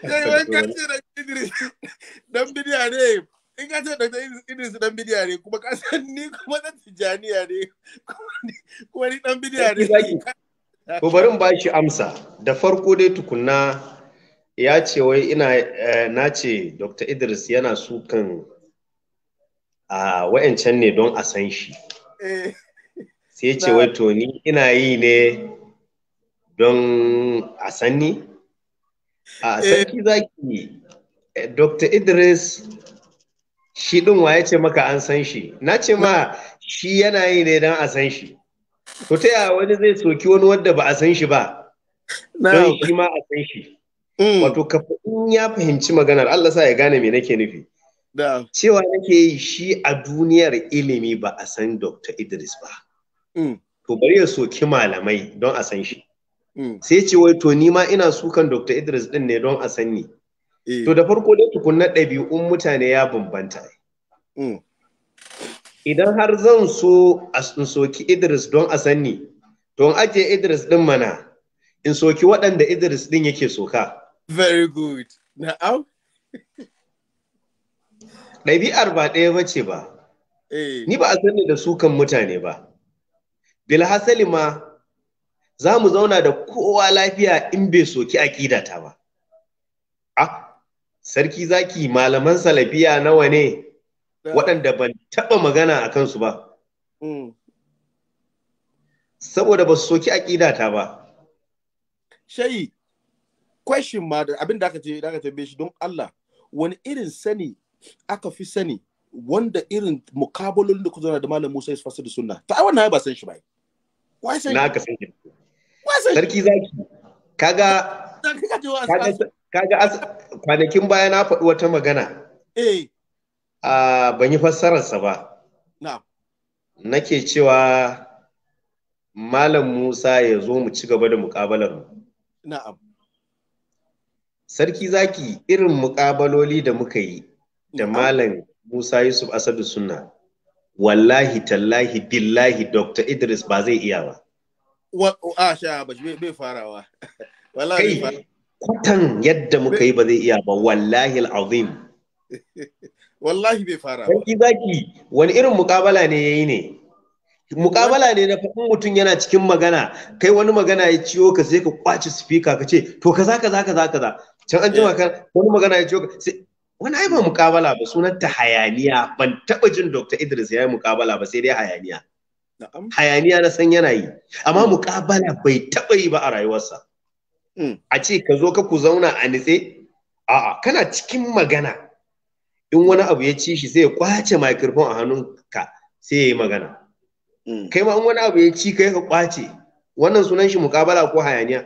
Zai wai ka ce da Idris dan bidiya ne. In ka ce da Idris dan bidiya ne kuma ka san ni kuma dan tijaniya ne. Kuma ni dan bidiya ne. Ko barin ba shi amsa. Da farko dai tukunna ya ce wai ina eh, na ce Dr. Idris yana sukan a wa'ancan ne don a san shi. Eh. Sai ce wai to ni ina yi ne don a sanni? a eh, sarki zaki eh, dr idris shi ɗin ya ce maka an san shi na ce ma shi yana yi ne don a san shi to ta yaya wani zai soki wani wanda ba a san shi ba don shi ma a san shi mm. wato kafin ya fahimci maganar Allah sa ya gane me nake nufi cewa nake yi shi a duniyar ilimi ba a san dr idris ba mm. to bari ya soki malamai don a san shi Mm. sai ce wai to ni ma ina sukan Dr. Idris din ne don a sanni. Eh. To da farko dai tukunna ɗabi'un mutane ya bambanta. Mm. Idan har zan so a soki Idris don a sanni, to in ake Idris din mana in soki waɗanda Idris din yake soka. Very good. Na'am. Ɗabi'ar ba ɗaya ba ce ba. Eh. Ni ba a sani da sukan mutane ba. Bilhassali ma za mu zauna da kowa lafiya in bai soki aƙidata ba a sarki zaki malaman salafiya nawa ne waɗanda ban taɓa magana a kansu ba mm. saboda ba su soki aƙidata ba shayi question ma da abin da aka ce da aka shi don Allah wani irin sani aka fi sani wanda irin mukabalolin da ku zauna da malam Musa ya fasa da sunna ta wannan ba san shi ba wai san na ka san shi sarki zaki kaga kaga kwanakin baya na faɗi wata magana eh ban yi fassararsa ba nake cewa malam Musa ya zo mu ci gaba da muƙabalar mu na'am sarki zaki irin muƙabaloli da muka yi da malam Musa Yusuf Asadu suna, wallahi tallahi billahi Dr. Idris ba zai iya ba a sha bashi bai farawa wallahi kwatan yadda muka yi ba zai iya ba wallahi al'azim wallahi bai fara sarki zaki wani irin mukabala ne yayi ne mukabala ne na faɗin mutum yana cikin magana kai wani magana ya ciyo ka sai ka kwace speaker ka ce to kaza kaza kaza kaza can an jima ka wani magana ya ciyo ka sai wani ai ba mukabala ba sunan ta hayaniya ban taba jin Dr. Idris yayi mukabala ba sai dai hayaniya hayaniya na san yana yi amma hmm. muƙabala bai taɓa yi ba a rayuwarsa hmm. a ce ka zo ka ku zauna a nitse 'a kana cikin magana in wani abu ya ci shi sai ya kwace microphone a hannunka sai ya yi magana hmm. kai ma in wani abu ya ci yi ka kwace wannan sunan shi mukabala ko hayaniya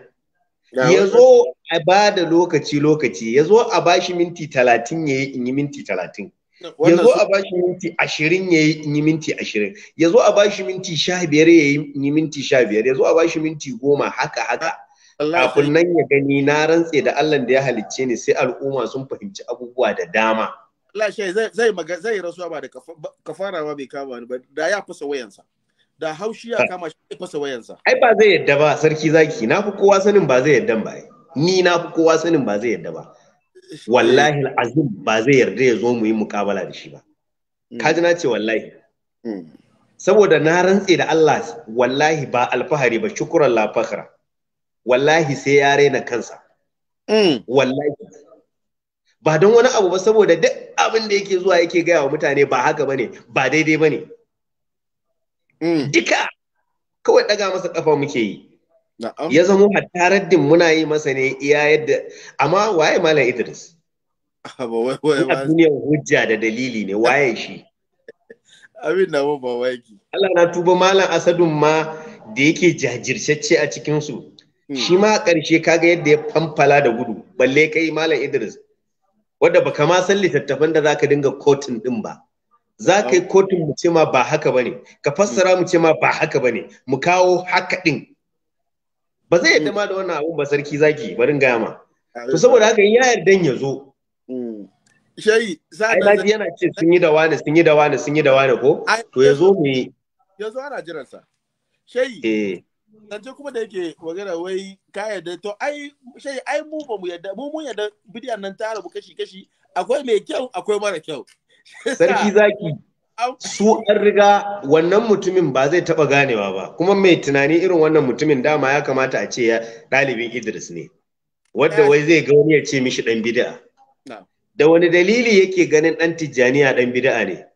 ya zo a ba da lokaci lokaci ya zo a ba shi minti talatin ya yi in yi minti talatin ya zo a bashi minti ashirin ya yi minti ashirin ya zo a bashi minti sha biyar ya yi minti sha biyar ya zo a bashi minti goma haka haka kafin nan ya gani na rantse da Allah da ya halicce ni sai al'umma sun fahimci abubuwa da dama lashe zai maga zai rasuwa ba da kafara ba bai kama ni ba da ya fasa wayansa da haushi ya kama shi ya fasa wayansa ai ba zai yadda ba sarki zaki na fi kowa sanin ba zai yadda ba ni na fi kowa sanin ba zai yadda ba wallahi azim ba zai yarda ya zo mu yi mukabala da shi ba mm. kaji na ce wallahi mm. saboda na rantse da Allah wallahi ba alfahari ba shukuran la fakhra wallahi sai ya raina kansa mm. wallahi ba don wani abu ba saboda duk abin da yake zuwa yake gaya wa mutane ba haka bane ba daidai bane duka kawai daga masa kafa muke yi ya zama hatta muna yi masa ne iya yadda amma waye malam Idris Ina duniyar hujja da dalili ne waye shi abin na Allah na tuba malam Asadun ma da yake jajirce a cikinsu. Hmm. shi ma ƙarshe kaga yadda ya famfala da gudu balle kai malam Idris wadda baka ma san littattafan da zaka dinga kotun din ba za ka yi kotun mu ce ma ba haka bane ka fassara mu ce ma ba haka bane mu kawo haka din ba zai yadda mm. ma da wannan abun ba sarki zaki barin gaya ma to saboda haka ya yarda ya zo mm. shayi ai lafi yana ce sun yi da wani sun yi da wani sun yi da wani ko to ya zo mu ya zo ana jiran sa shayi eh zance kuma da yake wagara wai ka yarda to ai shayi ai mu ba mu yarda mu mun yarda bidiyon nan ta rabu kashi kashi akwai mai kyau akwai mara kyau sarki zaki su an riga wannan mutumin ba zai taba ganewa ba kuma mai tunani irin wannan mutumin dama ya kamata a ce ya ɗalibin idris ne wadda eh. wai zai ga ya ce mishi ɗan bida'a da wani dalili yake ganin ɗan tijjaniya ɗan bida'a ne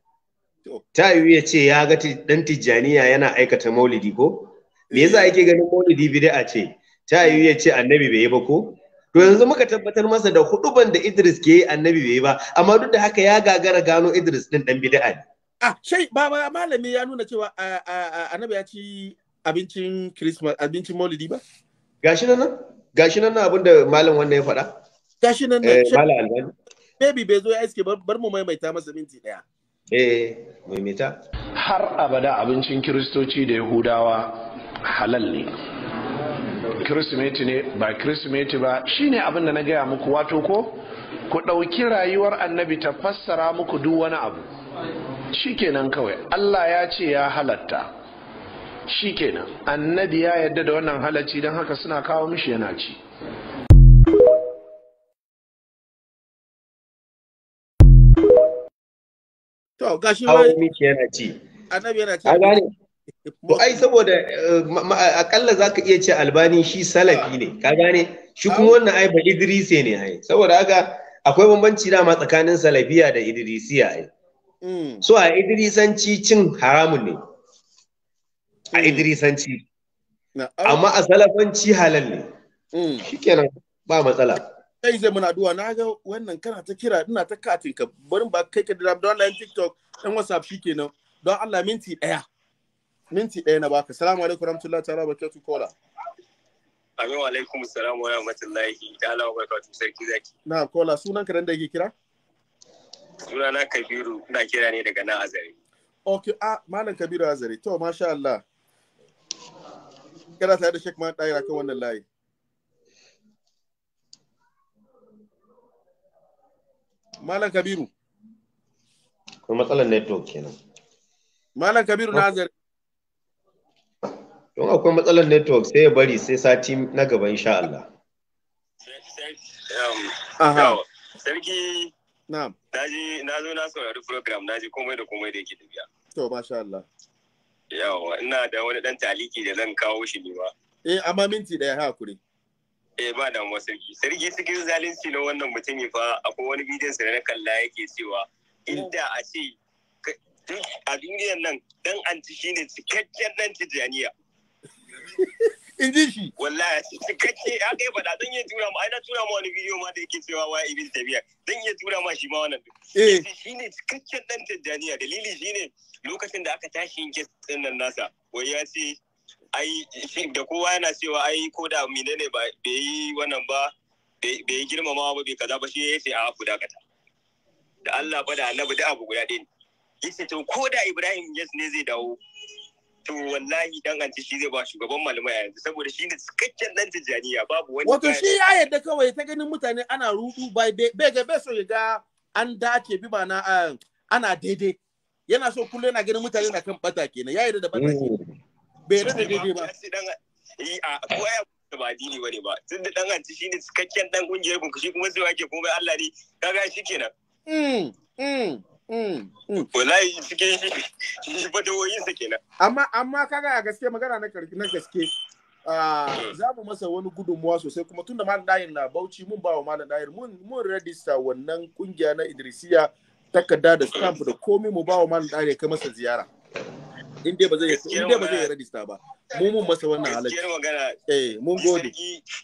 ta yiwu ya ce ya ga ɗan tijjaniya yana aikata maulidi ko me yasa eh. yake ganin maulidi bida'a ce ta yiwu ya ce annabi bai yi ba ko to yanzu muka tabbatar masa da ban da idris ke yi annabi bai yi ba amma duk da haka ya gagara gano idris ɗin ɗan bid'a ne Ah, shai ba malami ya nuna cewa annabi ya ci abincin Christmas, abincin Maulidi ba? Gashi nan nan? Gashi nan nan abin da malam wanda ya faɗa? Gashi nan nan. Eh, malam Baby bai zo ya iske bar mu maimaita masa minti ɗaya. Eh, maimaita. Har abada abincin Kiristoci da Yahudawa halal ne. Kirsimeti ne ba Kirsimeti ba shine abin da na gaya muku wato ko ku ɗauki rayuwar annabi ta fassara muku duk wani abu. shikenan kawai Allah ya ce ya halatta shikenan annabi ya yadda da wannan halacci don haka suna kawo mishi yana ci to gashi yana ci annabi ai saboda eh, akalla zaka iya ce albani shi salafi ne ka gane shi kuma wannan ai ba ne ai saboda haka akwai bambanci dama tsakanin salafiya da idrisiya ai Mm. So a Idrisanci cin haramun ne. A mm. Idrisanci. Oh. Amma a salafanci halal ne. Mm. Shikenan ba matsala. Kai zai muna duwa na ga wannan kana ta kira ina ta katin ka barin ba kai ka da don line TikTok dan WhatsApp kenan. don Allah minti daya. Minti daya na baka. Assalamu alaikum warahmatullahi ta'ala barakatuh kola. Amin wa alaikum assalam wa rahmatullahi ta'ala wa barakatuh sarki zaki. Na kola sunan ka dan da yake kira? Sunana Kabiru na kira ne daga nan Azare. Ok, ah, Malam Kabiru Azare, to masha Allah. Kana tare da Sheikh ɗaya Daira kan wannan layi. Malam Kabiru. Ko matsalar network kenan. Malam Kabiru na Azare. Don akwai matsalar network sai ya bari sai sati na gaba insha Allah. Sarki um, Na'am. Naji na zo na saurari program naji komai da komai da yake tafiya. To masha Allah. Yawa ina da wani dan taliki da zan kawo shi ne ba. Eh amma minti daya hakuri. Eh ba da mu sarki. Sarki cikin zalunci na wannan mutumi fa akwai wani bidiyon sa na kalla yake cewa inda a ce a duniyar nan dan anti shine cikakken dan tijaniya. in ji shi wallahi cikakke ya kai faɗa zan iya tura ma ai na tura ma wani bidiyo ma da yake cewa wa ibn tabiya zan iya tura ma shi ma wannan eh ne cikakken dan tajjaniya dalili ne lokacin da aka tashi yin kes din nan nasa wai ya ce ai da kowa yana cewa ai ko da menene ba bai yi wannan ba bai girmamawa ba bai kaza ba shi ya ce a ku dakata da Allah ba da Annabi da abu guda ɗaya ne yace to ko da Ibrahim yes ne zai dawo to wallahi dan anti shi zai ba shugaban malamai a yanzu saboda shi ne cikakken dan tijaniya babu wani wato shi ya yadda kawai ta ganin mutane ana rudu bai bai ga bai so ya ga an dace bi ba na eh, ana daidai yana so kullum yana ganin mutane na kan bata kenan ya yarda da bata mm. kenan bai rada da daidai ba eh, a ko ya ba dini bane ba tun da dan anti shi ne cikakken dan kungiyar ku shi kuma sai wake komai Allah ne kaga shi kenan mm mm Mm, mm. wallahi cikin shi badawoyin sa kenan amma amma kaga a gaske magana na karki na gaske ah, mm. za mu masa wani gudunmuwa sosai kuma tunda malam dayin na bauchi mun ba wa malam dayin mun mun rajista wannan kungiya na idrisiya takarda da stamp da komi mu ba wa malam dayin kai masa ziyara in dai ba zai in dai ba rajista ba mu mun masa wannan halacci gaskiyar magana eh mun gode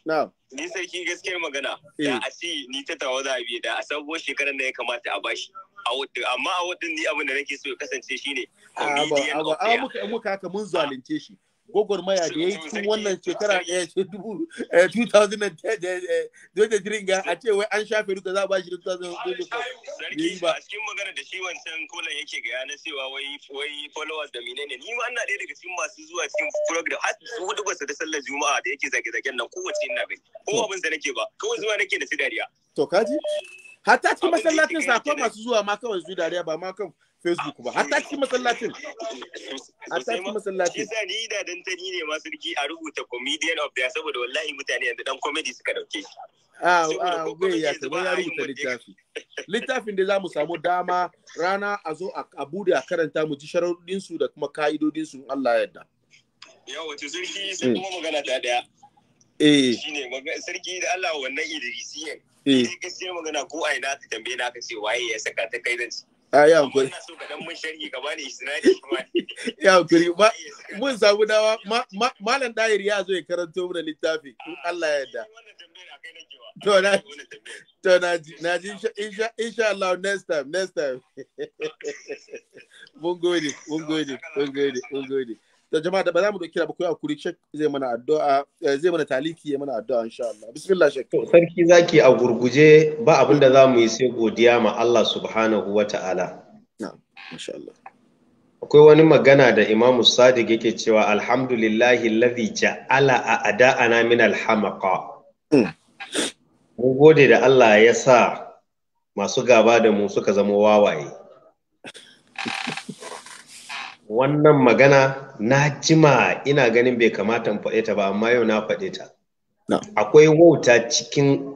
na'am ni sarki gaskiyar magana da eh. a ce ni ta tawa za a biye da a sabo shekaran da ya kamata a bashi amma a wadin ni abin da nake so ya kasance shine a muka muka haka mun zalunce shi gwagwarmaya da ya yi cikin wannan shekara 2010 eh, eh, eh, ga a ce wai an shafe duka za a ba shi 2010 sarki ba cikin magana da shi wancan kolan yake gaya na cewa wai wai followers da menene ni ma ina ɗaya daga cikin masu zuwa cikin program har su hudu ba su da sallar juma'a da yake zage-zagen nan kowace ina bai ko abin da nake ba kawai zuwa nake da su dariya to kaji hatta cikin masallacin sa masu zuwa ma kawai su dariya ba ma kawai. facebook ba hatta cikin masallacin hatta cikin masallacin kisa ni da dan tani ne ma sarki a rubuta comedian of the saboda wallahi mutane yanzu dan comedy suka dauke shi ah, ah, a a bai ya ta ya rubuta littafi littafin da zamu samu dama rana a zo a bude a karanta mu ji sharuɗin su da kuma ka'idodin su Allah yarda yawa to sarki mm. sai kuma magana ta daya eh shine sarki da Allah wannan Idrisiyan eh gaskiya magana ko aina ta tambaye na ka ce waye ya saka ta kai da shi a ah, ya hankuri ya hankuri mun samu dawa malam dayar ya zo ya karanto mana littafi ah, in Allah ya yarda to na to ji na ji insha insha Allah next time next time mun gode mun gode mun gode mun gode da jama'a da ba za mu dauki ba ku hakuri shek zai mana addu'a eh, zai mana taliki ya mana addu'a insha Allah bismillah shek to sarki zaki a gurguje ba abin da zamu yi sai godiya ma Allah subhanahu wata'ala na'am insha Allah akwai wani magana da Imam Sadiq yake cewa alhamdulillahi alladhi ja'ala a ada'ana min alhamaqa mm. mun gode da Allah ya sa masu gaba da mu suka zama wawaye wannan magana na jima ina ganin bai kamata in faɗe ta ba amma yau na faɗe ta akwai wauta cikin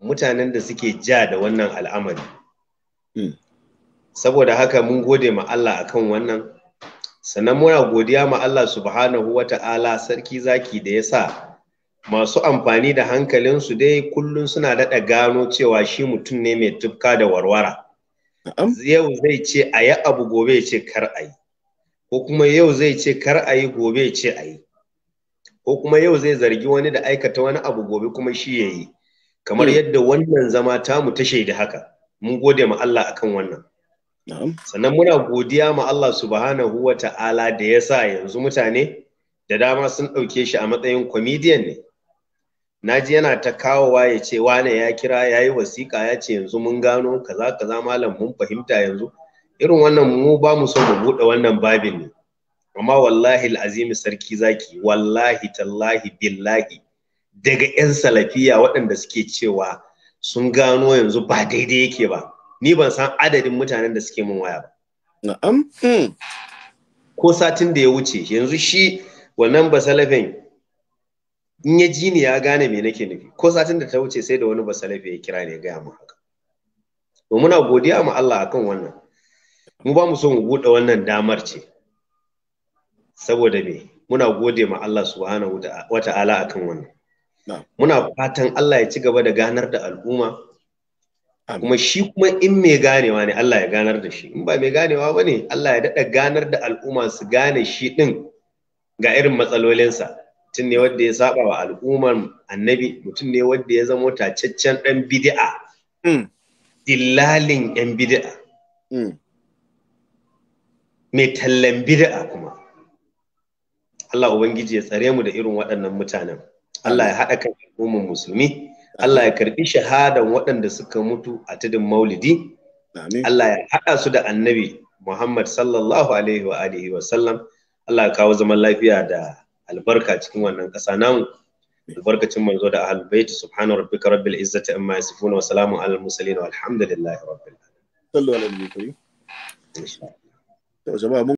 mutanen da suke ja da wannan al'amari hmm. saboda haka mun gode ma Allah akan wannan sannan muna godiya ma Allah subhanahu wa ta'ala sarki zaki da ya sa masu amfani da hankalinsu dai kullum suna daɗa gano cewa shi mutum ne mai tufka da warwara yau zai ce a yi abu gobe ya ce kar a yi ko kuma yau zai ce kar a yi gobe ce a yi ko kuma yau zai zargi wani da aikata wani abu gobe kuma shi ya yi kamar hmm. yadda wannan zama ta mu ta shaida haka mun gode ma Allah akan wannan sannan muna godiya ma Allah subhanahu wa ta'ala da ya sa yanzu mutane da dama sun ɗauke shi a matsayin comedian ne naji yana ta kawowa ya ce wane ya kira ya yi wasiƙa ya ce yanzu mun gano kaza kaza malam mun fahimta yanzu irin wannan mu ba mu so mu buɗe wannan babin ne amma wallahi azimi sarki zaki wallahi tallahi billahi daga 'yan salafiya waɗanda suke cewa sun gano yanzu ba daidai yake ba ni ban san adadin mutanen da suke min waya ba na'am hmm. ko satin da ya wuce yanzu shi wannan basalafin in ya ji ni ya gane me nake nufi ko satin da ta wuce sai da wani basalafe ya kira ne ya gaya mu haka to muna godiya ma Allah akan wannan mu ba mu so mu buɗe wannan damar ce saboda me muna gode ma Allah subhanahu wa ta'ala akan wannan muna fatan Allah ya ci gaba da ganar da al'umma kuma shi kuma in mai ganewa ne Allah ya ganar da shi in ba mai ganewa ba ne Allah ya daɗa ganar da al'umma su gane shi ɗin ga irin matsalolinsa mutum ne wanda ya saba wa al'ummar annabi mutum ne wanda ya zama tacaccen ɗan bidi'a mm. dillalin 'yan bidi'a mm. mai tallan bid'a kuma Allah ubangiji ya tsare mu da irin waɗannan mutanen Allah ya haɗa kan al'ummar musulmi Allah ya karɓi shahadan waɗanda suka mutu a tudun maulidi Allah ya haɗa su da annabi Muhammad sallallahu alaihi wa alihi wa sallam Allah ya kawo zaman lafiya da albarka cikin wannan ƙasa namu albarkacin manzo da ahlul bait subhana rabbika rabbil izzati amma yasifun wa salamun alal mursalin walhamdulillahi rabbil alamin sallu wa sallam. 有什么梦？